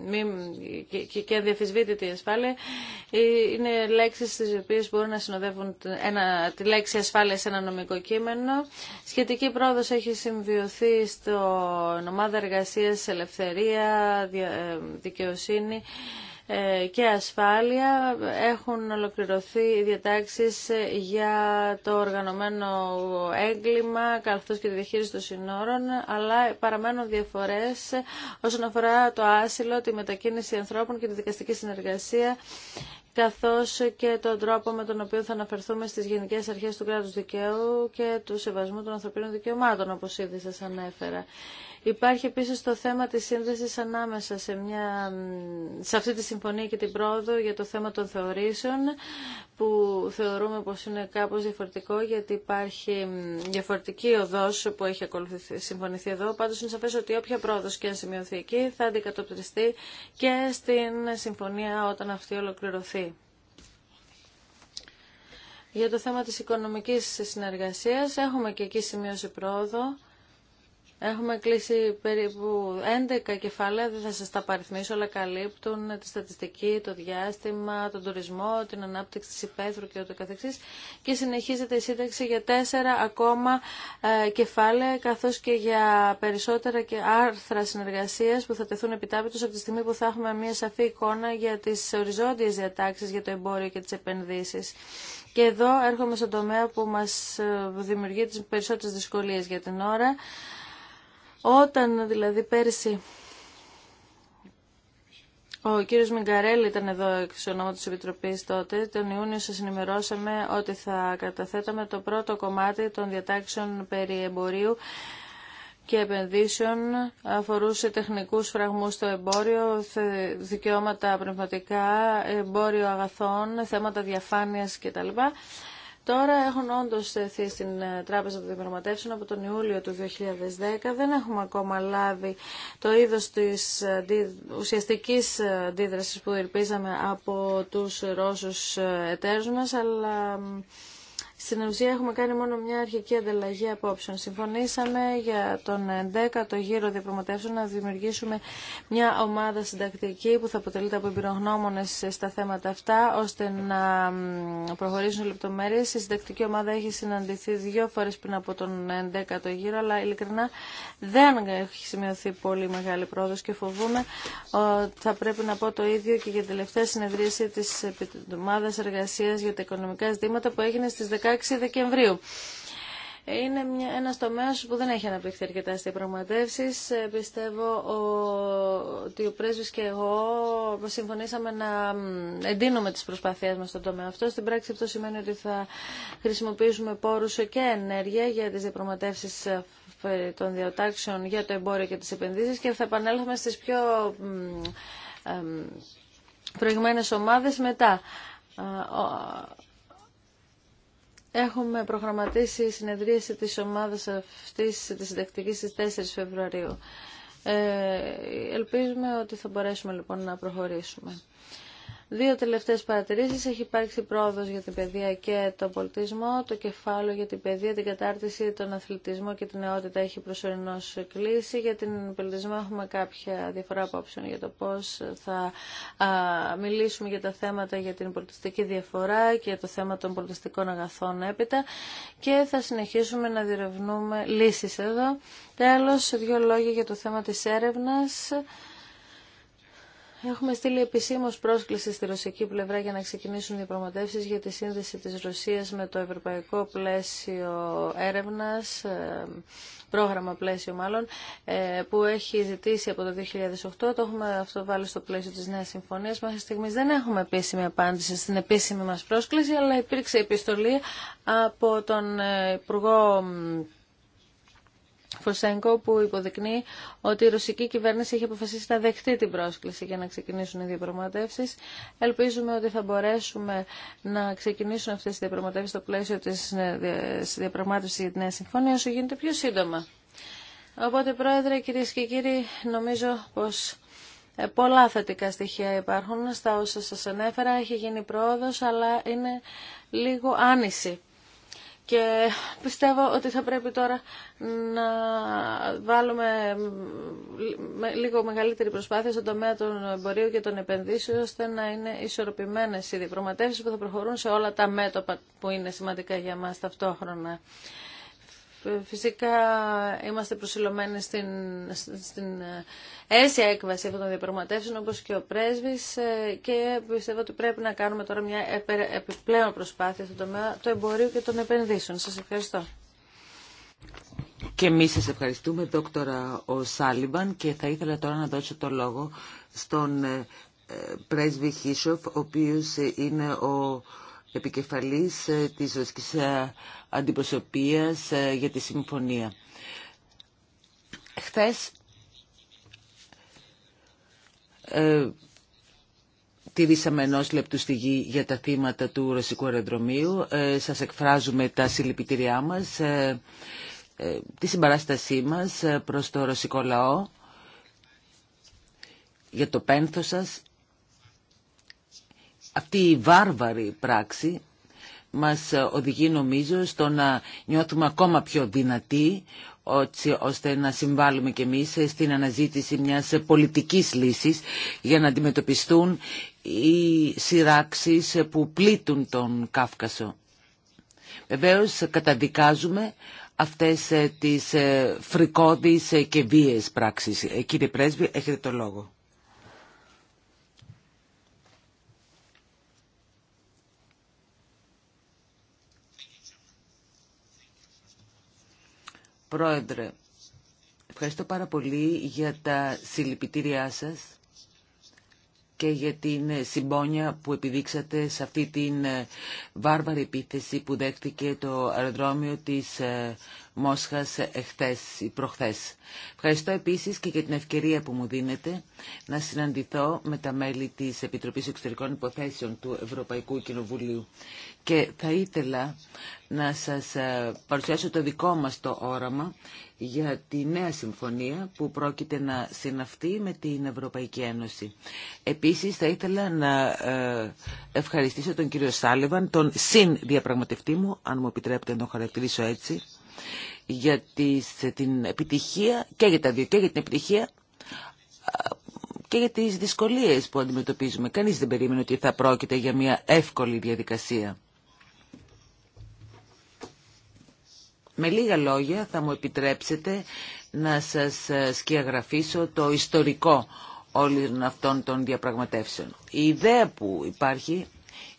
μη, και, και διαφυσβήτητη ασφάλεια ε, είναι λέξεις στις οποίες μπορούν να συνοδεύουν ένα, τη λέξη ασφάλεια σε ένα νομικό κείμενο. Σχετική πρόοδος έχει συμβιωθεί στο ομάδα εργασίας ελευθερία, ε, δικαιοσύνη ε, και ασφάλεια έχουν ολοκληρωθεί οι διατάξεις ε, για το οργανωμένο έγκλημα καθώς και τη διαχείριση των συνόρων αλλά παραμένουν διαφορές ε, όσον αφορά το άσυλο, τη μετακίνηση ανθρώπων και τη δικαστική συνεργασία καθώς και τον τρόπο με τον οποίο θα αναφερθούμε στις γενικές αρχές του κράτους δικαίου και του σεβασμού των ανθρωπίνων δικαιωμάτων, όπως ήδη σας ανέφερα. Υπάρχει επίσης το θέμα της σύνδεσης ανάμεσα σε, μια, σε αυτή τη συμφωνία και την πρόοδο για το θέμα των θεωρήσεων που θεωρούμε πως είναι κάπως διαφορετικό γιατί υπάρχει διαφορετική οδός που έχει συμφωνηθεί εδώ. Πάντως είναι σαφές ότι όποια πρόοδο και αν σημειωθεί εκεί θα αντικατοπτριστεί και στην συμφωνία όταν αυτή ολοκληρωθεί. Για το θέμα της οικονομικής συνεργασίας έχουμε και εκεί σημειώσει πρόοδο Έχουμε κλείσει περίπου 11 κεφάλαια, δεν θα σας τα παριθμίσω, αλλά καλύπτουν τη στατιστική, το διάστημα, τον τουρισμό, την ανάπτυξη της υπαίθρου και ούτω καθεξής. Και συνεχίζεται η σύνταξη για τέσσερα ακόμα ε, κεφάλαια, καθώς και για περισσότερα και άρθρα συνεργασίας που θα τεθούν επιτάπητος από τη στιγμή που θα έχουμε μια σαφή εικόνα για τις οριζόντιες διατάξεις για το εμπόριο και τις επενδύσεις. Και εδώ έρχομαι στον τομέα που μας ε, δημιουργεί τις περισσότερες δυσκολίες για την ώρα. Όταν δηλαδή πέρσι ο κύριος Μιγκαρέλ ήταν εδώ εξ ονομά της Επιτροπής τότε. Τον Ιούνιο σας ενημερώσαμε ότι θα καταθέταμε το πρώτο κομμάτι των διατάξεων περί εμπορίου και επενδύσεων αφορούσε τεχνικούς φραγμούς στο εμπόριο, δικαιώματα πνευματικά, εμπόριο αγαθών, θέματα διαφάνειας κτλ. Τώρα έχουν όντω στεθεί στην ε, Τράπεζα των Διαπραγματεύσεων από τον Ιούλιο του 2010. Δεν έχουμε ακόμα λάβει το είδο τη ε, ουσιαστική ε, αντίδραση που ελπίζαμε από του Ρώσου εταίρου μα, αλλά στην ουσία έχουμε κάνει μόνο μια αρχική ανταλλαγή απόψεων. Συμφωνήσαμε για τον 11ο γύρο διαπραγματεύσεων να δημιουργήσουμε μια ομάδα συντακτική που θα αποτελείται από εμπειρογνώμονε στα θέματα αυτά, ώστε να προχωρήσουν λεπτομέρειε. Η συντακτική ομάδα έχει συναντηθεί δύο φορέ πριν από τον 11ο γύρο, αλλά ειλικρινά δεν έχει σημειωθεί πολύ μεγάλη πρόοδο και φοβούμε ότι θα πρέπει να πω το ίδιο και για την τελευταία συνεδρίαση τη ομάδα εργασία για τα οικονομικά ζητήματα που έγινε στι Δεκεμβρίου. Είναι μια, ένας τομέας που δεν έχει αναπτυχθεί αρκετά στις Ε, πιστεύω ότι ο πρέσβης και εγώ συμφωνήσαμε να εντείνουμε τις προσπαθίες μας στον τομέα αυτό. Στην πράξη αυτό σημαίνει ότι θα χρησιμοποιήσουμε πόρους και ενέργεια για τις διαπραγματεύσεις ε, των διατάξεων για το εμπόριο και τις επενδύσεις και θα επανέλθουμε στις πιο ε, προηγμένες ομάδες μετά. Έχουμε προγραμματίσει συνεδρίαση της ομάδας αυτής της συντακτικής στις 4 Φεβρουαρίου. Ε, ελπίζουμε ότι θα μπορέσουμε λοιπόν να προχωρήσουμε. Δύο τελευταίες παρατηρήσεις. Έχει υπάρξει πρόοδος για την παιδεία και τον πολιτισμό. Το κεφάλαιο για την παιδεία, την κατάρτιση, τον αθλητισμό και την νεότητα έχει προσωρινώς κλείσει. Για την πολιτισμό έχουμε κάποια διαφορά απόψεων για το πώς θα μιλήσουμε για τα θέματα για την πολιτιστική διαφορά και για το θέμα των πολιτιστικών αγαθών έπειτα και θα συνεχίσουμε να διερευνούμε λύσεις εδώ. Τέλος, δύο λόγια για το θέμα της έρευνας. Έχουμε στείλει επισήμω πρόσκληση στη ρωσική πλευρά για να ξεκινήσουν οι διαπραγματεύσει για τη σύνδεση τη Ρωσία με το Ευρωπαϊκό Πλαίσιο Έρευνα, ε, πρόγραμμα πλαίσιο μάλλον, ε, που έχει ζητήσει από το 2008. Το έχουμε αυτό βάλει στο πλαίσιο τη Νέα Συμφωνία. Μέχρι στιγμή δεν έχουμε επίσημη απάντηση στην επίσημη μα πρόσκληση, αλλά υπήρξε επιστολή από τον ε, Υπουργό Φωσέγκο που υποδεικνύει ότι η ρωσική κυβέρνηση έχει αποφασίσει να δεχτεί την πρόσκληση για να ξεκινήσουν οι διαπραγματεύσεις. Ελπίζουμε ότι θα μπορέσουμε να ξεκινήσουν αυτές οι διαπραγματεύσεις στο πλαίσιο της διαπραγμάτευσης για τη Νέα Συμφωνία όσο γίνεται πιο σύντομα. Οπότε, Πρόεδρε, κυρίες και κύριοι, νομίζω πως... Ε, πολλά θετικά στοιχεία υπάρχουν στα όσα σας ανέφερα, έχει γίνει πρόοδος, αλλά είναι λίγο άνηση. Και πιστεύω ότι θα πρέπει τώρα να βάλουμε λίγο μεγαλύτερη προσπάθεια στον τομέα των εμπορίων και των επενδύσεων, ώστε να είναι ισορροπημένες οι διαπραγματεύσει που θα προχωρούν σε όλα τα μέτωπα που είναι σημαντικά για μας ταυτόχρονα. Φυσικά είμαστε προσιλωμένοι στην, στην αίσια έκβαση αυτών των διαπραγματεύσεων όπως και ο πρέσβης ε, και πιστεύω ότι πρέπει να κάνουμε τώρα μια επιπλέον προσπάθεια στον τομέα του εμπορίου και των επενδύσεων. Σας ευχαριστώ. Και εμείς σας ευχαριστούμε, δόκτωρα ο Σάλιμπαν, και θα ήθελα τώρα να δώσω το λόγο στον ε, ε, πρέσβη Χίσοφ, ο οποίος είναι ο επικεφαλής ε, της Ρωσικής ε, Αντιπροσωπείας ε, για τη Συμφωνία. Χθες ε, τηρήσαμε ενό λεπτού στη γη για τα θύματα του Ρωσικού αεροδρομίου. Ε, σας εκφράζουμε τα συλληπιτήριά μας, ε, τη συμπαράστασή μας προς το ρωσικό λαό για το πένθος σας αυτή η βάρβαρη πράξη μας οδηγεί νομίζω στο να νιώθουμε ακόμα πιο δυνατοί ώστε να συμβάλλουμε και εμείς στην αναζήτηση μιας πολιτικής λύσης για να αντιμετωπιστούν οι σειράξεις που πλήττουν τον Κάφκασο. Βεβαίως καταδικάζουμε αυτές τις φρικόδεις και βίες πράξεις. Ε, κύριε Πρέσβη, έχετε το λόγο. Πρόεδρε, ευχαριστώ πάρα πολύ για τα συλληπιτήριά σας και για την συμπόνια που επιδείξατε σε αυτή την ε, βάρβαρη επίθεση που δέχτηκε το αεροδρόμιο της ε, Μόσχας εχθές ή προχθές. Ευχαριστώ επίσης και για την ευκαιρία που μου δίνετε να συναντηθώ με τα μέλη της Επιτροπής Εξωτερικών Υποθέσεων του Ευρωπαϊκού Κοινοβουλίου και θα ήθελα να σας ε, παρουσιάσω το δικό μας το όραμα για τη νέα συμφωνία που πρόκειται να συναυτεί με την Ευρωπαϊκή Ένωση. Επίσης θα ήθελα να ε, ευχαριστήσω τον κύριο Σάλεβαν, τον συνδιαπραγματευτή μου, αν μου επιτρέπετε να τον χαρακτηρίσω έτσι, για ε, την επιτυχία και για τα δύο, και για την επιτυχία και για τις δυσκολίες που αντιμετωπίζουμε. Κανείς δεν περίμενε ότι θα πρόκειται για μια εύκολη διαδικασία. Με λίγα λόγια θα μου επιτρέψετε να σας ε, σκιαγραφίσω το ιστορικό όλων αυτών των διαπραγματεύσεων. Η ιδέα που υπάρχει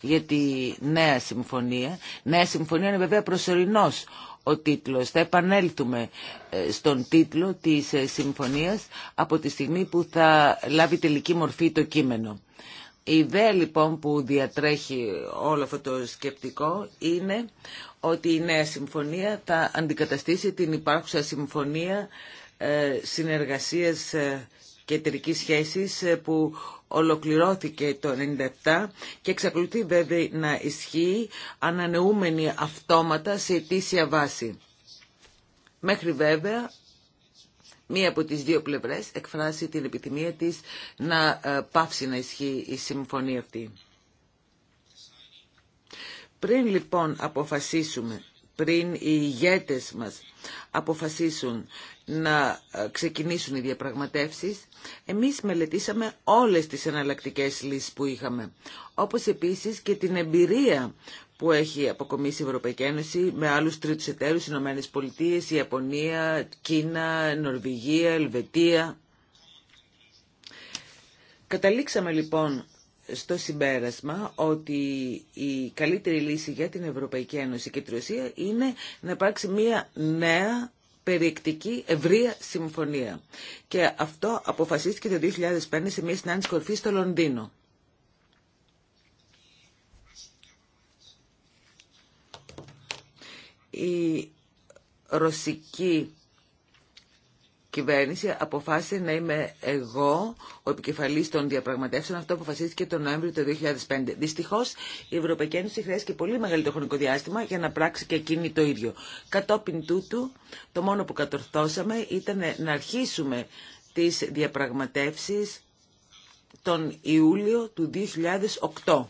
για τη νέα συμφωνία, νέα συμφωνία είναι βέβαια προσωρινός ο τίτλος. Θα επανέλθουμε ε, στον τίτλο της ε, συμφωνίας από τη στιγμή που θα λάβει τελική μορφή το κείμενο. Η ιδέα λοιπόν που διατρέχει όλο αυτό το σκεπτικό είναι ότι η νέα συμφωνία θα αντικαταστήσει την υπάρχουσα συμφωνία ε, συνεργασίας ε, και εταιρική σχέσης ε, που ολοκληρώθηκε το 1997 και εξακολουθεί βέβαια να ισχύει ανανεούμενη αυτόματα σε αιτήσια βάση. Μέχρι βέβαια μία από τις δύο πλευρές εκφράσει την επιθυμία της να πάυσει να ισχύει η συμφωνία αυτή. Πριν λοιπόν αποφασίσουμε, πριν οι ηγέτες μας αποφασίσουν να ε, ξεκινήσουν οι διαπραγματεύσεις, εμείς μελετήσαμε όλες τις εναλλακτικές λύσεις που είχαμε, όπως επίσης και την εμπειρία που έχει αποκομίσει η Ευρωπαϊκή Ένωση με άλλους τρίτους εταίρους, Ηνωμένε Πολιτείε, Ιαπωνία, Κίνα, Νορβηγία, Ελβετία. Καταλήξαμε λοιπόν στο συμπέρασμα ότι η καλύτερη λύση για την Ευρωπαϊκή Ένωση και τη Ρωσία είναι να υπάρξει μια νέα περιεκτική ευρεία συμφωνία. Και αυτό αποφασίστηκε το 2005 σε μια συνάντηση κορφή στο Λονδίνο. Η ρωσική κυβέρνηση αποφάσισε να είμαι εγώ ο επικεφαλής των διαπραγματεύσεων. Αυτό αποφασίστηκε τον Νοέμβριο του 2005. Δυστυχώς η Ευρωπαϊκή Ένωση χρειάστηκε πολύ μεγαλύτερο χρονικό διάστημα για να πράξει και εκείνη το ίδιο. Κατόπιν τούτου το μόνο που κατορθώσαμε ήταν να αρχίσουμε τις διαπραγματεύσεις τον Ιούλιο του 2008.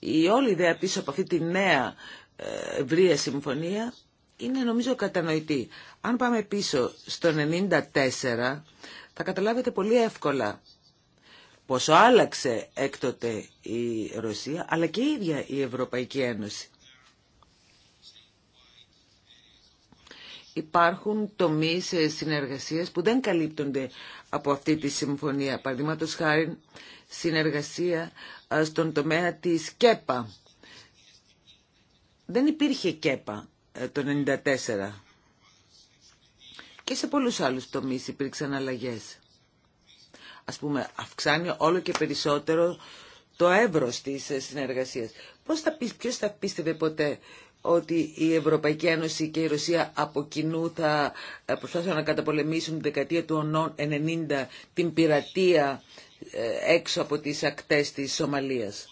Η όλη ιδέα πίσω από αυτή τη νέα ευρεία συμφωνία είναι νομίζω κατανοητή. Αν πάμε πίσω στο 94 θα καταλάβετε πολύ εύκολα πόσο άλλαξε έκτοτε η Ρωσία αλλά και η ίδια η Ευρωπαϊκή Ένωση. Υπάρχουν τομείς ε, συνεργασίας που δεν καλύπτονται από αυτή τη συμφωνία. Παραδείγματος χάρη συνεργασία ε, στον τομέα της ΚΕΠΑ δεν υπήρχε ΚΕΠΑ ε, το 1994 και σε πολλούς άλλους τομείς υπήρξαν αλλαγές. Ας πούμε, αυξάνει όλο και περισσότερο το εύρος της ε, συνεργασίας. Πώς θα, ποιος θα πίστευε ποτέ ότι η Ευρωπαϊκή Ένωση και η Ρωσία από κοινού θα ε, προσπάθουν να καταπολεμήσουν την δεκαετία του 90 την πειρατεία έξω από τις ακτές της Σομαλίας.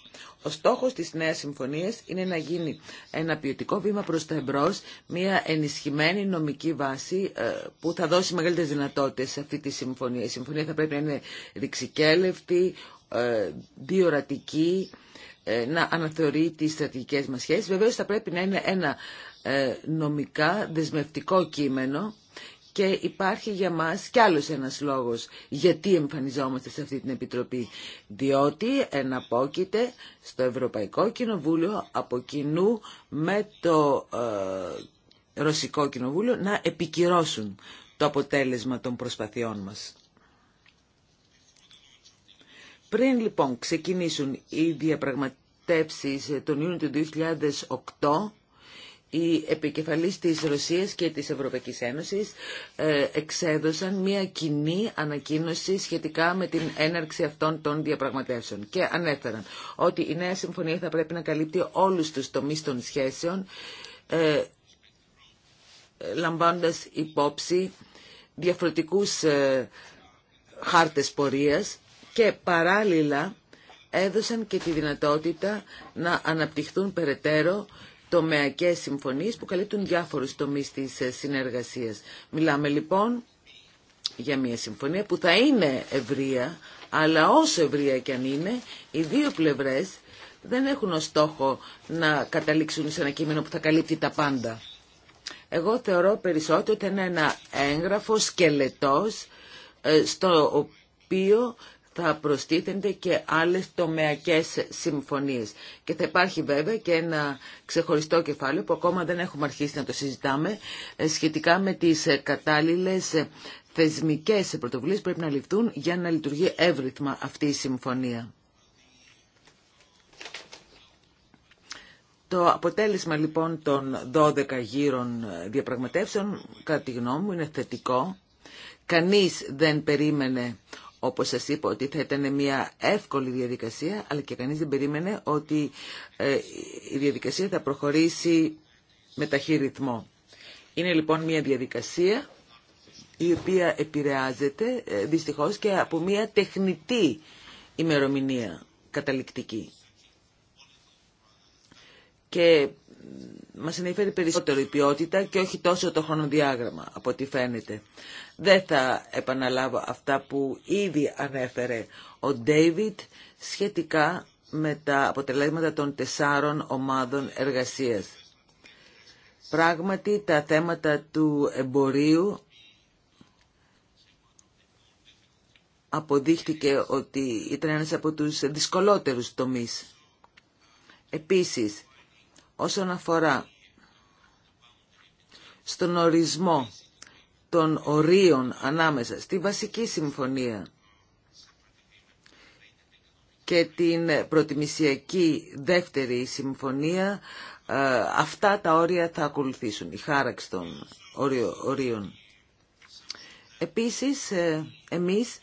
Ο στόχος της νέας συμφωνίας είναι να γίνει ένα ποιοτικό βήμα προς τα εμπρός, μια ενισχυμένη νομική βάση ε, που θα δώσει μεγαλύτερες δυνατότητες σε αυτή τη συμφωνία. Η συμφωνία θα πρέπει να είναι ρηξικέλευτη, ε, διορατική, ε, να αναθεωρεί τις στρατηγικές μας σχέσεις. Βεβαίως θα πρέπει να είναι ένα νομικά δεσμευτικό κείμενο και υπάρχει για μας κι άλλος ένας λόγος γιατί εμφανιζόμαστε σε αυτή την Επιτροπή. Διότι εναπόκειται στο Ευρωπαϊκό Κοινοβούλιο από κοινού με το ε, Ρωσικό Κοινοβούλιο να επικυρώσουν το αποτέλεσμα των προσπαθειών μας. Πριν λοιπόν ξεκινήσουν οι διαπραγματεύσεις τον Ιούνιο του 2008 οι επικεφαλής της Ρωσίας και της Ευρωπαϊκής Ένωσης ε, εξέδωσαν μια κοινή ανακοίνωση σχετικά με την έναρξη αυτών των διαπραγματεύσεων και ανέφεραν ότι η νέα συμφωνία θα πρέπει να καλύπτει όλους τους τομείς των σχέσεων ε, λαμβάνοντας υπόψη διαφορετικούς ε, χάρτες πορείας και παράλληλα έδωσαν και τη δυνατότητα να αναπτυχθούν περαιτέρω τομεακές συμφωνίες που καλύπτουν διάφορους τομείς της ε, συνεργασίας. Μιλάμε λοιπόν για μια συμφωνία που θα είναι ευρεία, αλλά όσο ευρεία και αν είναι, οι δύο πλευρές δεν έχουν ως στόχο να καταλήξουν σε ένα κείμενο που θα καλύπτει τα πάντα. Εγώ θεωρώ περισσότερο ότι είναι ένα έγγραφο σκελετός ε, στο οποίο θα προστίθενται και άλλες τομεακές συμφωνίες. Και θα υπάρχει βέβαια και ένα ξεχωριστό κεφάλαιο που ακόμα δεν έχουμε αρχίσει να το συζητάμε ε, σχετικά με τις ε, κατάλληλες ε, θεσμικές πρωτοβουλίες που πρέπει να ληφθούν για να λειτουργεί εύρυθμα αυτή η συμφωνία. Το αποτέλεσμα λοιπόν των 12 γύρων διαπραγματεύσεων, κατά τη γνώμη μου, είναι θετικό. Κανείς δεν περίμενε όπως σας είπα ότι θα ήταν μια εύκολη διαδικασία, αλλά και κανείς δεν περίμενε ότι ε, η διαδικασία θα προχωρήσει με ταχύ ρυθμό. Είναι λοιπόν μια διαδικασία η οποία επηρεάζεται ε, δυστυχώς και από μια τεχνητή ημερομηνία καταληκτική. Και μας ενδιαφέρει περισσότερο η ποιότητα και όχι τόσο το χρονοδιάγραμμα από ό,τι φαίνεται. Δεν θα επαναλάβω αυτά που ήδη ανέφερε ο Ντέιβιτ σχετικά με τα αποτελέσματα των τεσσάρων ομάδων εργασίας. Πράγματι, τα θέματα του εμπορίου αποδείχτηκε ότι ήταν ένας από τους δυσκολότερους τομείς. Επίσης, όσον αφορά στον ορισμό των ορίων ανάμεσα στη βασική συμφωνία και την προτιμησιακή δεύτερη συμφωνία ε, αυτά τα όρια θα ακολουθήσουν, η χάραξη των ορίων. Επίσης, ε, εμείς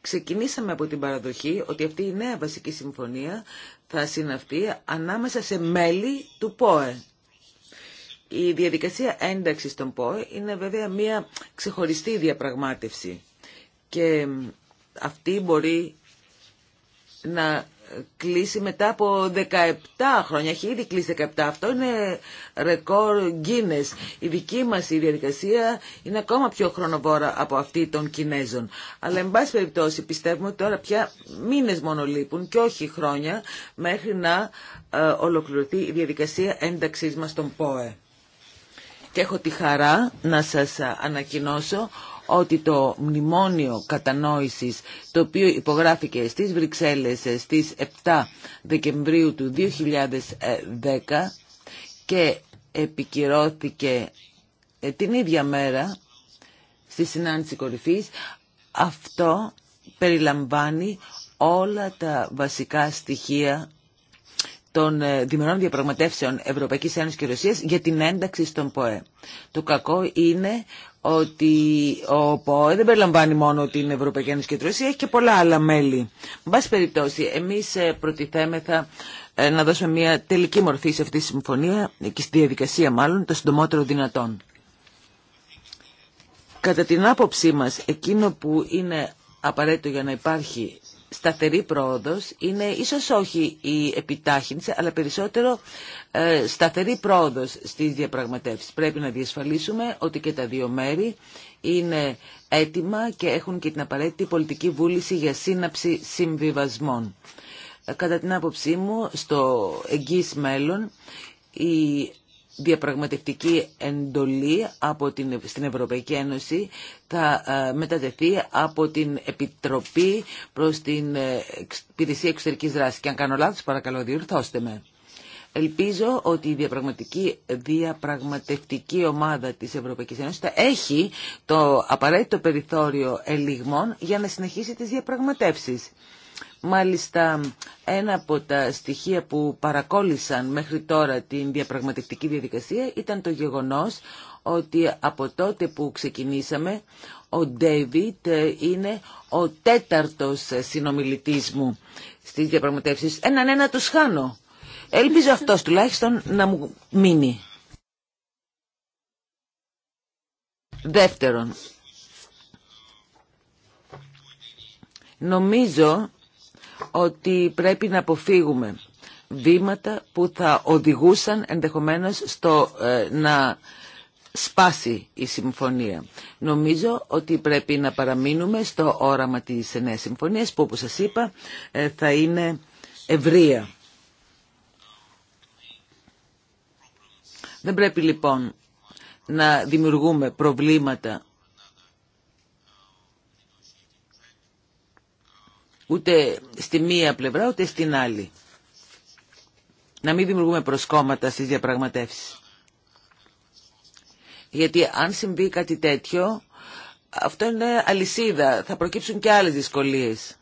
ξεκινήσαμε από την παραδοχή ότι αυτή η νέα βασική συμφωνία θα συναυτεί ανάμεσα σε μέλη του ΠΟΕ. Η διαδικασία ένταξης των ΠΟΕ είναι βέβαια μια ξεχωριστή διαπραγμάτευση και αυτή μπορεί να κλείσει μετά από 17 χρόνια. Έχει ήδη κλείσει 17. Αυτό είναι ρεκόρ Guinness. Η δική μας η διαδικασία είναι ακόμα πιο χρονοβόρα από αυτή των Κινέζων. Αλλά εν πάση περιπτώσει πιστεύουμε ότι τώρα πια μήνες μόνο λείπουν και όχι χρόνια μέχρι να ε, ολοκληρωθεί η διαδικασία ένταξής μας στον ΠΟΕ και έχω τη χαρά να σας ανακοινώσω ότι το μνημόνιο κατανόησης το οποίο υπογράφηκε στις Βρυξέλλες στις 7 Δεκεμβρίου του 2010 και επικυρώθηκε ε, την ίδια μέρα στη συνάντηση κορυφής αυτό περιλαμβάνει όλα τα βασικά στοιχεία των ε, διμερών διαπραγματεύσεων Ευρωπαϊκής Ένωσης και Ρωσίας για την ένταξη στον ΠΟΕ. Το κακό είναι ότι ο ΠΟΕ δεν περιλαμβάνει μόνο την Ευρωπαϊκή Ένωση και την Ρωσία, έχει και πολλά άλλα μέλη. πάση περιπτώσει, εμείς ε, προτιθέμεθα ε, να δώσουμε μια τελική μορφή σε αυτή τη συμφωνία και στη διαδικασία μάλλον το συντομότερο δυνατόν. Κατά την άποψή μας, εκείνο που είναι απαραίτητο για να υπάρχει σταθερή πρόοδος είναι ίσως όχι η επιτάχυνση αλλά περισσότερο ε, σταθερή πρόοδος στις διαπραγματεύσεις. Πρέπει να διασφαλίσουμε ότι και τα δύο μέρη είναι έτοιμα και έχουν και την απαραίτητη πολιτική βούληση για σύναψη συμβιβασμών. Ε, κατά την άποψή μου, στο εγγύς μέλλον, η διαπραγματευτική εντολή από την, στην Ευρωπαϊκή Ένωση θα ε, μετατεθεί από την Επιτροπή προς την ε, Υπηρεσία Εξωτερικής Δράσης. Και αν κάνω λάθος, παρακαλώ, διορθώστε με. Ελπίζω ότι η διαπραγματική, διαπραγματευτική ομάδα της Ευρωπαϊκής Ένωσης θα έχει το απαραίτητο περιθώριο ελιγμών για να συνεχίσει τις διαπραγματεύσεις. Μάλιστα, ένα από τα στοιχεία που παρακόλλησαν μέχρι τώρα την διαπραγματευτική διαδικασία ήταν το γεγονός ότι από τότε που ξεκινήσαμε, ο Ντέιβιτ είναι ο τέταρτος συνομιλητής μου στις διαπραγματεύσεις. Έναν ένα τους χάνω. Ελπίζω αυτός τουλάχιστον να μου μείνει. Δεύτερον, νομίζω ότι πρέπει να αποφύγουμε βήματα που θα οδηγούσαν ενδεχομένως στο ε, να σπάσει η συμφωνία. Νομίζω ότι πρέπει να παραμείνουμε στο όραμα της νέας συμφωνίας που όπως σας είπα ε, θα είναι ευρεία. Δεν πρέπει λοιπόν να δημιουργούμε προβλήματα ούτε στη μία πλευρά ούτε στην άλλη. Να μην δημιουργούμε προσκόμματα στις διαπραγματεύσεις. Γιατί αν συμβεί κάτι τέτοιο, αυτό είναι αλυσίδα, θα προκύψουν και άλλες δυσκολίες.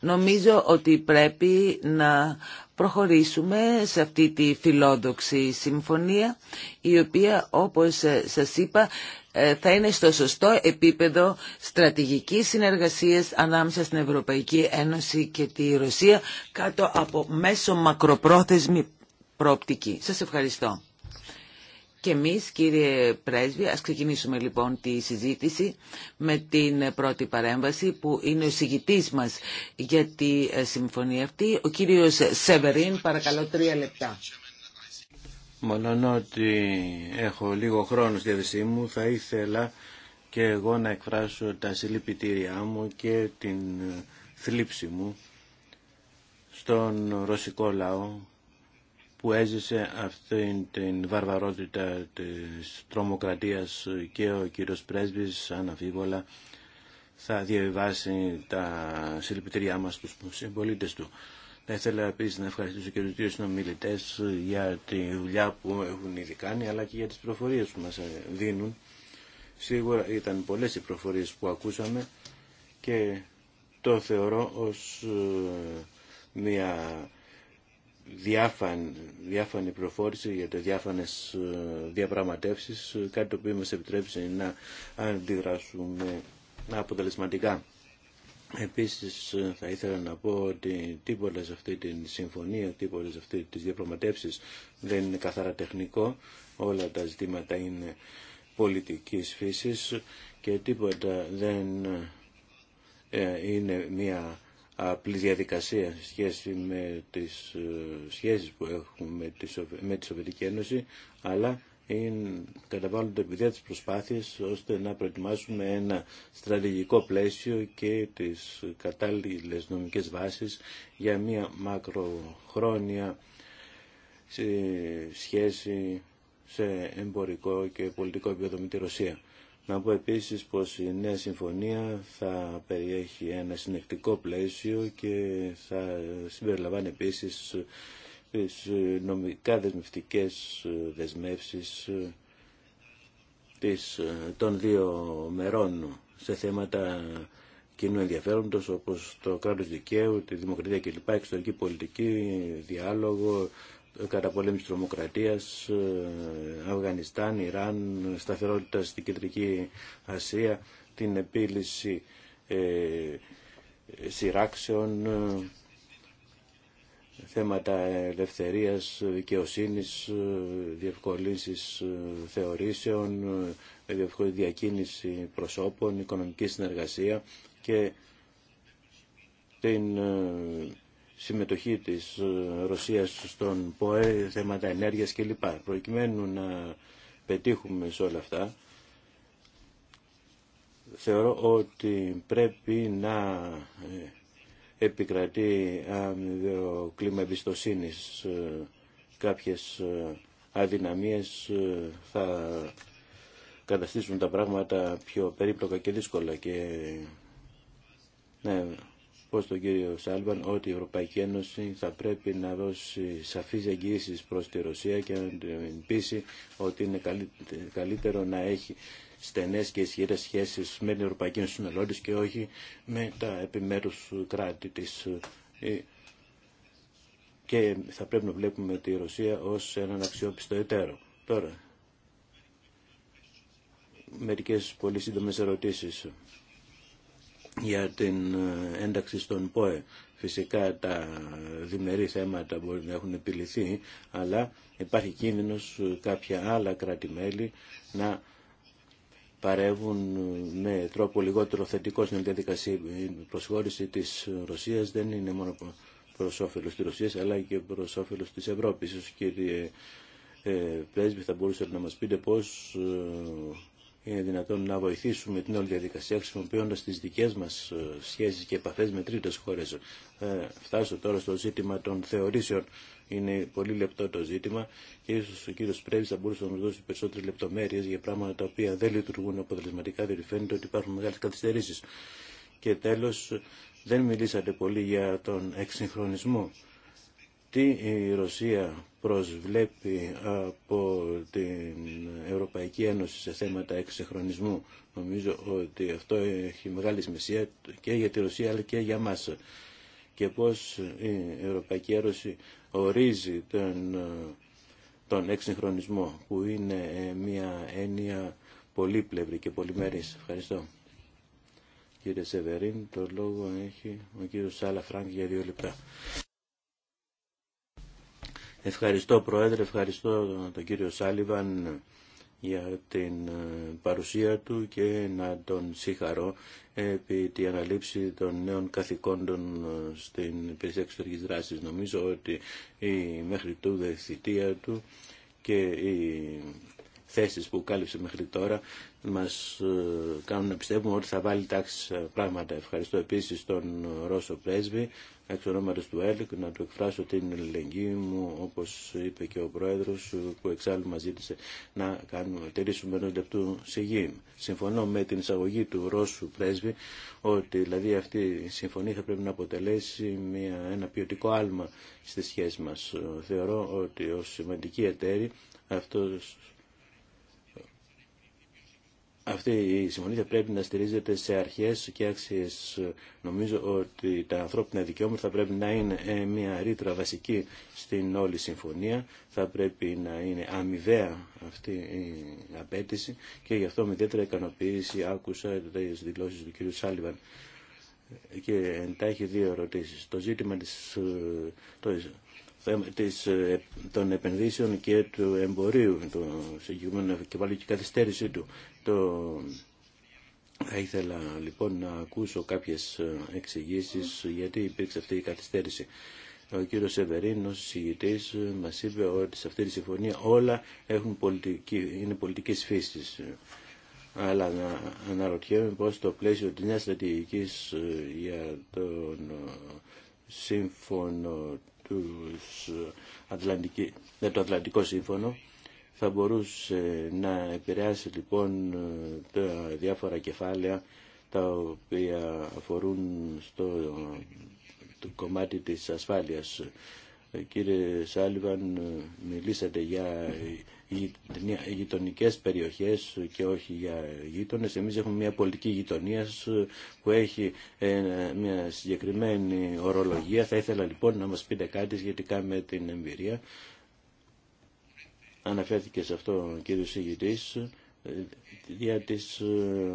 Νομίζω ότι πρέπει να προχωρήσουμε σε αυτή τη φιλόδοξη συμφωνία η οποία όπως σας είπα ε, θα είναι στο σωστό επίπεδο στρατηγικής συνεργασίας ανάμεσα στην Ευρωπαϊκή Ένωση και τη Ρωσία κάτω από μέσο μακροπρόθεσμη προοπτική. Σας ευχαριστώ. Και εμείς, κύριε Πρέσβη, ας ξεκινήσουμε λοιπόν τη συζήτηση με την πρώτη παρέμβαση που είναι ο συγητής μας για τη ε, συμφωνία αυτή. Ο κύριος Σεβερίν, παρακαλώ τρία λεπτά. Μόνο ότι έχω λίγο χρόνο στη διάθεσή μου, θα ήθελα και εγώ να εκφράσω τα συλληπιτήριά μου και την θλίψη μου στον ρωσικό λαό που έζησε αυτή την βαρβαρότητα της τρομοκρατίας και ο κύριος πρέσβης αναφίβολα θα διαβιβάσει τα συλληπιτήριά μας στους συμπολίτε του. Θα ήθελα επίση να ευχαριστήσω και του δύο συνομιλητέ για τη δουλειά που έχουν ήδη κάνει αλλά και για τι προφορίε που μα δίνουν. Σίγουρα ήταν πολλέ οι προφορίε που ακούσαμε και το θεωρώ ως ε, μια διάφανη, διάφανη προφόρηση, για τις διάφανες ε, διαπραγματεύσεις, ε, κάτι το οποίο μας επιτρέψει να αντιδράσουμε αποτελεσματικά. Επίσης ε, θα ήθελα να πω ότι τίποτα σε αυτή τη συμφωνία, τίποτα σε αυτή τις διαπραγματεύσεις δεν είναι καθαρά τεχνικό, όλα τα ζητήματα είναι πολιτικής φύσης και τίποτα δεν είναι μια απλή διαδικασία σε σχέση με τις ε, σχέσεις που έχουμε με τη Σοβιετική Ένωση, αλλά είναι, καταβάλλονται επειδή τις προσπάθειες ώστε να προετοιμάσουμε ένα στρατηγικό πλαίσιο και τις κατάλληλες νομικές βάσεις για μια μακροχρόνια ε, σχέση σε εμπορικό και πολιτικό επίπεδο με τη Ρωσία. Να πω επίσης πως η νέα συμφωνία θα περιέχει ένα συνεκτικό πλαίσιο και θα συμπεριλαμβάνει επίσης τις νομικά δεσμευτικές δεσμεύσεις της, των δύο μερών σε θέματα κοινού ενδιαφέροντος όπως το κράτος δικαίου, τη δημοκρατία κλπ, εξωτερική πολιτική, διάλογο, καταπολέμηση τρομοκρατία, ε, Αφγανιστάν, Ιράν, σταθερότητα στην Κεντρική Ασία, την επίλυση ε, σειράξεων, ε, θέματα ελευθερίας, δικαιοσύνης, διευκολύνσεις θεωρήσεων, διακίνηση προσώπων, οικονομική συνεργασία και την συμμετοχή της ε, Ρωσίας στον ΠΟΕ, θέματα ενέργειας κλπ. Προκειμένου να πετύχουμε σε όλα αυτά, θεωρώ ότι πρέπει να ε, επικρατεί το κλίμα εμπιστοσύνη ε, κάποιες αδυναμίες θα καταστήσουν τα πράγματα πιο περίπλοκα και δύσκολα και ναι, πω τον κύριο Σάλβαν ότι η Ευρωπαϊκή Ένωση θα πρέπει να δώσει σαφείς εγγύησεις προς τη Ρωσία και να την πείσει ότι είναι καλύτερο να έχει στενές και ισχυρές σχέσεις με την Ευρωπαϊκή Ένωση μελώντης και όχι με τα επιμέρους κράτη της ε, και θα πρέπει να βλέπουμε τη Ρωσία ως έναν αξιόπιστο εταίρο. Τώρα, μερικές πολύ σύντομε ερωτήσει για την ε, ένταξη στον ΠΟΕ. Φυσικά τα διμερεί θέματα μπορεί να έχουν επιληθεί, αλλά υπάρχει κίνδυνος ε, κάποια άλλα κράτη-μέλη να παρεύουν ε, με τρόπο λιγότερο θετικό στην διαδικασία. Η προσχώρηση της Ρωσίας δεν είναι μόνο προς όφελος της Ρωσίας, αλλά και προς όφελος της Ευρώπης. Ίσως κύριε Πρέσβη θα μπορούσατε να μας πείτε πώς είναι δυνατόν να βοηθήσουμε την όλη διαδικασία χρησιμοποιώντα τι δικέ μα ε, σχέσει και επαφέ με τρίτε χώρε. Θα ε, φτάσω τώρα στο ζήτημα των θεωρήσεων. Είναι πολύ λεπτό το ζήτημα και ίσω ο κύριο Πρέβη θα μπορούσε να μα δώσει περισσότερε λεπτομέρειε για πράγματα τα οποία δεν λειτουργούν αποτελεσματικά, διότι φαίνεται ότι υπάρχουν μεγάλε καθυστερήσει. Και τέλο, δεν μιλήσατε πολύ για τον εξυγχρονισμό τι η Ρωσία προσβλέπει από την Ευρωπαϊκή Ένωση σε θέματα εξεχρονισμού. Νομίζω ότι αυτό έχει μεγάλη σημασία και για τη Ρωσία αλλά και για μας. Και πώς η Ευρωπαϊκή Ένωση ορίζει τον, τον εξυγχρονισμό που είναι μια έννοια πολύπλευρη και πολυμερής. Ευχαριστώ. Κύριε Σεβερίν, το λόγο έχει ο κύριος Σάλα για δύο λεπτά. Ευχαριστώ Πρόεδρε, ευχαριστώ τον κύριο Σάλιβαν για την ε, παρουσία του και να τον συγχαρώ επί τη αναλήψη των νέων καθηκόντων ε, στην υπηρεσία εξωτερικής δράσης. Νομίζω ότι η μέχρι τούδε θητεία του και η θέσεις που κάλυψε μέχρι τώρα μας ε, κάνουν να πιστεύουμε ότι θα βάλει τάξη πράγματα. Ευχαριστώ επίσης τον Ρώσο Πρέσβη εξ ονόματος του ΕΛΚ να του εκφράσω την ελεγγύη μου όπως είπε και ο Πρόεδρος που εξάλλου μας ζήτησε να κάνουμε, τηρήσουμε ενός λεπτού σιγή. Συμφωνώ με την εισαγωγή του Ρώσου Πρέσβη ότι δηλαδή αυτή η συμφωνία θα πρέπει να αποτελέσει μια, ένα ποιοτικό άλμα στη σχέση μας. Θεωρώ ότι ως σημαντική εταίρη αυτός αυτή η συμφωνία πρέπει να στηρίζεται σε αρχές και άξιες. Νομίζω ότι τα ανθρώπινα δικαιώματα θα πρέπει να είναι ε, μια ρήτρα βασική στην όλη συμφωνία. Θα πρέπει να είναι αμοιβαία αυτή η απέτηση και γι' αυτό με ιδιαίτερη ικανοποίηση άκουσα τις δηλώσεις του κ. Σάλιβαν και εντάχει δύο ερωτήσεις. Το ζήτημα της, ε, των επενδύσεων και του εμπορίου, το συγκεκριμένο και καθυστέρησή του. Το... Θα ήθελα λοιπόν να ακούσω κάποιες ε, εξηγήσεις γιατί υπήρξε αυτή η καθυστέρηση. Ο κύριος Σεβερίνος, συγητή, ε, μα είπε ότι σε αυτή τη συμφωνία όλα έχουν πολιτική, είναι πολιτικής φύσης. Αλλά να αναρωτιέμαι πώς το πλαίσιο τη νέα στρατηγική ε, για τον σύμφωνο για το Ατλαντικό Σύμφωνο θα μπορούσε να επηρεάσει λοιπόν τα διάφορα κεφάλαια τα οποία αφορούν στο το κομμάτι της ασφάλειας. Κύριε Σάλιβαν, μιλήσατε για γειτονικέ περιοχές και όχι για γείτονες. Εμείς έχουμε μια πολιτική γειτονία που έχει ε, μια συγκεκριμένη ορολογία. Θα ήθελα λοιπόν να μας πείτε κάτι σχετικά με την εμπειρία αναφέρθηκε σε αυτό ο κύριος Σιγητής, ε, δια της ε,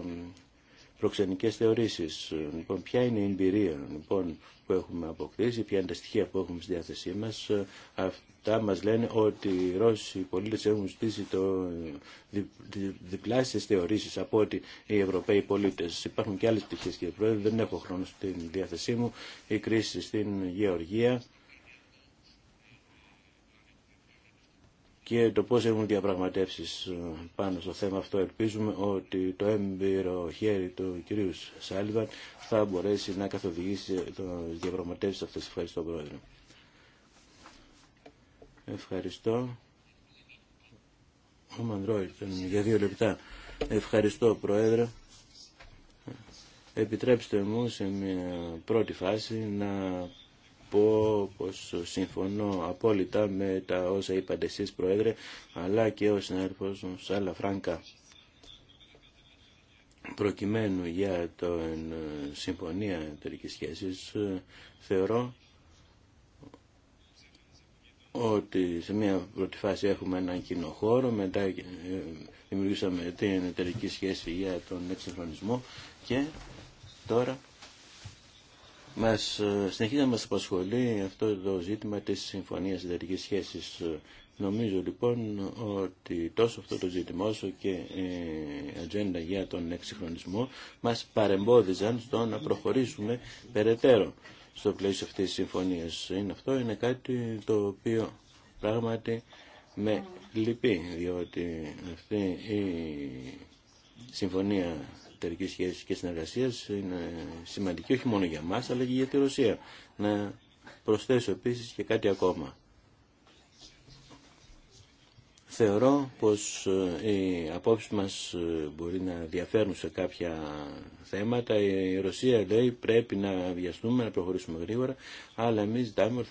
προξενικές θεωρήσεις. Λοιπόν, ποια είναι η εμπειρία λοιπόν, που έχουμε αποκτήσει, ποια είναι τα στοιχεία που έχουμε στη διάθεσή μας. Ε, αυτά μας λένε ότι οι Ρώσοι πολίτες έχουν στήσει το δι, δι, θεωρήσεις από ότι οι Ευρωπαίοι πολίτες. Υπάρχουν και άλλες πτυχές κύριε Πρόεδρε, δεν έχω χρόνο στην διάθεσή μου. Η κρίση στην Γεωργία και το πώς έχουν διαπραγματεύσεις ε, πάνω στο θέμα αυτό. Ελπίζουμε ότι το έμπειρο χέρι του κυρίου Σάλιβαν θα μπορέσει να καθοδηγήσει τις διαπραγματεύσεις αυτές. Ευχαριστώ Πρόεδρε. Ευχαριστώ. Ο Μανδρόη, ε, για δύο λεπτά. Ευχαριστώ Πρόεδρε. Επιτρέψτε μου σε μια πρώτη φάση να πω πως συμφωνώ απόλυτα με τα όσα είπατε εσείς Πρόεδρε αλλά και ο συνάδελφος μου Σάλα Φράγκα προκειμένου για την ε, Συμφωνία τελικής Σχέσης ε, θεωρώ ότι σε μια πρώτη φάση έχουμε έναν κοινό χώρο, μετά ε, δημιουργήσαμε την εταιρική σχέση για τον εξυγχρονισμό και τώρα μας, ε, συνεχίζει να μας απασχολεί αυτό το ζήτημα της Συμφωνίας Συντηρικής Σχέσης. Νομίζω λοιπόν ότι τόσο αυτό το ζήτημα όσο και η ατζέντα για τον εξυγχρονισμό μας παρεμπόδιζαν στο να προχωρήσουμε περαιτέρω στο πλαίσιο αυτής της συμφωνίας. Είναι αυτό, είναι κάτι το οποίο πράγματι με λυπεί, διότι αυτή η συμφωνία εσωτερική σχέση και συνεργασία είναι σημαντική όχι μόνο για μας αλλά και για τη Ρωσία. Να προσθέσω επίση και κάτι ακόμα. Θεωρώ πως ε, οι απόψεις μας ε, μπορεί να διαφέρουν σε κάποια θέματα. Η Ρωσία λέει πρέπει να βιαστούμε, να προχωρήσουμε γρήγορα, αλλά εμείς ζητάμε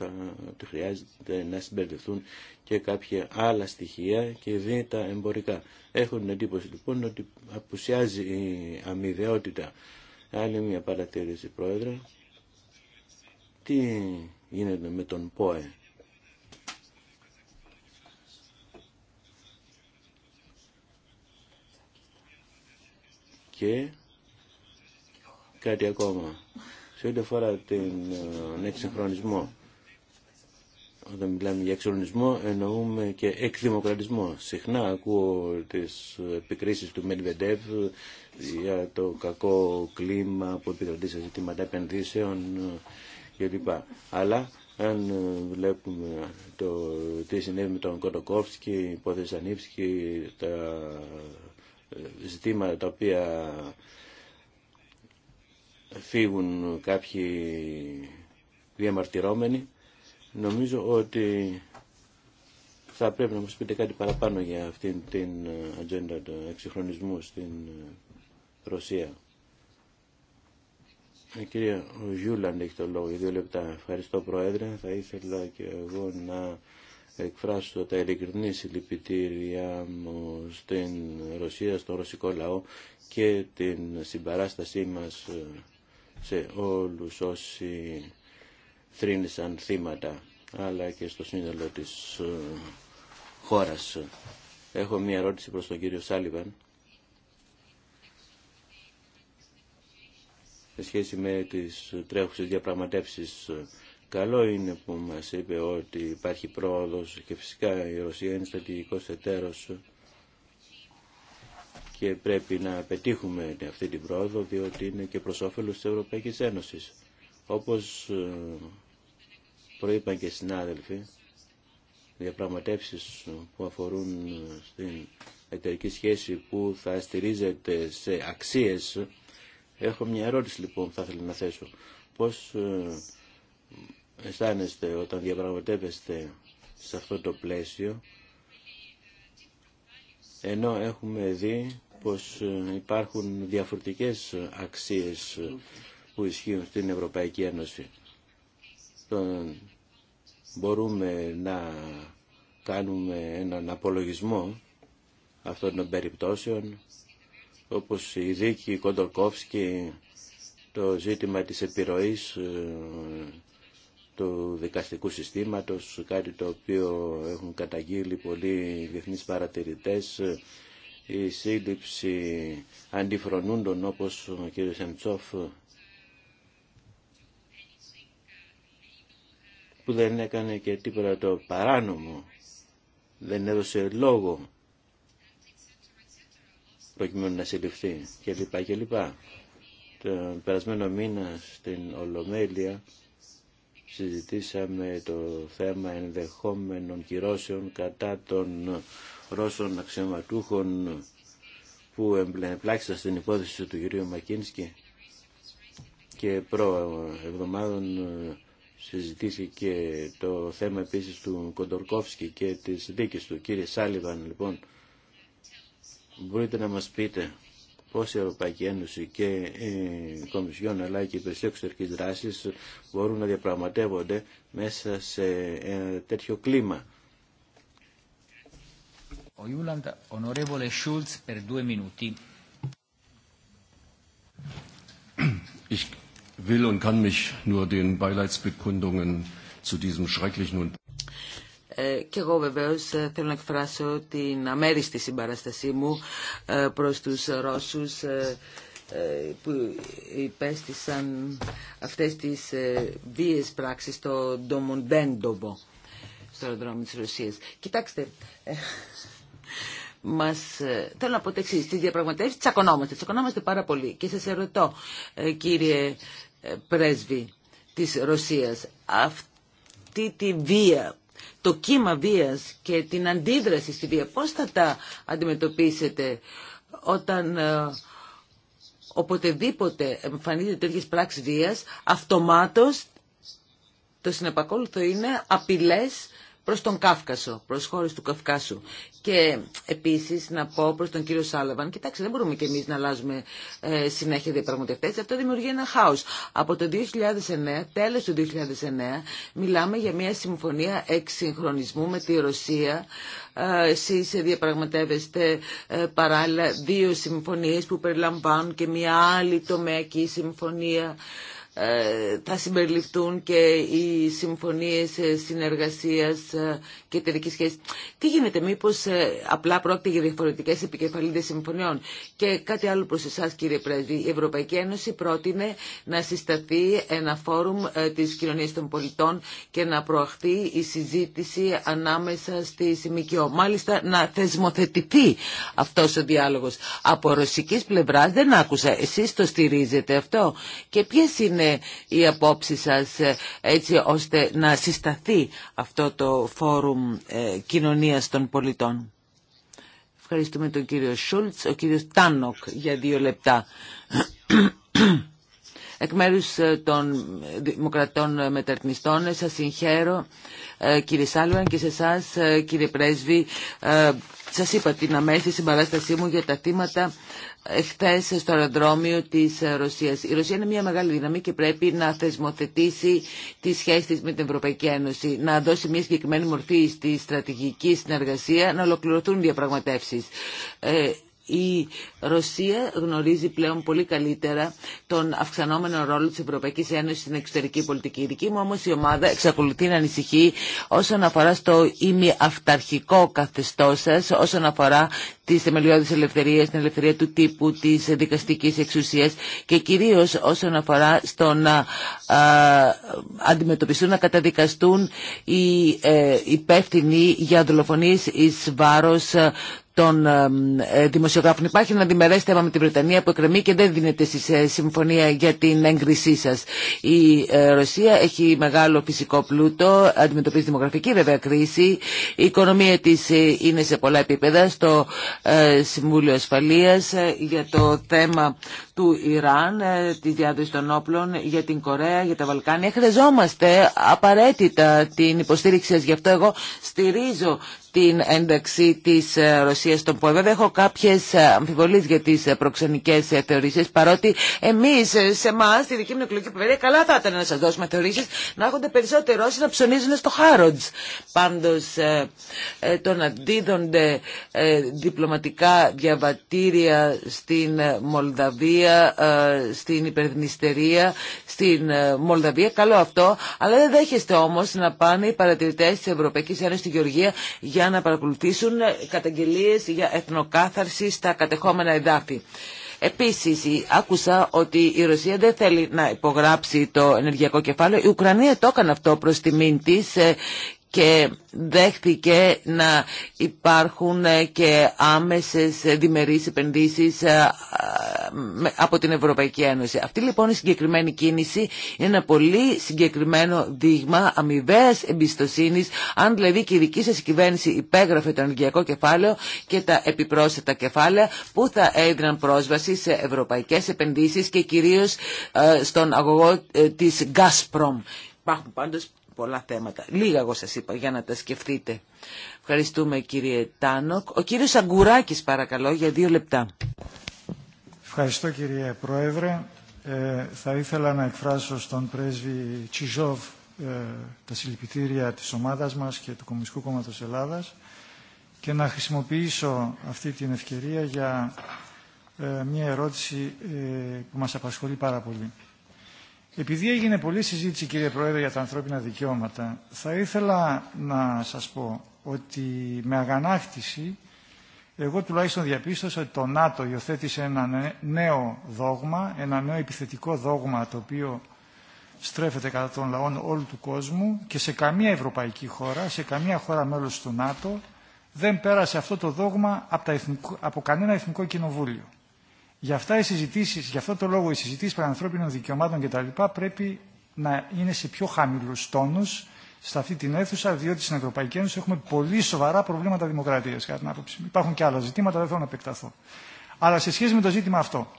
ότι χρειάζεται να συμπεριληφθούν και κάποια άλλα στοιχεία και δι' τα εμπορικά. Έχουν την εντύπωση λοιπόν ότι απουσιάζει η αμοιβαιότητα. Άλλη μια παρατήρηση, Πρόεδρε. Τι γίνεται με τον ΠΟΕ Και κάτι ακόμα. Σε ό,τι αφορά τον ε, ναι, εξυγχρονισμό, όταν μιλάμε για εξυγχρονισμό εννοούμε και εκδημοκρατισμό. Συχνά ακούω τις επικρίσεις του Μεντβεντεύ για το κακό κλίμα που επικρατεί σε ζητήματα επενδύσεων ε, κλπ. Αλλά αν ε, βλέπουμε το τι συνέβη με τον Κοτοκόφσκι, η υπόθεση Ανίψκη, τα ζητήματα τα οποία φύγουν κάποιοι διαμαρτυρόμενοι. Νομίζω ότι θα πρέπει να μας πείτε κάτι παραπάνω για αυτήν την ατζέντα του εξυγχρονισμού στην Ρωσία. Η ε, κυρία Γιούλαντ έχει το λόγο για δύο λεπτά. Ευχαριστώ Πρόεδρε. Θα ήθελα και εγώ να εκφράσω τα ειλικρινή συλληπιτήριά μου στην Ρωσία, στο ρωσικό λαό και την συμπαράστασή μας ε, σε όλους όσοι θρύνησαν θύματα αλλά και στο σύνολο της ε, χώρας. Έχω μία ερώτηση προς τον κύριο Σάλιβαν σε σχέση με τις τρέχουσες διαπραγματεύσεις ε, Καλό είναι που μας είπε ότι υπάρχει πρόοδος και φυσικά η Ρωσία είναι στρατηγικός εταίρος και πρέπει να πετύχουμε αυτή την πρόοδο διότι είναι και προς όφελος της Ευρωπαϊκής Ένωσης. Όπως ε, προείπαν και συνάδελφοι, διαπραγματεύσεις που αφορούν ε, στην εταιρική σχέση που θα στηρίζεται σε αξίες. Έχω μια ερώτηση λοιπόν που θα ήθελα να θέσω. Πώς ε, αισθάνεστε όταν διαπραγματεύεστε σε αυτό το πλαίσιο ενώ έχουμε δει πως ε, υπάρχουν διαφορετικές αξίες που ισχύουν στην Ευρωπαϊκή Ένωση. Μπορούμε να κάνουμε έναν απολογισμό αυτών των περιπτώσεων όπως η δίκη Κοντορκόφσκι, το ζήτημα της επιρροής ε, του δικαστικού συστήματος, κάτι το οποίο έχουν καταγγείλει πολλοί διεθνείς παρατηρητές, η σύλληψη αντιφρονούντων όπως ο κ. Σεμτσόφ που δεν έκανε και τίποτα το παράνομο, δεν έδωσε λόγο προκειμένου να συλληφθεί κλπ. κλπ. Τον περασμένο μήνα στην Ολομέλεια συζητήσαμε το θέμα ενδεχόμενων κυρώσεων κατά των Ρώσων αξιωματούχων που εμπλάξαν στην υπόθεση του κυρίου Μακίνσκι και προ εβδομάδων ε, συζητήθηκε το θέμα επίσης του Κοντορκόφσκι και της δίκης του. Κύριε Σάλιβαν, λοιπόν, μπορείτε να μας πείτε πώς η Ευρωπαϊκή Ένωση και η Κομισιόν αλλά και οι περισσότερες εξωτερικές δράσεις μπορούν να διαπραγματεύονται μέσα σε ένα τέτοιο κλίμα. Ο Ιούλαντ, ονορεύολε Σούλτς, per due minuti. will und kann mich nur den Beileidsbekundungen zu diesem schrecklichen und ε, και εγώ βεβαίως ε, θέλω να εκφράσω την αμέριστη συμπαραστασή μου ε, προς τους Ρώσους που υπέστησαν αυτές τις βίες πράξεις στο Ντομοντέντοβο, στο αεροδρόμιο της Ρωσίας. Κοιτάξτε, μας, θέλω να πω τεξί. εξής, στις διαπραγματεύσεις τσακωνόμαστε, τσακωνόμαστε πάρα πολύ και σας ερωτώ κύριε πρέσβη της Ρωσίας αυτή τη βία το κύμα βίας και την αντίδραση στη βία. Πώς θα τα αντιμετωπίσετε όταν ε, οποτεδήποτε εμφανίζεται τέτοιε πράξεις βίας, αυτομάτως το συνεπακόλουθο είναι απειλές προς τον Κάφκασο, προς χώρες του Καυκάσου. Και επίσης να πω προς τον κύριο Σάλαβαν, κοιτάξτε δεν μπορούμε και εμείς να αλλάζουμε ε, συνέχεια διαπραγματευτές, αυτό δημιουργεί ένα χάος. Από το 2009, τέλος του 2009, μιλάμε για μια συμφωνία εξυγχρονισμού με τη Ρωσία. Ε, εσείς διαπραγματεύεστε ε, παράλληλα δύο συμφωνίες που περιλαμβάνουν και μια άλλη τομεακή συμφωνία. Ε, θα συμπεριληφθούν και οι συμφωνίες ε, συνεργασίας ε, και εταιρικής σχέσης. Τι γίνεται, μήπως απλά πρόκειται για διαφορετικές επικεφαλίδες συμφωνιών. Και κάτι άλλο προς εσάς κύριε Πρέσβη, η Ευρωπαϊκή Ένωση πρότεινε να συσταθεί ένα φόρουμ της κοινωνίας των πολιτών και να προαχθεί η συζήτηση ανάμεσα στη ΣΜΚΟ. Μάλιστα να θεσμοθετηθεί αυτός ο διάλογος. Από ρωσικής πλευράς δεν άκουσα, εσείς το στηρίζετε αυτό. Και ποιες είναι είναι οι σας ε, έτσι ώστε να συσταθεί αυτό το φόρουμ ε, κοινωνίας των πολιτών. Ευχαριστούμε τον κύριο Σούλτς, ο κύριος Τάνοκ για δύο λεπτά. Εκ μέρου ε, των Δημοκρατών Μεταρρυθμιστών σας συγχαίρω κύριε Σάλουαν και σε εσά κύριε Πρέσβη σας είπα την αμέσως συμπαράστασή μου για τα θύματα χθες στο αεροδρόμιο της Ρωσίας. Η Ρωσία είναι μια μεγάλη δύναμη και πρέπει να θεσμοθετήσει τη σχέση τη με την Ευρωπαϊκή Ένωση, να δώσει μια συγκεκριμένη μορφή στη στρατηγική συνεργασία, να ολοκληρωθούν διαπραγματεύσεις. Ε, η Ρωσία γνωρίζει πλέον πολύ καλύτερα τον αυξανόμενο ρόλο της Ευρωπαϊκής Ένωσης στην εξωτερική πολιτική. Η δική μου όμω η ομάδα εξακολουθεί να ανησυχεί όσον αφορά στο ημιαυταρχικό καθεστώς σα, όσον αφορά τις θεμελιώδεις ελευθερίες, την ελευθερία του τύπου, τη δικαστική εξουσία και κυρίως όσον αφορά στο να αντιμετωπιστούν, να καταδικαστούν οι ε, υπεύθυνοι για δολοφονίες εις βάρος ε, των ε, ε, δημοσιογράφων. Υπάρχει ένα διμερές θέμα με την Βρετανία που εκκρεμεί και δεν δίνεται στη συμφωνία για την έγκρισή σα. Η ε, Ρωσία έχει μεγάλο φυσικό πλούτο, αντιμετωπίζει δημογραφική βέβαια κρίση. Η οικονομία της είναι σε πολλά επίπεδα στο Συμβούλιο Ασφαλείας για το θέμα του Ιράν, ε, τη διάδοση των όπλων για την Κορέα, για τα Βαλκάνια. Χρειαζόμαστε απαραίτητα την υποστήριξη σας. Γι' αυτό εγώ στηρίζω την ένταξη της ε, Ρωσίας στον ΠΟΕ. Βέβαια έχω κάποιες ε, αμφιβολίες για τις προξενικές θεωρήσεις, παρότι εμείς σε εμά, στη δική μου εκλογική περιφέρεια, καλά θα ήταν να σας δώσουμε θεωρήσεις, να έχονται περισσότερο όσοι να ψωνίζουν στο Χάροντς. Πάντως, το να δίδονται διπλωματικά διαβατήρια στην Μολδαβία, ε, στην υπερδνηστερία, στην ε, Μολδαβία. Καλό αυτό, αλλά δεν δέχεστε όμως να πάνε οι παρατηρητές της Ευρωπαϊκής Ένωσης στη Γεωργία για να παρακολουθήσουν ε, καταγγελίες για εθνοκάθαρση στα κατεχόμενα εδάφη. Επίσης, άκουσα ότι η Ρωσία δεν θέλει να υπογράψει το ενεργειακό κεφάλαιο. Η Ουκρανία το έκανε αυτό προς τιμήν τη και δέχτηκε να υπάρχουν ε, και άμεσες ε, διμερείς επενδύσεις ε, από την Ευρωπαϊκή Ένωση. Αυτή λοιπόν η συγκεκριμένη κίνηση είναι ένα πολύ συγκεκριμένο δείγμα αμοιβαία εμπιστοσύνη, αν δηλαδή και η δική σα κυβέρνηση υπέγραφε το ενεργειακό κεφάλαιο και τα επιπρόσθετα κεφάλαια που θα έδιναν πρόσβαση σε ευρωπαϊκέ επενδύσει και κυρίω στον αγωγό τη Gazprom. Υπάρχουν πολλά θέματα. Λίγα εγώ σας είπα για να τα σκεφτείτε. Ευχαριστούμε κύριε Τάνοκ. Ο κύριος Αγκουράκης παρακαλώ για δύο λεπτά. Ευχαριστώ κύριε Πρόεδρε. Ε, θα ήθελα να εκφράσω στον πρέσβη Τσιζόβ ε, τα συλληπιτήρια της ομάδας μας και του Κομμουνιστικού Κόμματος Ελλάδας και να χρησιμοποιήσω αυτή την ευκαιρία για ε, μια ερώτηση που μας απασχολεί πάρα πολύ. Επειδή έγινε πολλή συζήτηση, κύριε Πρόεδρε, για τα ανθρώπινα δικαιώματα, θα ήθελα να σας πω ότι με αγανάκτηση εγώ τουλάχιστον διαπίστωσα ότι το ΝΑΤΟ υιοθέτησε ένα νέο δόγμα, ένα νέο επιθετικό δόγμα το οποίο στρέφεται κατά των λαών όλου του κόσμου και σε καμία ευρωπαϊκή χώρα, σε καμία χώρα μέλος του ΝΑΤΟ δεν πέρασε αυτό το δόγμα από, από κανένα εθνικό κοινοβούλιο. Γι' αυτά οι συζητήσει, γι' αυτό το λόγο οι συζητήσει περί ανθρώπινων δικαιωμάτων κτλ. πρέπει να είναι σε πιο χαμηλού τόνου σε αυτή την αίθουσα, διότι στην Ευρωπαϊκή Ένωση έχουμε πολύ σοβαρά προβλήματα δημοκρατία. κατά την άποψη μου. Υπάρχουν και άλλα ζητήματα, δεν θέλω να επεκταθώ. Αλλά σε σχέση με το ζήτημα αυτό,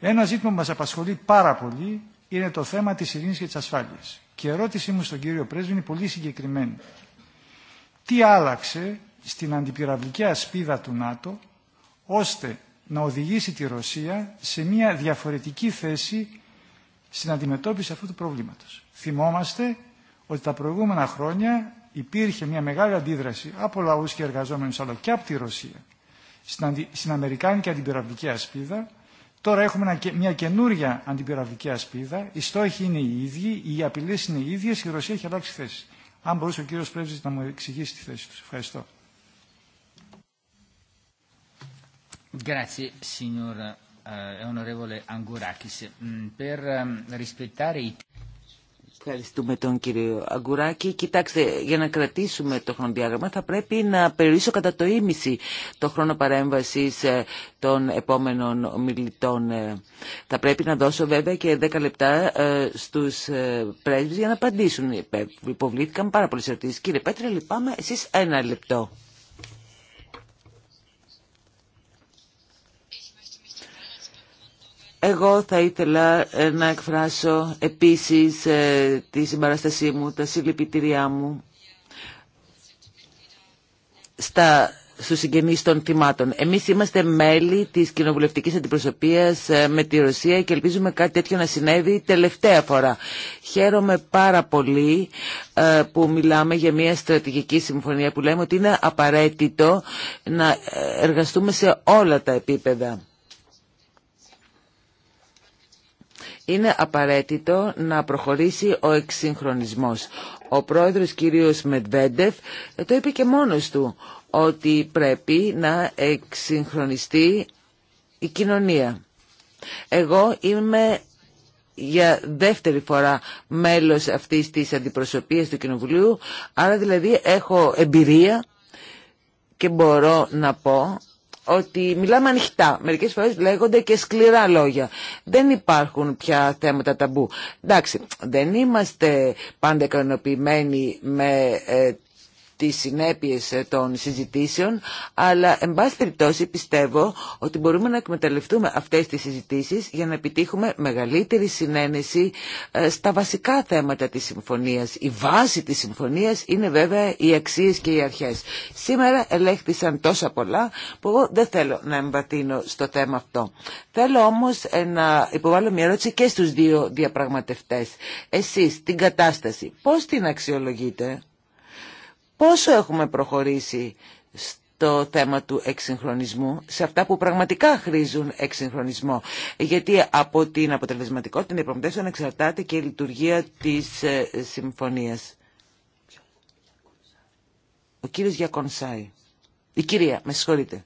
ένα ζήτημα που μα απασχολεί πάρα πολύ είναι το θέμα τη ειρήνης και τη ασφάλεια. Και η ερώτησή μου στον κύριο Πρέσβη είναι πολύ συγκεκριμένη. Τι άλλαξε στην αντιπυραυλική ασπίδα του ΝΑΤΟ, ώστε να οδηγήσει τη Ρωσία σε μια διαφορετική θέση στην αντιμετώπιση αυτού του προβλήματος. Θυμόμαστε ότι τα προηγούμενα χρόνια υπήρχε μια μεγάλη αντίδραση από λαούς και εργαζόμενους αλλά και από τη Ρωσία στην Αμερικάνικη αντιπυραυλική ασπίδα. Τώρα έχουμε μια καινούρια αντιπυραυλική ασπίδα. Οι στόχοι είναι οι ίδιοι, οι απειλές είναι οι ίδιε, η Ρωσία έχει αλλάξει θέση. Αν μπορούσε ο κύριος Πρέπει να μου εξηγήσει τη θέση του. Ευχαριστώ. Grazie signor eh, onorevole Angurakis. Mm, per ehm, rispettare Ευχαριστούμε τον κύριο Αγκουράκη. Κοιτάξτε, για να κρατήσουμε το χρονοδιάγραμμα θα πρέπει να περιορίσω κατά το ίμιση το χρόνο παρέμβασης ε, των επόμενων ομιλητών. Ε, θα πρέπει να δώσω βέβαια και 10 λεπτά ε, στους πρέσβεις για να απαντήσουν. Υποβλήθηκαν πάρα πολλές ερωτήσεις. Κύριε Πέτρε, λυπάμαι, εσείς ένα λεπτό. Εγώ θα ήθελα ε, να εκφράσω επίσης ε, τη συμπαραστασή μου, τα συλληπιτήριά μου στα, στους συγγενείς των θυμάτων. Εμείς είμαστε μέλη της κοινοβουλευτικής αντιπροσωπείας ε, με τη Ρωσία και ελπίζουμε κάτι τέτοιο να συνέβη τελευταία φορά. Χαίρομαι πάρα πολύ που μιλάμε για μια στρατηγική συμφωνία που λέμε ότι είναι απαραίτητο να εργαστούμε σε όλα τα επίπεδα. είναι απαραίτητο να προχωρήσει ο εξυγχρονισμός. Ο πρόεδρος κ. Μετβέντεφ το είπε και μόνος του ότι πρέπει να εξυγχρονιστεί η κοινωνία. Εγώ είμαι για δεύτερη φορά μέλος αυτής της αντιπροσωπείας του Κοινοβουλίου, άρα δηλαδή έχω εμπειρία και μπορώ να πω ότι μιλάμε ανοιχτά. Μερικές φορές λέγονται και σκληρά λόγια. Δεν υπάρχουν πια θέματα ταμπού. Εντάξει, δεν είμαστε πάντα ικανοποιημένοι με ε, τις συνέπειες ε, των συζητήσεων, αλλά εν πάση περιπτώσει πιστεύω ότι μπορούμε να εκμεταλλευτούμε αυτές τις συζητήσεις για να επιτύχουμε μεγαλύτερη συνένεση ε, στα βασικά θέματα της συμφωνίας. Η βάση της συμφωνίας είναι βέβαια οι αξίες και οι αρχές. Σήμερα ελέγχθησαν τόσα πολλά που εγώ δεν θέλω να εμβαθύνω στο θέμα αυτό. Θέλω όμως ε, να υποβάλω μια ερώτηση και στους δύο διαπραγματευτές. Εσείς την κατάσταση πώς την αξιολογείτε πόσο έχουμε προχωρήσει στο θέμα του εξυγχρονισμού, σε αυτά που πραγματικά χρήζουν εξυγχρονισμό. Γιατί από την αποτελεσματικότητα των διαπραγματεύσεων εξαρτάται και η λειτουργία της ε, συμφωνίας. Ο κύριος Γιακονσάη. Η κυρία, με συγχωρείτε.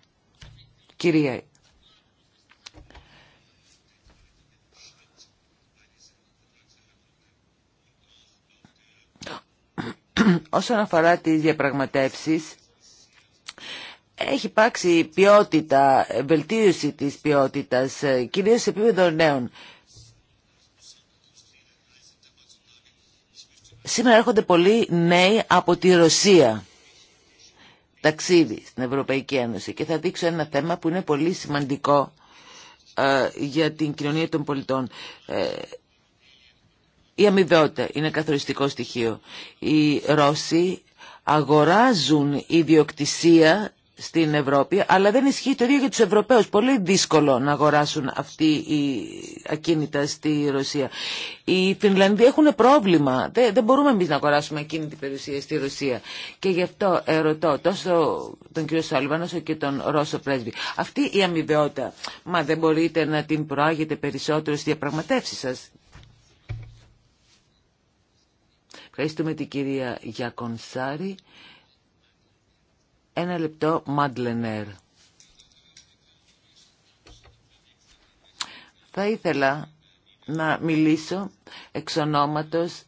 Κυρία Όσον αφορά τις διαπραγματεύσεις, έχει υπάρξει ποιότητα, βελτίωση της ποιότητας, ε, κυρίως σε επίπεδο νέων. Σήμερα έρχονται πολλοί νέοι από τη Ρωσία ταξίδι στην Ευρωπαϊκή Ένωση και θα δείξω ένα θέμα που είναι πολύ σημαντικό ε, για την κοινωνία των πολιτών. Ε, η αμοιβαιότητα είναι καθοριστικό στοιχείο. Οι Ρώσοι αγοράζουν ιδιοκτησία στην Ευρώπη, αλλά δεν ισχύει το ίδιο για τους Ευρωπαίους. Πολύ δύσκολο να αγοράσουν αυτή η ακίνητα στη Ρωσία. Οι Φινλανδοί έχουν πρόβλημα. Δεν, μπορούμε εμείς να αγοράσουμε ακίνητη περιουσία στη Ρωσία. Και γι' αυτό ερωτώ τόσο τον κύριο Σόλβαν όσο και τον Ρώσο πρέσβη. Αυτή η αμοιβαιότητα, μα δεν μπορείτε να την προάγετε περισσότερο στι διαπραγματεύσεις σας. Ευχαριστούμε την κυρία Γιακονσάρη. Ένα λεπτό, Μαντλενέρ. Θα ήθελα να μιλήσω εξ ονόματος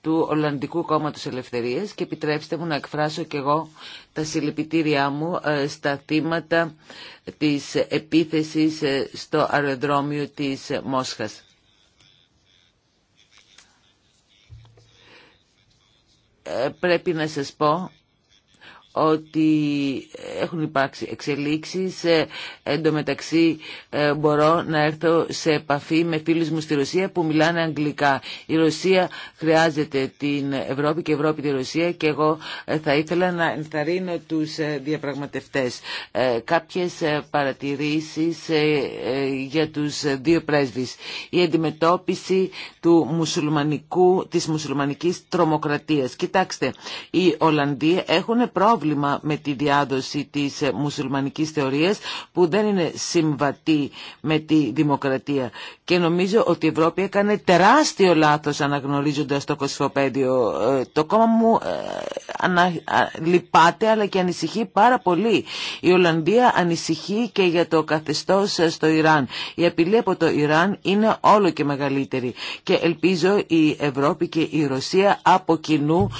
του Ολλανδικού Κόμματος Ελευθερίας και επιτρέψτε μου να εκφράσω και εγώ τα συλληπιτήριά μου ε, στα θύματα της επίθεσης ε, στο αεροδρόμιο της Μόσχας. Ε, πρέπει να σας πω ότι έχουν υπάρξει εξελίξεις. Ε, Εν τω ε, μπορώ να έρθω σε επαφή με φίλους μου στη Ρωσία που μιλάνε αγγλικά. Η Ρωσία χρειάζεται την Ευρώπη και η Ευρώπη τη Ρωσία και εγώ ε, θα ήθελα να ενθαρρύνω τους διαπραγματευτές. Κάποιες παρατηρήσεις για τους δύο πρέσβεις. Η αντιμετώπιση του μουσουλμανικού, της μουσουλμανικής τρομοκρατίας. Κοιτάξτε, οι Ολλανδοί έχουν πρόβλημα με τη διάδοση της ε, μουσουλμανικής θεωρίας που δεν είναι συμβατή με τη δημοκρατία. Και νομίζω ότι η Ευρώπη έκανε τεράστιο λάθος αναγνωρίζοντας το κοσφοπέδιο. Ε, το κόμμα μου ε, λυπάται αλλά και ανησυχεί πάρα πολύ. Η Ολλανδία ανησυχεί και για το καθεστώς στο Ιράν. Η απειλή από το Ιράν είναι όλο και μεγαλύτερη και ελπίζω η Ευρώπη και η Ρωσία από κοινού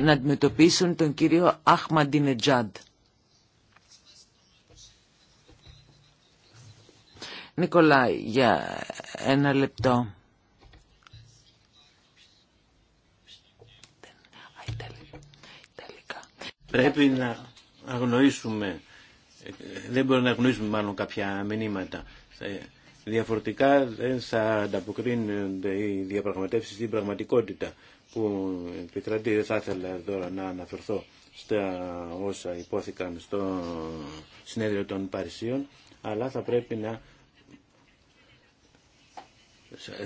να αντιμετωπίσουν τον κύριο Αχμαντή Νικολά, Νικολάη, για ένα λεπτό. Πρέπει να αγνοήσουμε, δεν μπορούμε να αγνοήσουμε μάλλον κάποια μηνύματα. Ε, διαφορετικά δεν θα ανταποκρίνονται οι διαπραγματεύσεις στην πραγματικότητα που επικρατεί. Δεν θα ήθελα τώρα να αναφερθώ στα όσα υπόθηκαν στο συνέδριο των Παρισίων, αλλά θα πρέπει να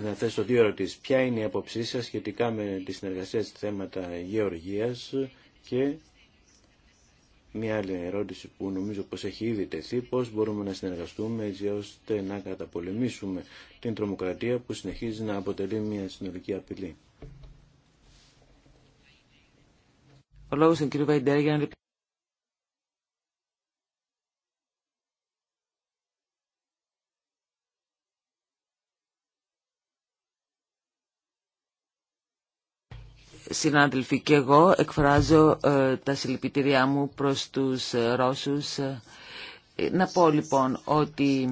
να θέσω δύο ερωτήσεις. Ποια είναι η αποψή σας σχετικά με τη συνεργασία στις θέματα γεωργίας και μια άλλη ερώτηση που νομίζω πως έχει ήδη τεθεί, πώς μπορούμε να συνεργαστούμε έτσι ώστε να καταπολεμήσουμε την τρομοκρατία που συνεχίζει να αποτελεί μια συνολική απειλή. Ο λόγο του κ. για να Συνάδελφοι, και εγώ εκφράζω ε, τα συλληπιτήριά μου προς τους ε, ε, Να πω λοιπόν ότι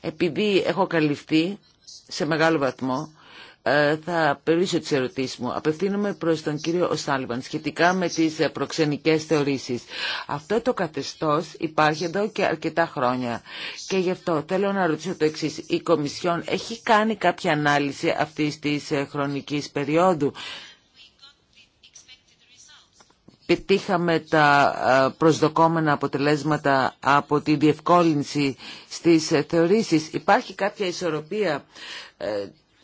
επειδή έχω καλυφθεί σε μεγάλο βαθμό ε, θα περιορίσω τις ερωτήσεις μου. Απευθύνομαι προς τον κύριο Οσάλβαν σχετικά με τις ε, προξενικές θεωρήσεις. Αυτό το καθεστώς υπάρχει εδώ και αρκετά χρόνια. Και γι' αυτό θέλω να ρωτήσω το εξής. Η Κομισιόν έχει κάνει κάποια ανάλυση αυτής της ε, χρονικής περίοδου. Πετύχαμε τα προσδοκόμενα αποτελέσματα από τη διευκόλυνση στις θεωρήσεις. Υπάρχει κάποια ισορροπία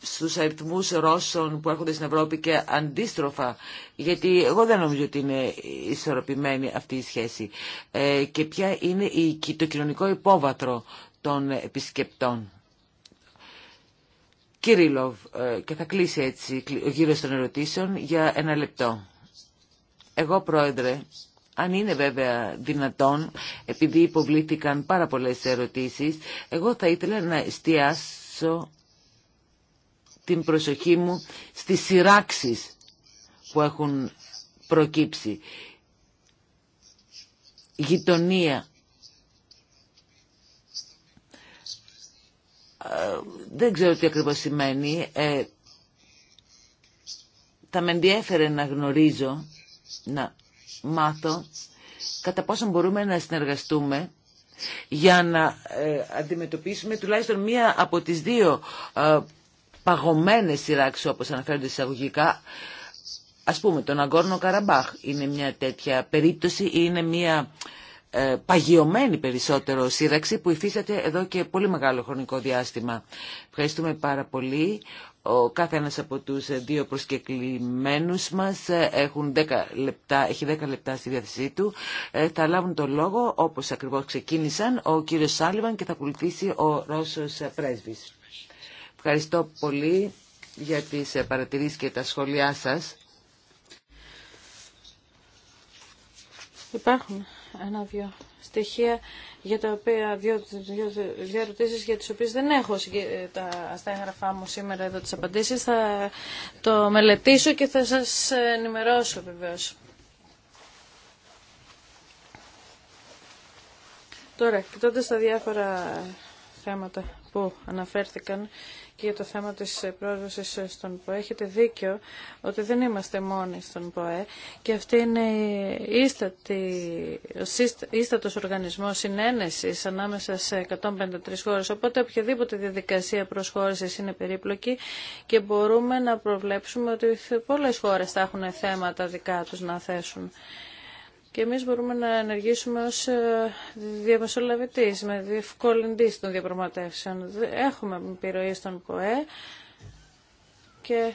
στους αριθμούς Ρώσων που έρχονται στην Ευρώπη και αντίστροφα. Γιατί εγώ δεν νομίζω ότι είναι ισορροπημένη αυτή η σχέση. Ε, και ποια είναι η, το κοινωνικό υπόβαθρο των επισκεπτών. Κύριλοβ, ε, και θα κλείσει έτσι ο γύρος των ερωτήσεων για ένα λεπτό. Εγώ, Πρόεδρε, αν είναι βέβαια δυνατόν, επειδή υποβλήθηκαν πάρα πολλές ερωτήσεις, εγώ θα ήθελα να εστιάσω την προσοχή μου στις σειράξεις που έχουν προκύψει. Γειτονία. Ε, δεν ξέρω τι ακριβώς σημαίνει. Ε, θα με ενδιέφερε να γνωρίζω, να μάθω κατά πόσο μπορούμε να συνεργαστούμε για να ε, αντιμετωπίσουμε τουλάχιστον μία από τις δύο ε, παγωμένες σειράξεις όπως αναφέρονται εισαγωγικά. Ας πούμε, τον Αγκόρνο Καραμπάχ είναι μια τέτοια περίπτωση ή είναι μια ε, παγιωμένη περισσότερο σύραξη που υφίσταται εδώ και πολύ μεγάλο χρονικό διάστημα. Ευχαριστούμε πάρα πολύ. Ο κάθε ένας από τους δύο προσκεκλημένους μας ε, έχουν 10 λεπτά, έχει 10 λεπτά στη διάθεσή του. Ε, θα λάβουν το λόγο όπως ακριβώς ξεκίνησαν ο κύριος Σάλιβαν και θα ακολουθήσει ο Ρώσος πρέσβης. Ευχαριστώ πολύ για τις ε, παρατηρήσεις και τα σχόλιά σας. Υπάρχουν ένα-δύο στοιχεία για τα οποία, δύο, δύο, για τις οποίες δεν έχω ε, τα, στα έγγραφά μου σήμερα εδώ τις απαντήσεις. Θα το μελετήσω και θα σας ενημερώσω βεβαίως. Τώρα, κοιτώντα τα διάφορα θέματα που αναφέρθηκαν, και για το θέμα της ε, πρόσβασης ε, στον ΠΟΕ. Έχετε δίκιο ότι δεν είμαστε μόνοι στον ΠΟΕ και αυτή είναι η ίστατη, ο ίστατος οργανισμός συνένεσης ανάμεσα σε 153 χώρες. Οπότε οποιαδήποτε διαδικασία προσχώρησης είναι περίπλοκη και μπορούμε να προβλέψουμε ότι πολλές χώρες θα έχουν θέματα δικά τους να θέσουν και εμείς μπορούμε να ενεργήσουμε ως ε, διαμεσολαβητής, με διευκολυντής των διαπραγματεύσεων. Έχουμε επιρροή στον ΠΟΕ και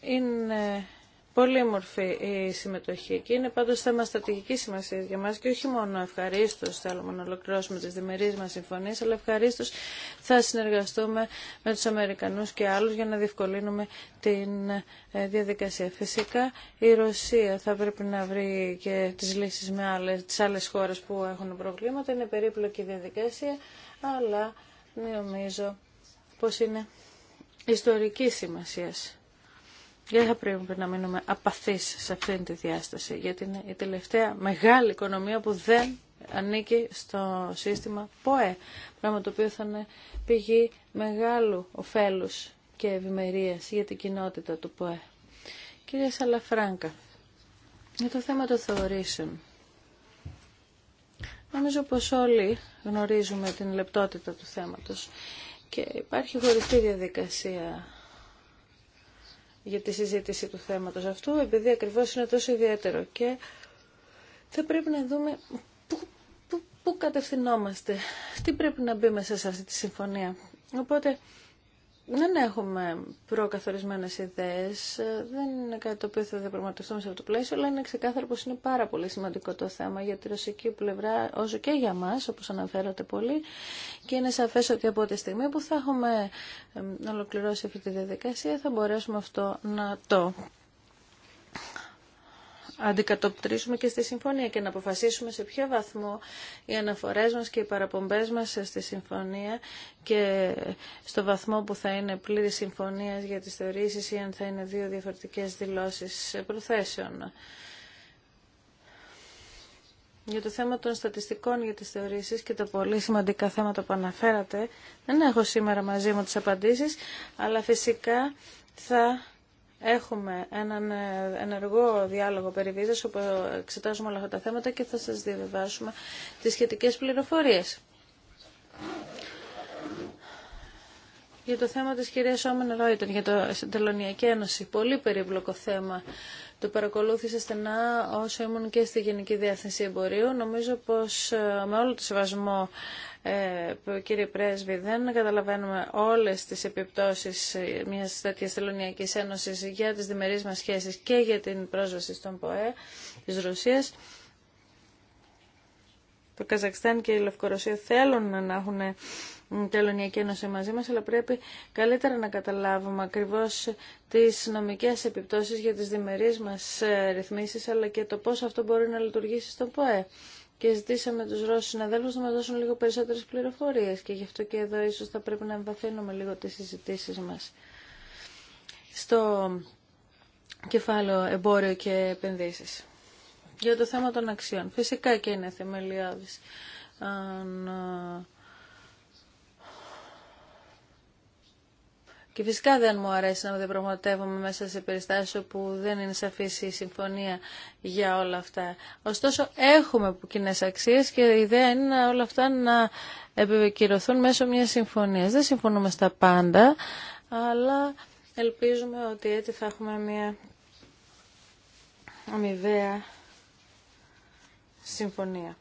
είναι Πολύ όμορφη η συμμετοχή και είναι πάντως θέμα στρατηγικής σημασίας για μας και όχι μόνο ευχαρίστως θέλουμε να ολοκληρώσουμε τις διμερείς μας συμφωνίες αλλά ευχαρίστως θα συνεργαστούμε με τους Αμερικανούς και άλλους για να διευκολύνουμε την ε, διαδικασία. Φυσικά η Ρωσία θα πρέπει να βρει και τις λύσεις με άλλες, τις άλλες χώρες που έχουν προβλήματα. Είναι περίπλοκη διαδικασία αλλά νομίζω πως είναι ιστορική σημασίας. Γιατί θα πρέπει να μείνουμε απαθείς σε αυτή τη διάσταση, γιατί είναι η τελευταία μεγάλη οικονομία που δεν ανήκει στο σύστημα ΠΟΕ, πράγμα το οποίο θα είναι πηγή μεγάλου ωφέλους και ευημερία για την κοινότητα του ΠΟΕ. Κυρία Σαλαφράγκα, για το θέμα των θεωρήσεων. Νομίζω πως όλοι γνωρίζουμε την λεπτότητα του θέματος και υπάρχει χωριστή διαδικασία για τη συζήτηση του θέματος αυτού, επειδή ακριβώς είναι τόσο ιδιαίτερο και θα πρέπει να δούμε πού, πού, κατευθυνόμαστε, τι πρέπει να μπει μέσα σε αυτή τη συμφωνία. Οπότε δεν έχουμε προκαθορισμένες ιδέες, δεν είναι κάτι το οποίο θα διαπραγματευτούμε σε αυτό το πλαίσιο, αλλά είναι ξεκάθαρο πως είναι πάρα πολύ σημαντικό το θέμα για τη ρωσική πλευρά, όσο και για μας, όπως αναφέρατε πολύ, και είναι σαφές ότι από τη στιγμή που θα έχουμε ολοκληρώσει αυτή τη διαδικασία θα μπορέσουμε αυτό να το αντικατοπτρίσουμε και στη συμφωνία και να αποφασίσουμε σε ποιο βαθμό οι αναφορές μας και οι παραπομπές μας στη συμφωνία και στο βαθμό που θα είναι πλήρη συμφωνία για τις θεωρήσεις ή αν θα είναι δύο διαφορετικές δηλώσεις προθέσεων. Για το θέμα των στατιστικών για τις θεωρήσεις και τα πολύ σημαντικά θέματα που αναφέρατε, δεν έχω σήμερα μαζί μου τις απαντήσεις, αλλά φυσικά θα Έχουμε έναν ε, ενεργό διάλογο περί όπου εξετάζουμε όλα αυτά τα θέματα και θα σας διαβεβάσουμε τις σχετικές πληροφορίες. Για το θέμα της κυρίας Όμεν Ρόιτεν, για το Τελωνιακή Ένωση, πολύ περίπλοκο θέμα. Το παρακολούθησα στενά όσο ήμουν και στη Γενική Διεύθυνση Εμπορίου. Νομίζω πως ε, με όλο το σεβασμό ε, κύριε Πρέσβη, δεν καταλαβαίνουμε όλες τις επιπτώσεις μιας τέτοιας θελωνιακής ένωσης για τις διμερείς μας σχέσεις και για την πρόσβαση στον ΠΟΕ της Ρωσίας. Το Καζακστάν και η Λευκορωσία θέλουν να έχουν τελωνιακή ένωση μαζί μας, αλλά πρέπει καλύτερα να καταλάβουμε ακριβώς τις νομικές επιπτώσεις για τις διμερείς μας ε, ρυθμίσεις, αλλά και το πώς αυτό μπορεί να λειτουργήσει στον ΠΟΕ και ζητήσαμε τους Ρώσους συναδέλφους να μας δώσουν λίγο περισσότερες πληροφορίες και γι' αυτό και εδώ ίσως θα πρέπει να εμβαθύνουμε λίγο τις συζητήσεις μας στο κεφάλαιο εμπόριο και επενδύσεις. Για το θέμα των αξιών. Φυσικά και είναι θεμελιώδης. Αν Και φυσικά δεν μου αρέσει να διαπραγματεύομαι μέσα σε περιστάσεις όπου δεν είναι σαφής η συμφωνία για όλα αυτά. Ωστόσο έχουμε κοινέ αξίες και η ιδέα είναι όλα αυτά να επιβεκυρωθούν μέσω μιας συμφωνίας. Δεν συμφωνούμε στα πάντα, αλλά ελπίζουμε ότι έτσι θα έχουμε μια αμοιβαία συμφωνία.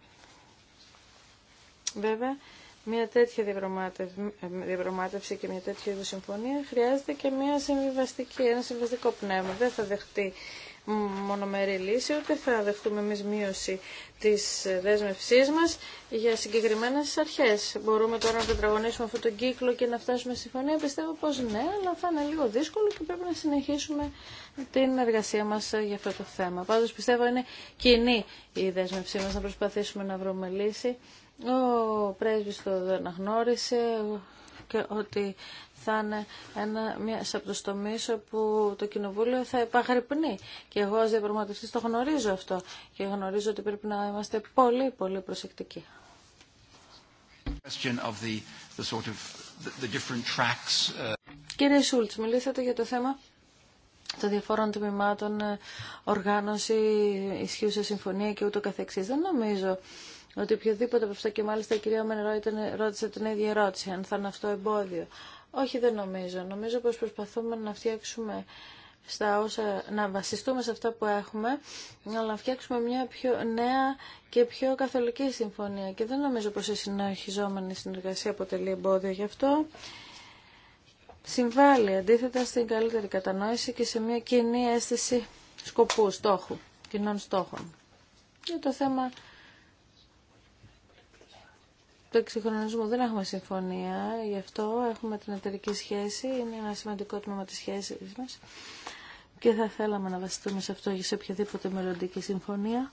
Βέβαια, μια τέτοια ε, διαπραγμάτευση και μια τέτοια είδου συμφωνία χρειάζεται και μια συμβιβαστική, ένα συμβιβαστικό πνεύμα. Δεν θα δεχτεί μονομερή λύση, ούτε θα δεχτούμε εμεί μείωση τη δέσμευσή μα για συγκεκριμένε αρχέ. Μπορούμε τώρα να τετραγωνίσουμε αυτόν τον κύκλο και να φτάσουμε στη συμφωνία. Πιστεύω πω ναι, αλλά θα είναι λίγο δύσκολο και πρέπει να συνεχίσουμε την εργασία μα για αυτό το θέμα. Πάντω πιστεύω είναι κοινή η δέσμευσή μα να προσπαθήσουμε να βρούμε λύση. Ο πρέσβης το αναγνώρισε και ότι θα είναι ένα, μια από του τομεί όπου το Κοινοβούλιο θα επαγρυπνεί. Και εγώ ως διαπραγματευτής το γνωρίζω αυτό και γνωρίζω ότι πρέπει να είμαστε πολύ πολύ προσεκτικοί. Uh, Κύριε Σούλτς, μιλήσατε για το θέμα των διαφόρων τμήματων, ε, οργάνωση, ισχύουσα συμφωνία και ούτω καθεξής. Δεν νομίζω ότι οποιοδήποτε από αυτά και μάλιστα η κυρία ήταν, ρώτησε την ίδια ερώτηση, αν θα είναι αυτό εμπόδιο. Όχι, δεν νομίζω. Νομίζω πως προσπαθούμε να φτιάξουμε στα να βασιστούμε σε αυτά που έχουμε, αλλά να φτιάξουμε μια πιο νέα και πιο καθολική συμφωνία. Και δεν νομίζω πως η συνεχιζόμενη συνεργασία αποτελεί εμπόδιο γι' αυτό. Συμβάλλει αντίθετα στην καλύτερη κατανόηση και σε μια κοινή αίσθηση σκοπού, στόχου, κοινών στόχων. Για το θέμα το εξυγχρονισμό δεν έχουμε συμφωνία, γι' αυτό έχουμε την εταιρική σχέση, είναι ένα σημαντικό τμήμα της σχέσης μας και θα θέλαμε να βασιστούμε σε αυτό για σε οποιαδήποτε μελλοντική συμφωνία.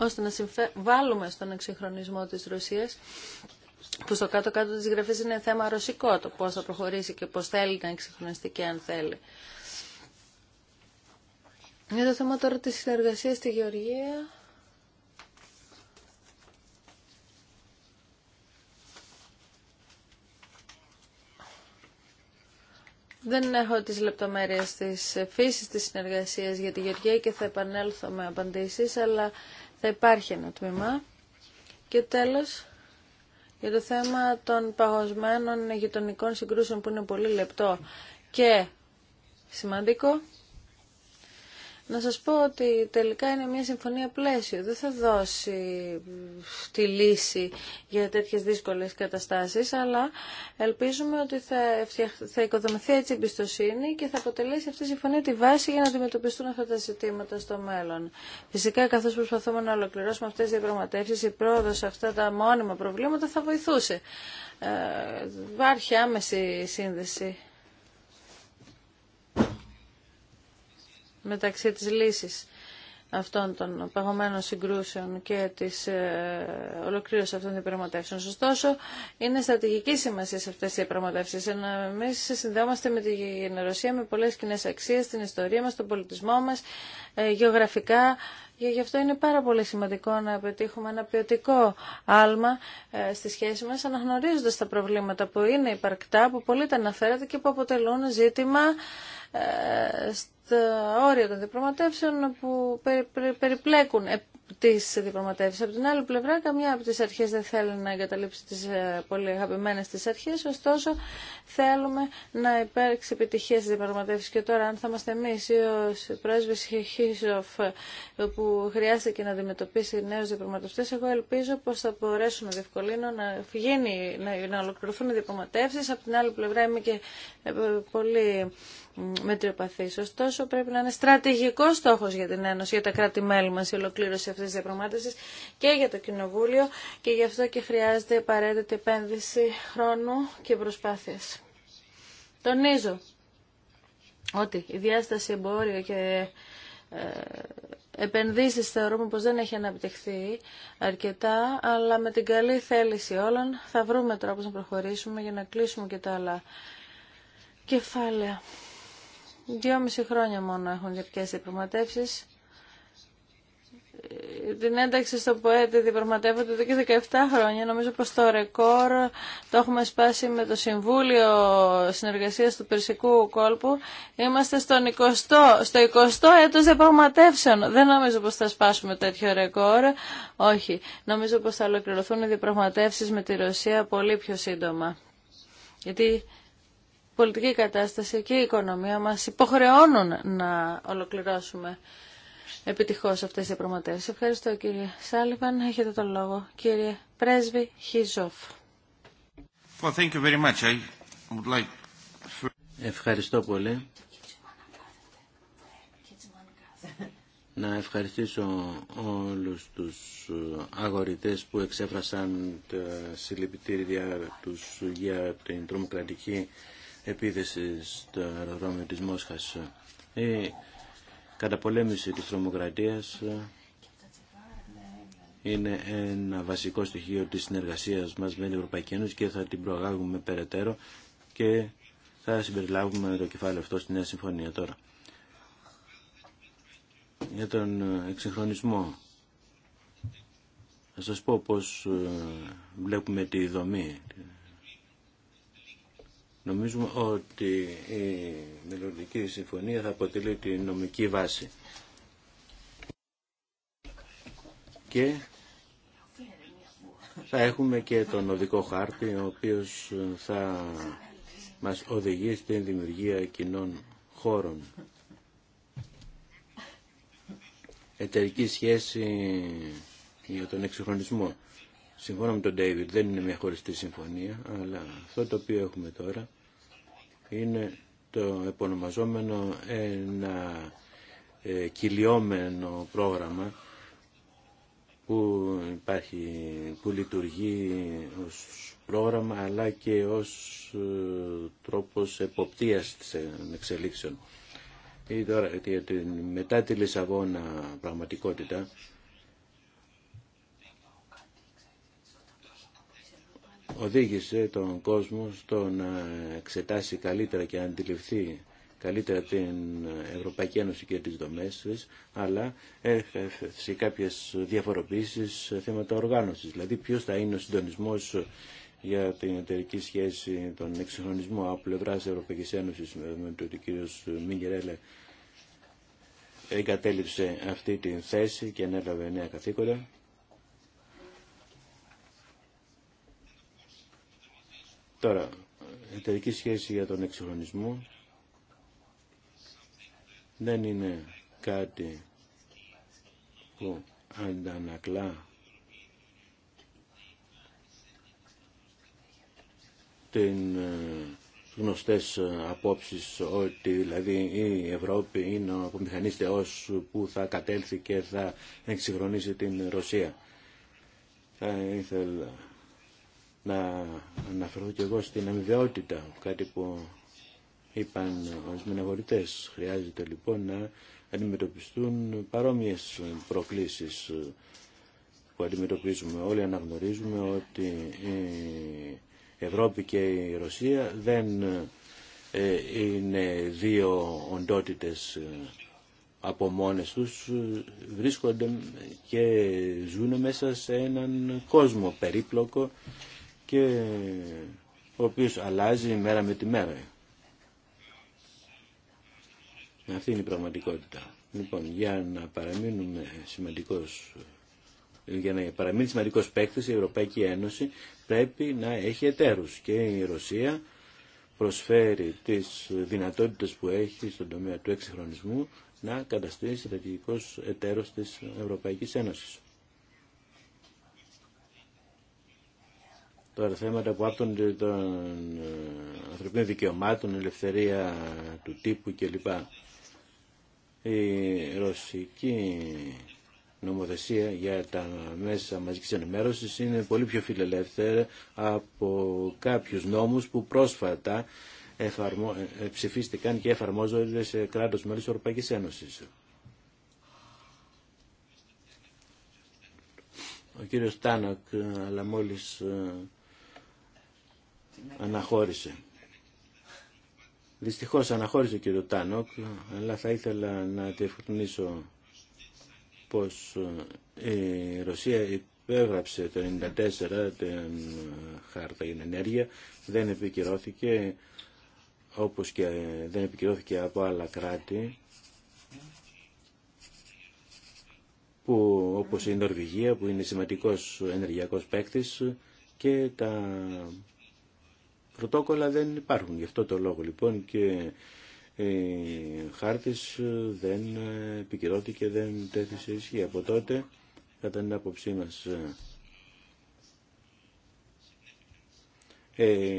ώστε να συμβάλλουμε στον εξυγχρονισμό της Ρωσίας που στο κάτω-κάτω της γραφής είναι θέμα ρωσικό το πώς θα προχωρήσει και πώς θέλει να εξυγχρονιστεί και αν θέλει. Για το θέμα τώρα της συνεργασίας στη Γεωργία... Δεν έχω τις λεπτομέρειες της φύσης της συνεργασίας για τη Γεωργία και θα επανέλθω με απαντήσεις, αλλά θα υπάρχει ένα τμήμα. Και τέλος, για το θέμα των παγωσμένων γειτονικών συγκρούσεων που είναι πολύ λεπτό και σημαντικό, να σας πω ότι τελικά είναι μια συμφωνία πλαίσιο. Δεν θα δώσει τη λύση για τέτοιες δύσκολες καταστάσεις, αλλά ελπίζουμε ότι θα, θα οικοδομηθεί έτσι η εμπιστοσύνη και θα αποτελέσει αυτή η συμφωνία τη βάση για να αντιμετωπιστούν αυτά τα ζητήματα στο μέλλον. Φυσικά, καθώς προσπαθούμε να ολοκληρώσουμε αυτές τις διαπραγματεύσεις, η πρόοδος σε αυτά τα μόνιμα προβλήματα θα βοηθούσε. υπάρχει ε, άμεση σύνδεση μεταξύ της λύσης αυτών των παγωμένων συγκρούσεων και της ε, ολοκλήρωσης αυτών των διαπραγματεύσεων. Ωστόσο, είναι στρατηγική σημασία σε αυτές οι διαπραγματεύσεις. Ε, Εμεί συνδέομαστε με τη Ρωσία με πολλές κοινέ αξίες, την ιστορία μας, τον πολιτισμό μας, ε, γεωγραφικά. Γι' αυτό είναι πάρα πολύ σημαντικό να πετύχουμε ένα ποιοτικό άλμα ε, στη σχέση μας, αναγνωρίζοντας τα προβλήματα που είναι υπαρκτά, που πολύ τα αναφέρατε και που αποτελούν ζήτημα ε, στα όρια των διπλωματεύσεων που περιπλέκουν ε, τις διπλωματεύσεις. Από την άλλη πλευρά, καμιά από τις αρχές δεν θέλει να εγκαταλείψει τις ε, πολύ αγαπημένες τις αρχές, ωστόσο θέλουμε να υπάρξει επιτυχία στις διπλωματεύσεις. Και τώρα, αν θα είμαστε εμεί, ή ο πρέσβης Χίσοφ που χρειάστηκε να αντιμετωπίσει νέου διαπραγματευτές, εγώ ελπίζω πως θα μπορέσουμε να να, γίνει, να, να ολοκληρωθούν οι διπλωματεύσεις. Από την άλλη πλευρά είμαι και ε, πολύ μετριοπαθή, Ωστόσο, πρέπει να είναι στρατηγικό στόχο για την Ένωση, για τα κράτη-μέλη μα η ολοκλήρωση και για το Κοινοβούλιο και γι' αυτό και χρειάζεται απαραίτητη επένδυση χρόνου και προσπάθεια. Τονίζω ότι η διάσταση εμπόριο και ε, επενδύσει θεωρούμε πώ δεν έχει αναπτυχθεί αρκετά, αλλά με την καλή θέληση όλων θα βρούμε τρόπους να προχωρήσουμε για να κλείσουμε και τα άλλα κεφάλαια. Δυόμιση χρόνια μόνο έχουν διαρκέσει οι την ένταξη στο ΠΟΕΤ διαπραγματεύονται εδώ και 17 χρόνια. Νομίζω πως το ρεκόρ το έχουμε σπάσει με το Συμβούλιο Συνεργασίας του Περσικού Κόλπου. Είμαστε στον 20, στο 20ο έτος διαπραγματεύσεων. Δεν νομίζω πως θα σπάσουμε τέτοιο ρεκόρ. Όχι. Νομίζω πως θα ολοκληρωθούν οι διαπραγματεύσεις με τη Ρωσία πολύ πιο σύντομα. Γιατί η πολιτική κατάσταση και η οικονομία μας υποχρεώνουν να ολοκληρώσουμε Επιτυχώ αυτές οι διαπραγματεύσει. Ευχαριστώ κύριε Σάλιβαν. Έχετε τον λόγο. Κύριε Πρέσβη Χιζόφ. Well, thank you very much. I would like... Ευχαριστώ πολύ. Να ευχαριστήσω όλους τους αγορητές που εξέφρασαν τα συλληπιτήρια τους για την τρομοκρατική επίθεση στο αεροδρόμιο της Μόσχας. Ε, καταπολέμηση της τρομοκρατίας ε, είναι ένα βασικό στοιχείο της συνεργασίας μας με την Ευρωπαϊκή Ένωση και θα την προαγάγουμε περαιτέρω και θα συμπεριλάβουμε το κεφάλαιο αυτό στη Νέα Συμφωνία τώρα. Για τον ε, εξυγχρονισμό θα σας πω πώς ε, βλέπουμε τη δομή Νομίζουμε ότι η μελλοντική συμφωνία θα αποτελεί τη νομική βάση. Και θα έχουμε και τον οδικό χάρτη, ο οποίος θα μας οδηγεί στην δημιουργία κοινών χώρων. Εταιρική σχέση για τον εξυγχρονισμό. Συμφώνω με τον Ντέιβιτ δεν είναι μια χωριστή συμφωνία, αλλά αυτό το οποίο έχουμε τώρα είναι το επωνομαζόμενο ένα ε, κυλιόμενο πρόγραμμα που υπάρχει, που λειτουργεί ως πρόγραμμα αλλά και ως ε, τρόπος εποπτείας των ε, εξελίξεων. Ή τώρα, μετά τη Λισαβόνα πραγματικότητα, οδήγησε τον κόσμο στο να εξετάσει καλύτερα και να αντιληφθεί καλύτερα την Ευρωπαϊκή Ένωση και τις δομές της, αλλά σε κάποιες διαφοροποίησεις θέματα οργάνωσης. Δηλαδή ποιος θα είναι ο συντονισμός για την εταιρική σχέση, τον εξυγχρονισμό από πλευρά Ευρωπαϊκή Ένωση με το ότι ο κ. Μιγκερέλε εγκατέλειψε αυτή την θέση και ανέλαβε νέα καθήκοντα. Τώρα, εταιρική σχέση για τον εξυγχρονισμό δεν είναι κάτι που αντανακλά την ε, γνωστές ε, απόψεις ότι δηλαδή η Ευρώπη είναι ο απομηχανής που θα κατέλθει και θα εξυγχρονίσει την Ρωσία. Θα ήθελα να αναφερθώ και εγώ στην αμοιβαιότητα, κάτι που είπαν οι αγορητέ. Χρειάζεται λοιπόν να αντιμετωπιστούν παρόμοιες προκλήσεις που αντιμετωπίζουμε. Όλοι αναγνωρίζουμε ότι η Ευρώπη και η Ρωσία δεν ε, είναι δύο οντότητες ε, από μόνες τους βρίσκονται και ζουν μέσα σε έναν κόσμο περίπλοκο και ο οποίος αλλάζει μέρα με τη μέρα. Αυτή είναι η πραγματικότητα. Λοιπόν, για να παραμείνουμε σημαντικός, για να παραμείνει σημαντικός παίκτης η Ευρωπαϊκή Ένωση πρέπει να έχει εταίρους και η Ρωσία προσφέρει τις δυνατότητες που έχει στον τομέα του εξυγχρονισμού να καταστήσει στρατηγικός εταίρος της Ευρωπαϊκής Ένωσης. Τώρα θέματα που άπτονται των ε, ανθρωπίνων δικαιωμάτων, ελευθερία του τύπου κλπ. Η ρωσική νομοθεσία για τα μέσα μαζικής ενημέρωσης είναι πολύ πιο φιλελεύθερη από κάποιους νόμους που πρόσφατα εφαρμο... Ε, ψηφίστηκαν και εφαρμόζονται σε κράτος μέλος της Ευρωπαϊκής Ένωσης. Ο κύριος Τάνακ, αλλά μόλις ε, αναχώρησε. Δυστυχώς αναχώρησε ο κύριο Τάνοκ, αλλά θα ήθελα να διευκρινίσω πως ε, η Ρωσία υπέγραψε το 1994 την χάρτα για την ενέργεια, δεν επικυρώθηκε όπως και δεν επικυρώθηκε από άλλα κράτη που, όπως η Νορβηγία που είναι σημαντικός ενεργειακός παίκτης και τα πρωτόκολλα δεν υπάρχουν. Γι' αυτό το λόγο λοιπόν και ε, η χάρτης ε, δεν ε, επικυρώθηκε, δεν τέθησε ισχύ. Από τότε, κατά την άποψή μας,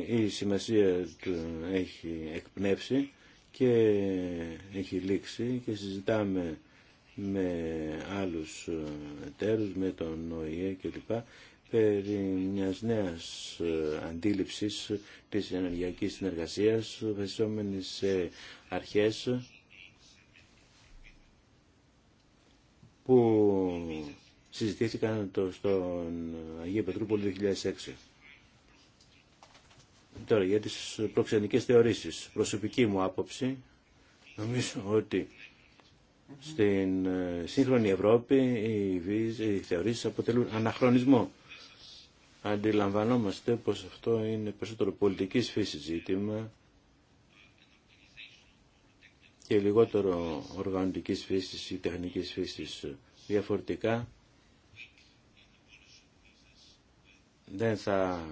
η σημασία του έχει εκπνεύσει και έχει λήξει και συζητάμε με άλλους εταίρους, με τον ΟΗΕ κλπ περί μιας νέας ε, αντίληψης της ενεργειακής συνεργασίας βασιζόμενης σε αρχές που συζητήθηκαν το, στον Αγία Πετρούπολη 2006. Τώρα για τις προξενικές θεωρήσεις. Προσωπική μου άποψη νομίζω ότι στην ε, σύγχρονη Ευρώπη οι θεωρήσεις αποτελούν αναχρονισμό αντιλαμβανόμαστε πως αυτό είναι περισσότερο πολιτικής φύσης ζήτημα και λιγότερο οργανωτικής φύσης ή τεχνικής φύσης διαφορετικά δεν θα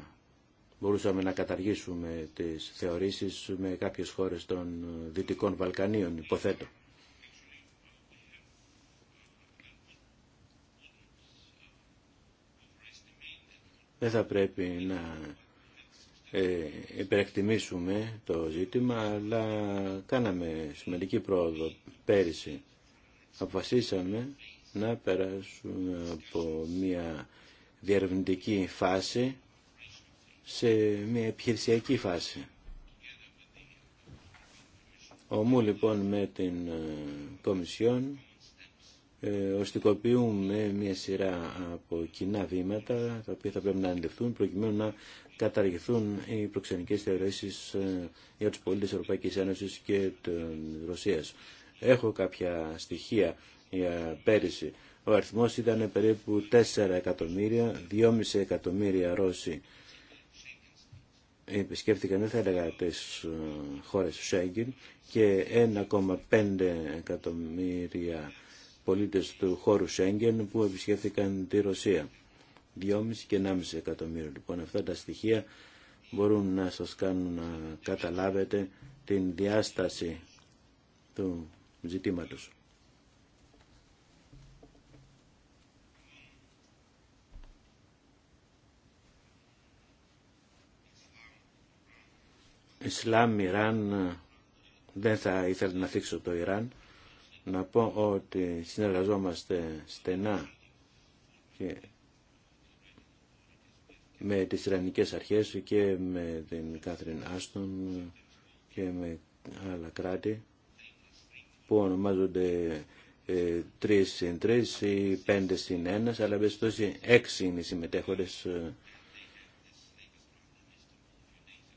μπορούσαμε να καταργήσουμε τις θεωρήσεις με κάποιες χώρες των Δυτικών Βαλκανίων, υποθέτω. Δεν θα πρέπει να ε, το ζήτημα, αλλά κάναμε σημαντική πρόοδο πέρυσι. Αποφασίσαμε να περάσουμε από μια διαρευνητική φάση σε μια επιχειρησιακή φάση. Ομού λοιπόν με την ε, Κομισιόν ε, οστικοποιούμε μια σειρά από κοινά βήματα τα οποία θα πρέπει να αντιληφθούν προκειμένου να καταργηθούν οι προξενικές θεωρήσεις ε, για τους πολίτες Ευρωπαϊκής Ένωσης και της Ρωσίας. Έχω κάποια στοιχεία για πέρυσι. Ο αριθμός ήταν περίπου 4 εκατομμύρια, 2,5 εκατομμύρια Ρώσοι επισκέφτηκαν, δεν θα έλεγα, τις ε, χώρες του Σέγγιν και 1,5 εκατομμύρια πολίτες του χώρου Σέγγεν που επισκέφθηκαν τη Ρωσία. 2,5 και 1,5 εκατομμύρια. Λοιπόν, αυτά τα στοιχεία μπορούν να σας κάνουν να καταλάβετε την διάσταση του ζητήματος. Ισλάμ, Ιράν, ε, δεν θα ήθελα να θίξω το Ιράν να πω ότι συνεργαζόμαστε στενά και με τις Ιρανικές αρχές και με την Κάθριν Άστον και με άλλα κράτη που ονομάζονται 3 ε, συν 3 ή 5 συν 1, αλλά με στόση 6 είναι οι συμμετέχοντες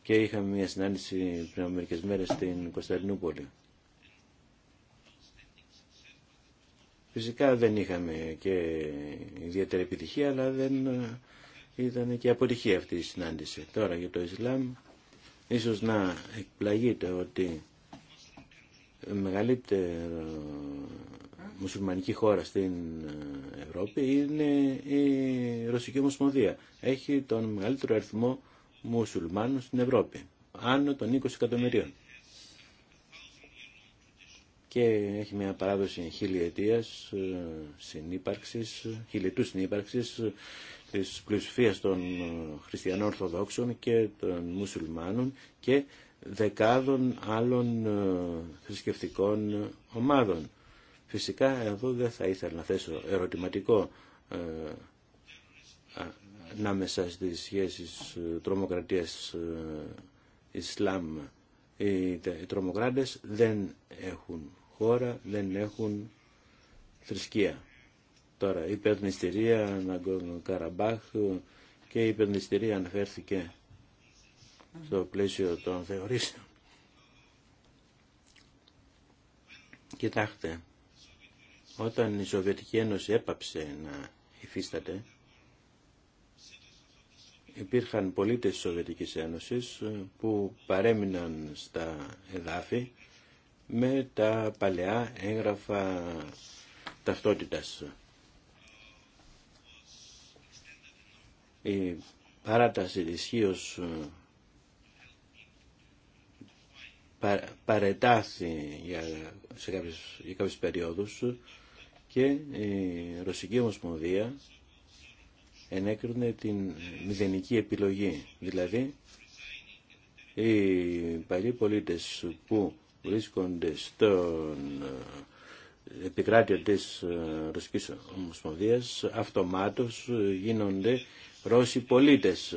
και είχαμε μια συνάντηση πριν από μερικές μέρες στην Κωνσταντινούπολη. Φυσικά δεν είχαμε και ιδιαίτερη επιτυχία, αλλά δεν ε, ήταν και αποτυχία αυτή η συνάντηση. Τώρα για το Ισλάμ, ίσως να εκπλαγείτε ότι η μεγαλύτερη μουσουλμανική χώρα στην ε, Ευρώπη είναι η Ρωσική Ομοσπονδία. Έχει τον μεγαλύτερο αριθμό μουσουλμάνων στην Ευρώπη, άνω των 20 εκατομμυρίων και έχει μια παράδοση χιλιετίας ε, συνύπαρξης, χιλιετούς συνύπαρξης της πλειοψηφίας των ε, χριστιανών Ορθοδόξων και των μουσουλμάνων και δεκάδων άλλων ε, θρησκευτικών ομάδων. Φυσικά εδώ δεν θα ήθελα να θέσω ερωτηματικό ανάμεσα στις σχέσεις τρομοκρατίας Ισλάμ οι τρομοκράτες δεν έχουν χώρα δεν έχουν θρησκεία. Τώρα η να Καραμπάχ και η Περνιστηρία αναφέρθηκε στο πλαίσιο των θεωρήσεων. Κοιτάξτε, όταν η Σοβιετική Ένωση έπαψε να υφίσταται, υπήρχαν πολίτες της Σοβιετικής Ένωσης που παρέμειναν στα εδάφη με τα παλαιά έγγραφα ταυτότητας. Η παράταση ισχύω ε, παρετάθη για, σε κάποιες, για κάποιες περιόδους και η Ρωσική Ομοσπονδία ενέκρινε την μηδενική επιλογή. Δηλαδή, οι παλιοί πολίτες που βρίσκονται στον ε, επικράτειο της ε, Ρωσικής Ομοσπονδίας αυτομάτως ε, γίνονται Ρώσοι πολίτες.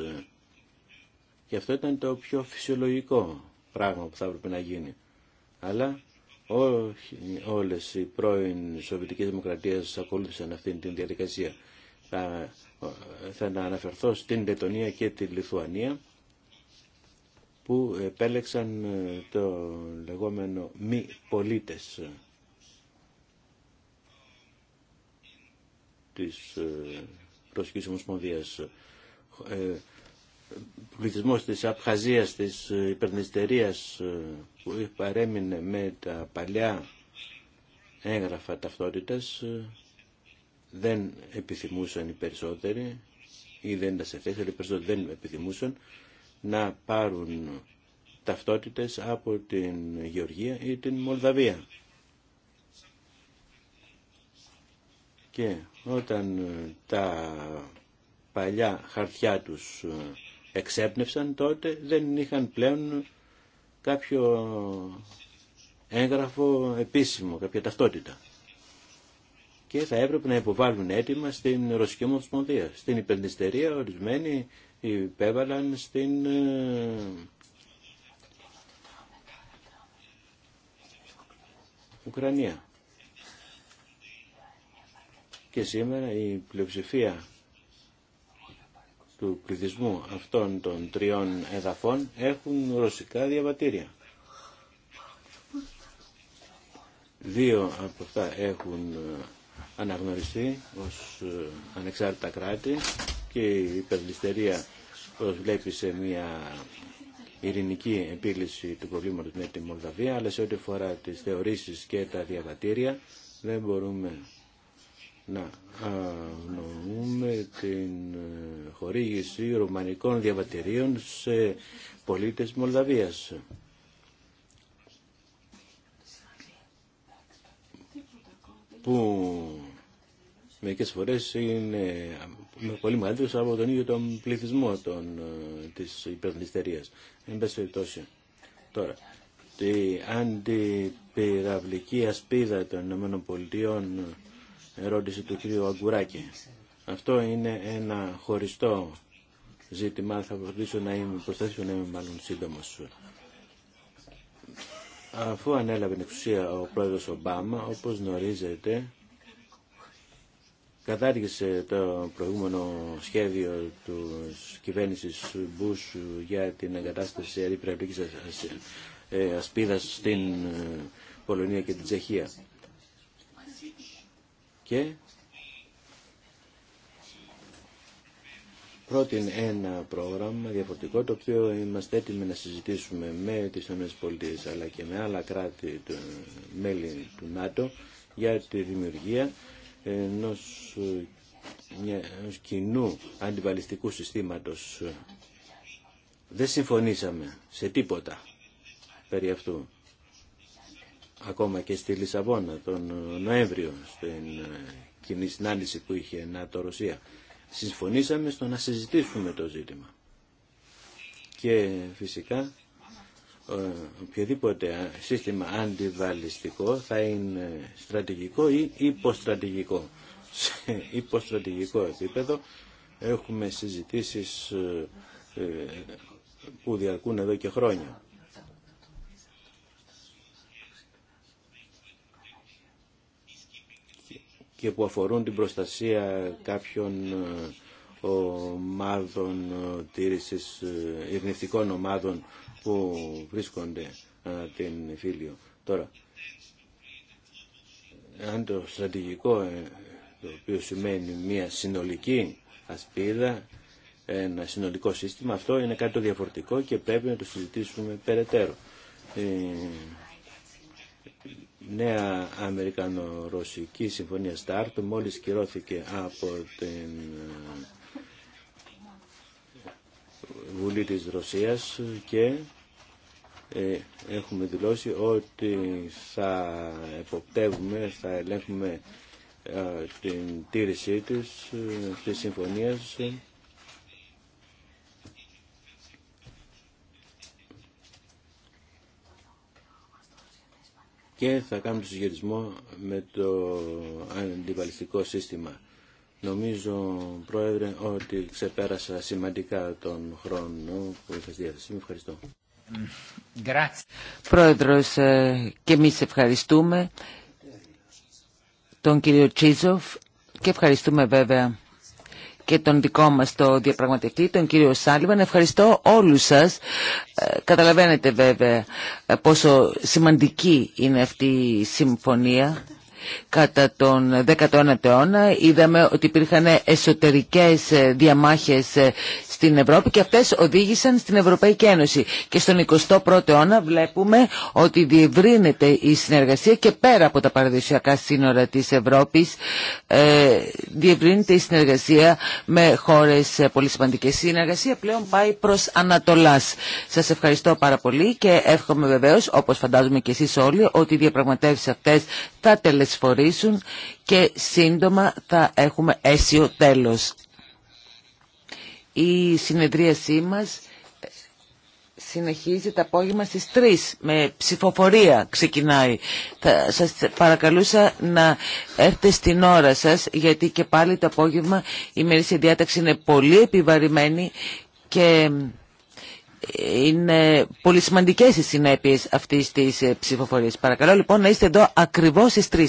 Και αυτό ήταν το πιο φυσιολογικό πράγμα που θα έπρεπε να γίνει. Αλλά όχι όλες οι πρώην Σοβιετικές Δημοκρατίες ακολούθησαν αυτήν την διαδικασία. Θα, θα αναφερθώ στην Λετωνία και τη Λιθουανία που επέλεξαν ε, το λεγόμενο μη πολίτες ε, της ε, Ρωσικής Ομοσπονδίας. Ο πληθυσμός της Απχαζίας, της Υπερνηστερίας που παρέμεινε με τα παλιά έγγραφα ταυτότητας δεν επιθυμούσαν οι περισσότεροι ή δεν τα σε οι περισσότεροι δεν επιθυμούσαν να πάρουν ταυτότητες από την Γεωργία ή την Μολδαβία. Και όταν ε, τα παλιά χαρτιά τους ε, εξέπνευσαν τότε δεν είχαν πλέον κάποιο έγγραφο επίσημο, κάποια ταυτότητα. Και θα έπρεπε να υποβάλουν έτοιμα στην Ρωσική Ομοσπονδία. Στην υπενδυστερία ορισμένη υπέβαλαν στην ε, Ουκρανία. Και σήμερα η πλειοψηφία του πληθυσμού αυτών των τριών εδαφών έχουν ρωσικά διαβατήρια. Δύο από αυτά έχουν ε, αναγνωριστεί ως ε, ανεξάρτητα κράτη και η υπερδυστερία προσβλέπει σε μια ειρηνική επίλυση του προβλήματος με τη Μολδαβία, αλλά σε ό,τι αφορά τις θεωρήσεις και τα διαβατήρια δεν μπορούμε να αγνοούμε την ε, χορήγηση ρουμανικών διαβατηρίων σε πολίτες Μολδαβίας. που μερικές φορές είναι ε, πολύ μεγαλύτερος από τον ίδιο τον πληθυσμό των, ε, της υπερνηστερίας. Εν πάση περιπτώσει. Τώρα, η αντιπυραυλική ασπίδα των ΗΠΑ ερώτηση του κ. Αγκουράκη. Αυτό είναι ένα χωριστό ζήτημα, θα προσπαθήσω να είμαι, προσπαθήσω να είμαι μάλλον σύντομος. Αφού ανέλαβε την εξουσία ο πρόεδρος Ομπάμα, όπως γνωρίζετε, κατάργησε το προηγούμενο σχέδιο της κυβέρνησης Μπούς για την εγκατάσταση αντιπραγματικής ε, ασπίδας στην ε, Πολωνία και την Τσεχία. Και πρότεινε ένα πρόγραμμα διαφορετικό το οποίο είμαστε έτοιμοι να συζητήσουμε με τις ΗΠΑ αλλά και με άλλα κράτη του, μέλη του ΝΑΤΟ για τη δημιουργία ενός, κοινού αντιβαλιστικού συστήματος. Δεν συμφωνήσαμε σε τίποτα περί αυτού. Ακόμα και στη Λισαβόνα τον Νοέμβριο στην ε, κοινή συνάντηση που είχε ΝΑΤΟ-Ρωσία. Συμφωνήσαμε στο να συζητήσουμε το ζήτημα. Και φυσικά ε, οποιοδήποτε σύστημα αντιβαλιστικό θα είναι στρατηγικό ή υποστρατηγικό. Σε υποστρατηγικό επίπεδο έχουμε συζητήσεις ε, ε, που διαρκούν εδώ και χρόνια. και που αφορούν την προστασία κάποιων ομάδων τήρησης, ειρνητικών ομάδων που βρίσκονται την Φίλιο. Τώρα, αν το στρατηγικό, ε, το οποίο σημαίνει μια συνολική ασπίδα, ένα συνολικό σύστημα, αυτό είναι κάτι το διαφορετικό και πρέπει να το συζητήσουμε περαιτέρω. Η νέα Αμερικανο-Ρωσική Συμφωνία START μόλις κυρώθηκε από την Βουλή της Ρωσίας και ε, έχουμε δηλώσει ότι θα εποπτεύουμε, θα ελέγχουμε ε, την τήρησή της, ε, της συμφωνίας και θα κάνουμε το συγχειρισμό με το αντιπαλιστικό σύστημα. Νομίζω, Πρόεδρε, ότι ξεπέρασα σημαντικά τον χρόνο που είχα στη διάθεση. Ευχαριστώ. Πρόεδρος, ε, και εμείς ευχαριστούμε τον κύριο Τσίζοφ και ευχαριστούμε βέβαια και τον δικό μας το διαπραγματευτή, τον κύριο Σάλιβαν. Ευχαριστώ όλους σας. Ε, καταλαβαίνετε βέβαια πόσο σημαντική είναι αυτή η συμφωνία Κατά τον 19ο αιώνα είδαμε ότι υπήρχαν εσωτερικές διαμάχες στην Ευρώπη και αυτές οδήγησαν στην Ευρωπαϊκή Ένωση. Και στον 21ο αιώνα βλέπουμε ότι διευρύνεται η συνεργασία και πέρα από τα παραδοσιακά σύνορα της Ευρώπης ε, διευρύνεται η συνεργασία με χώρες πολύ σημαντικές. Η συνεργασία πλέον πάει προς Ανατολάς. Σας ευχαριστώ πάρα πολύ και εύχομαι βεβαίως, όπως φαντάζομαι και εσείς όλοι, ότι οι αυτές θα και σύντομα θα έχουμε αίσιο τέλος. Η συνεδρίασή μας συνεχίζει το απόγευμα στις 3 με ψηφοφορία ξεκινάει. Θα σας παρακαλούσα να έρθετε στην ώρα σας γιατί και πάλι το απόγευμα η μερίσια διάταξη είναι πολύ επιβαρημένη και είναι πολύ σημαντικές οι συνέπειες αυτής της ψηφοφορίας. Παρακαλώ λοιπόν να είστε εδώ ακριβώς στις 3.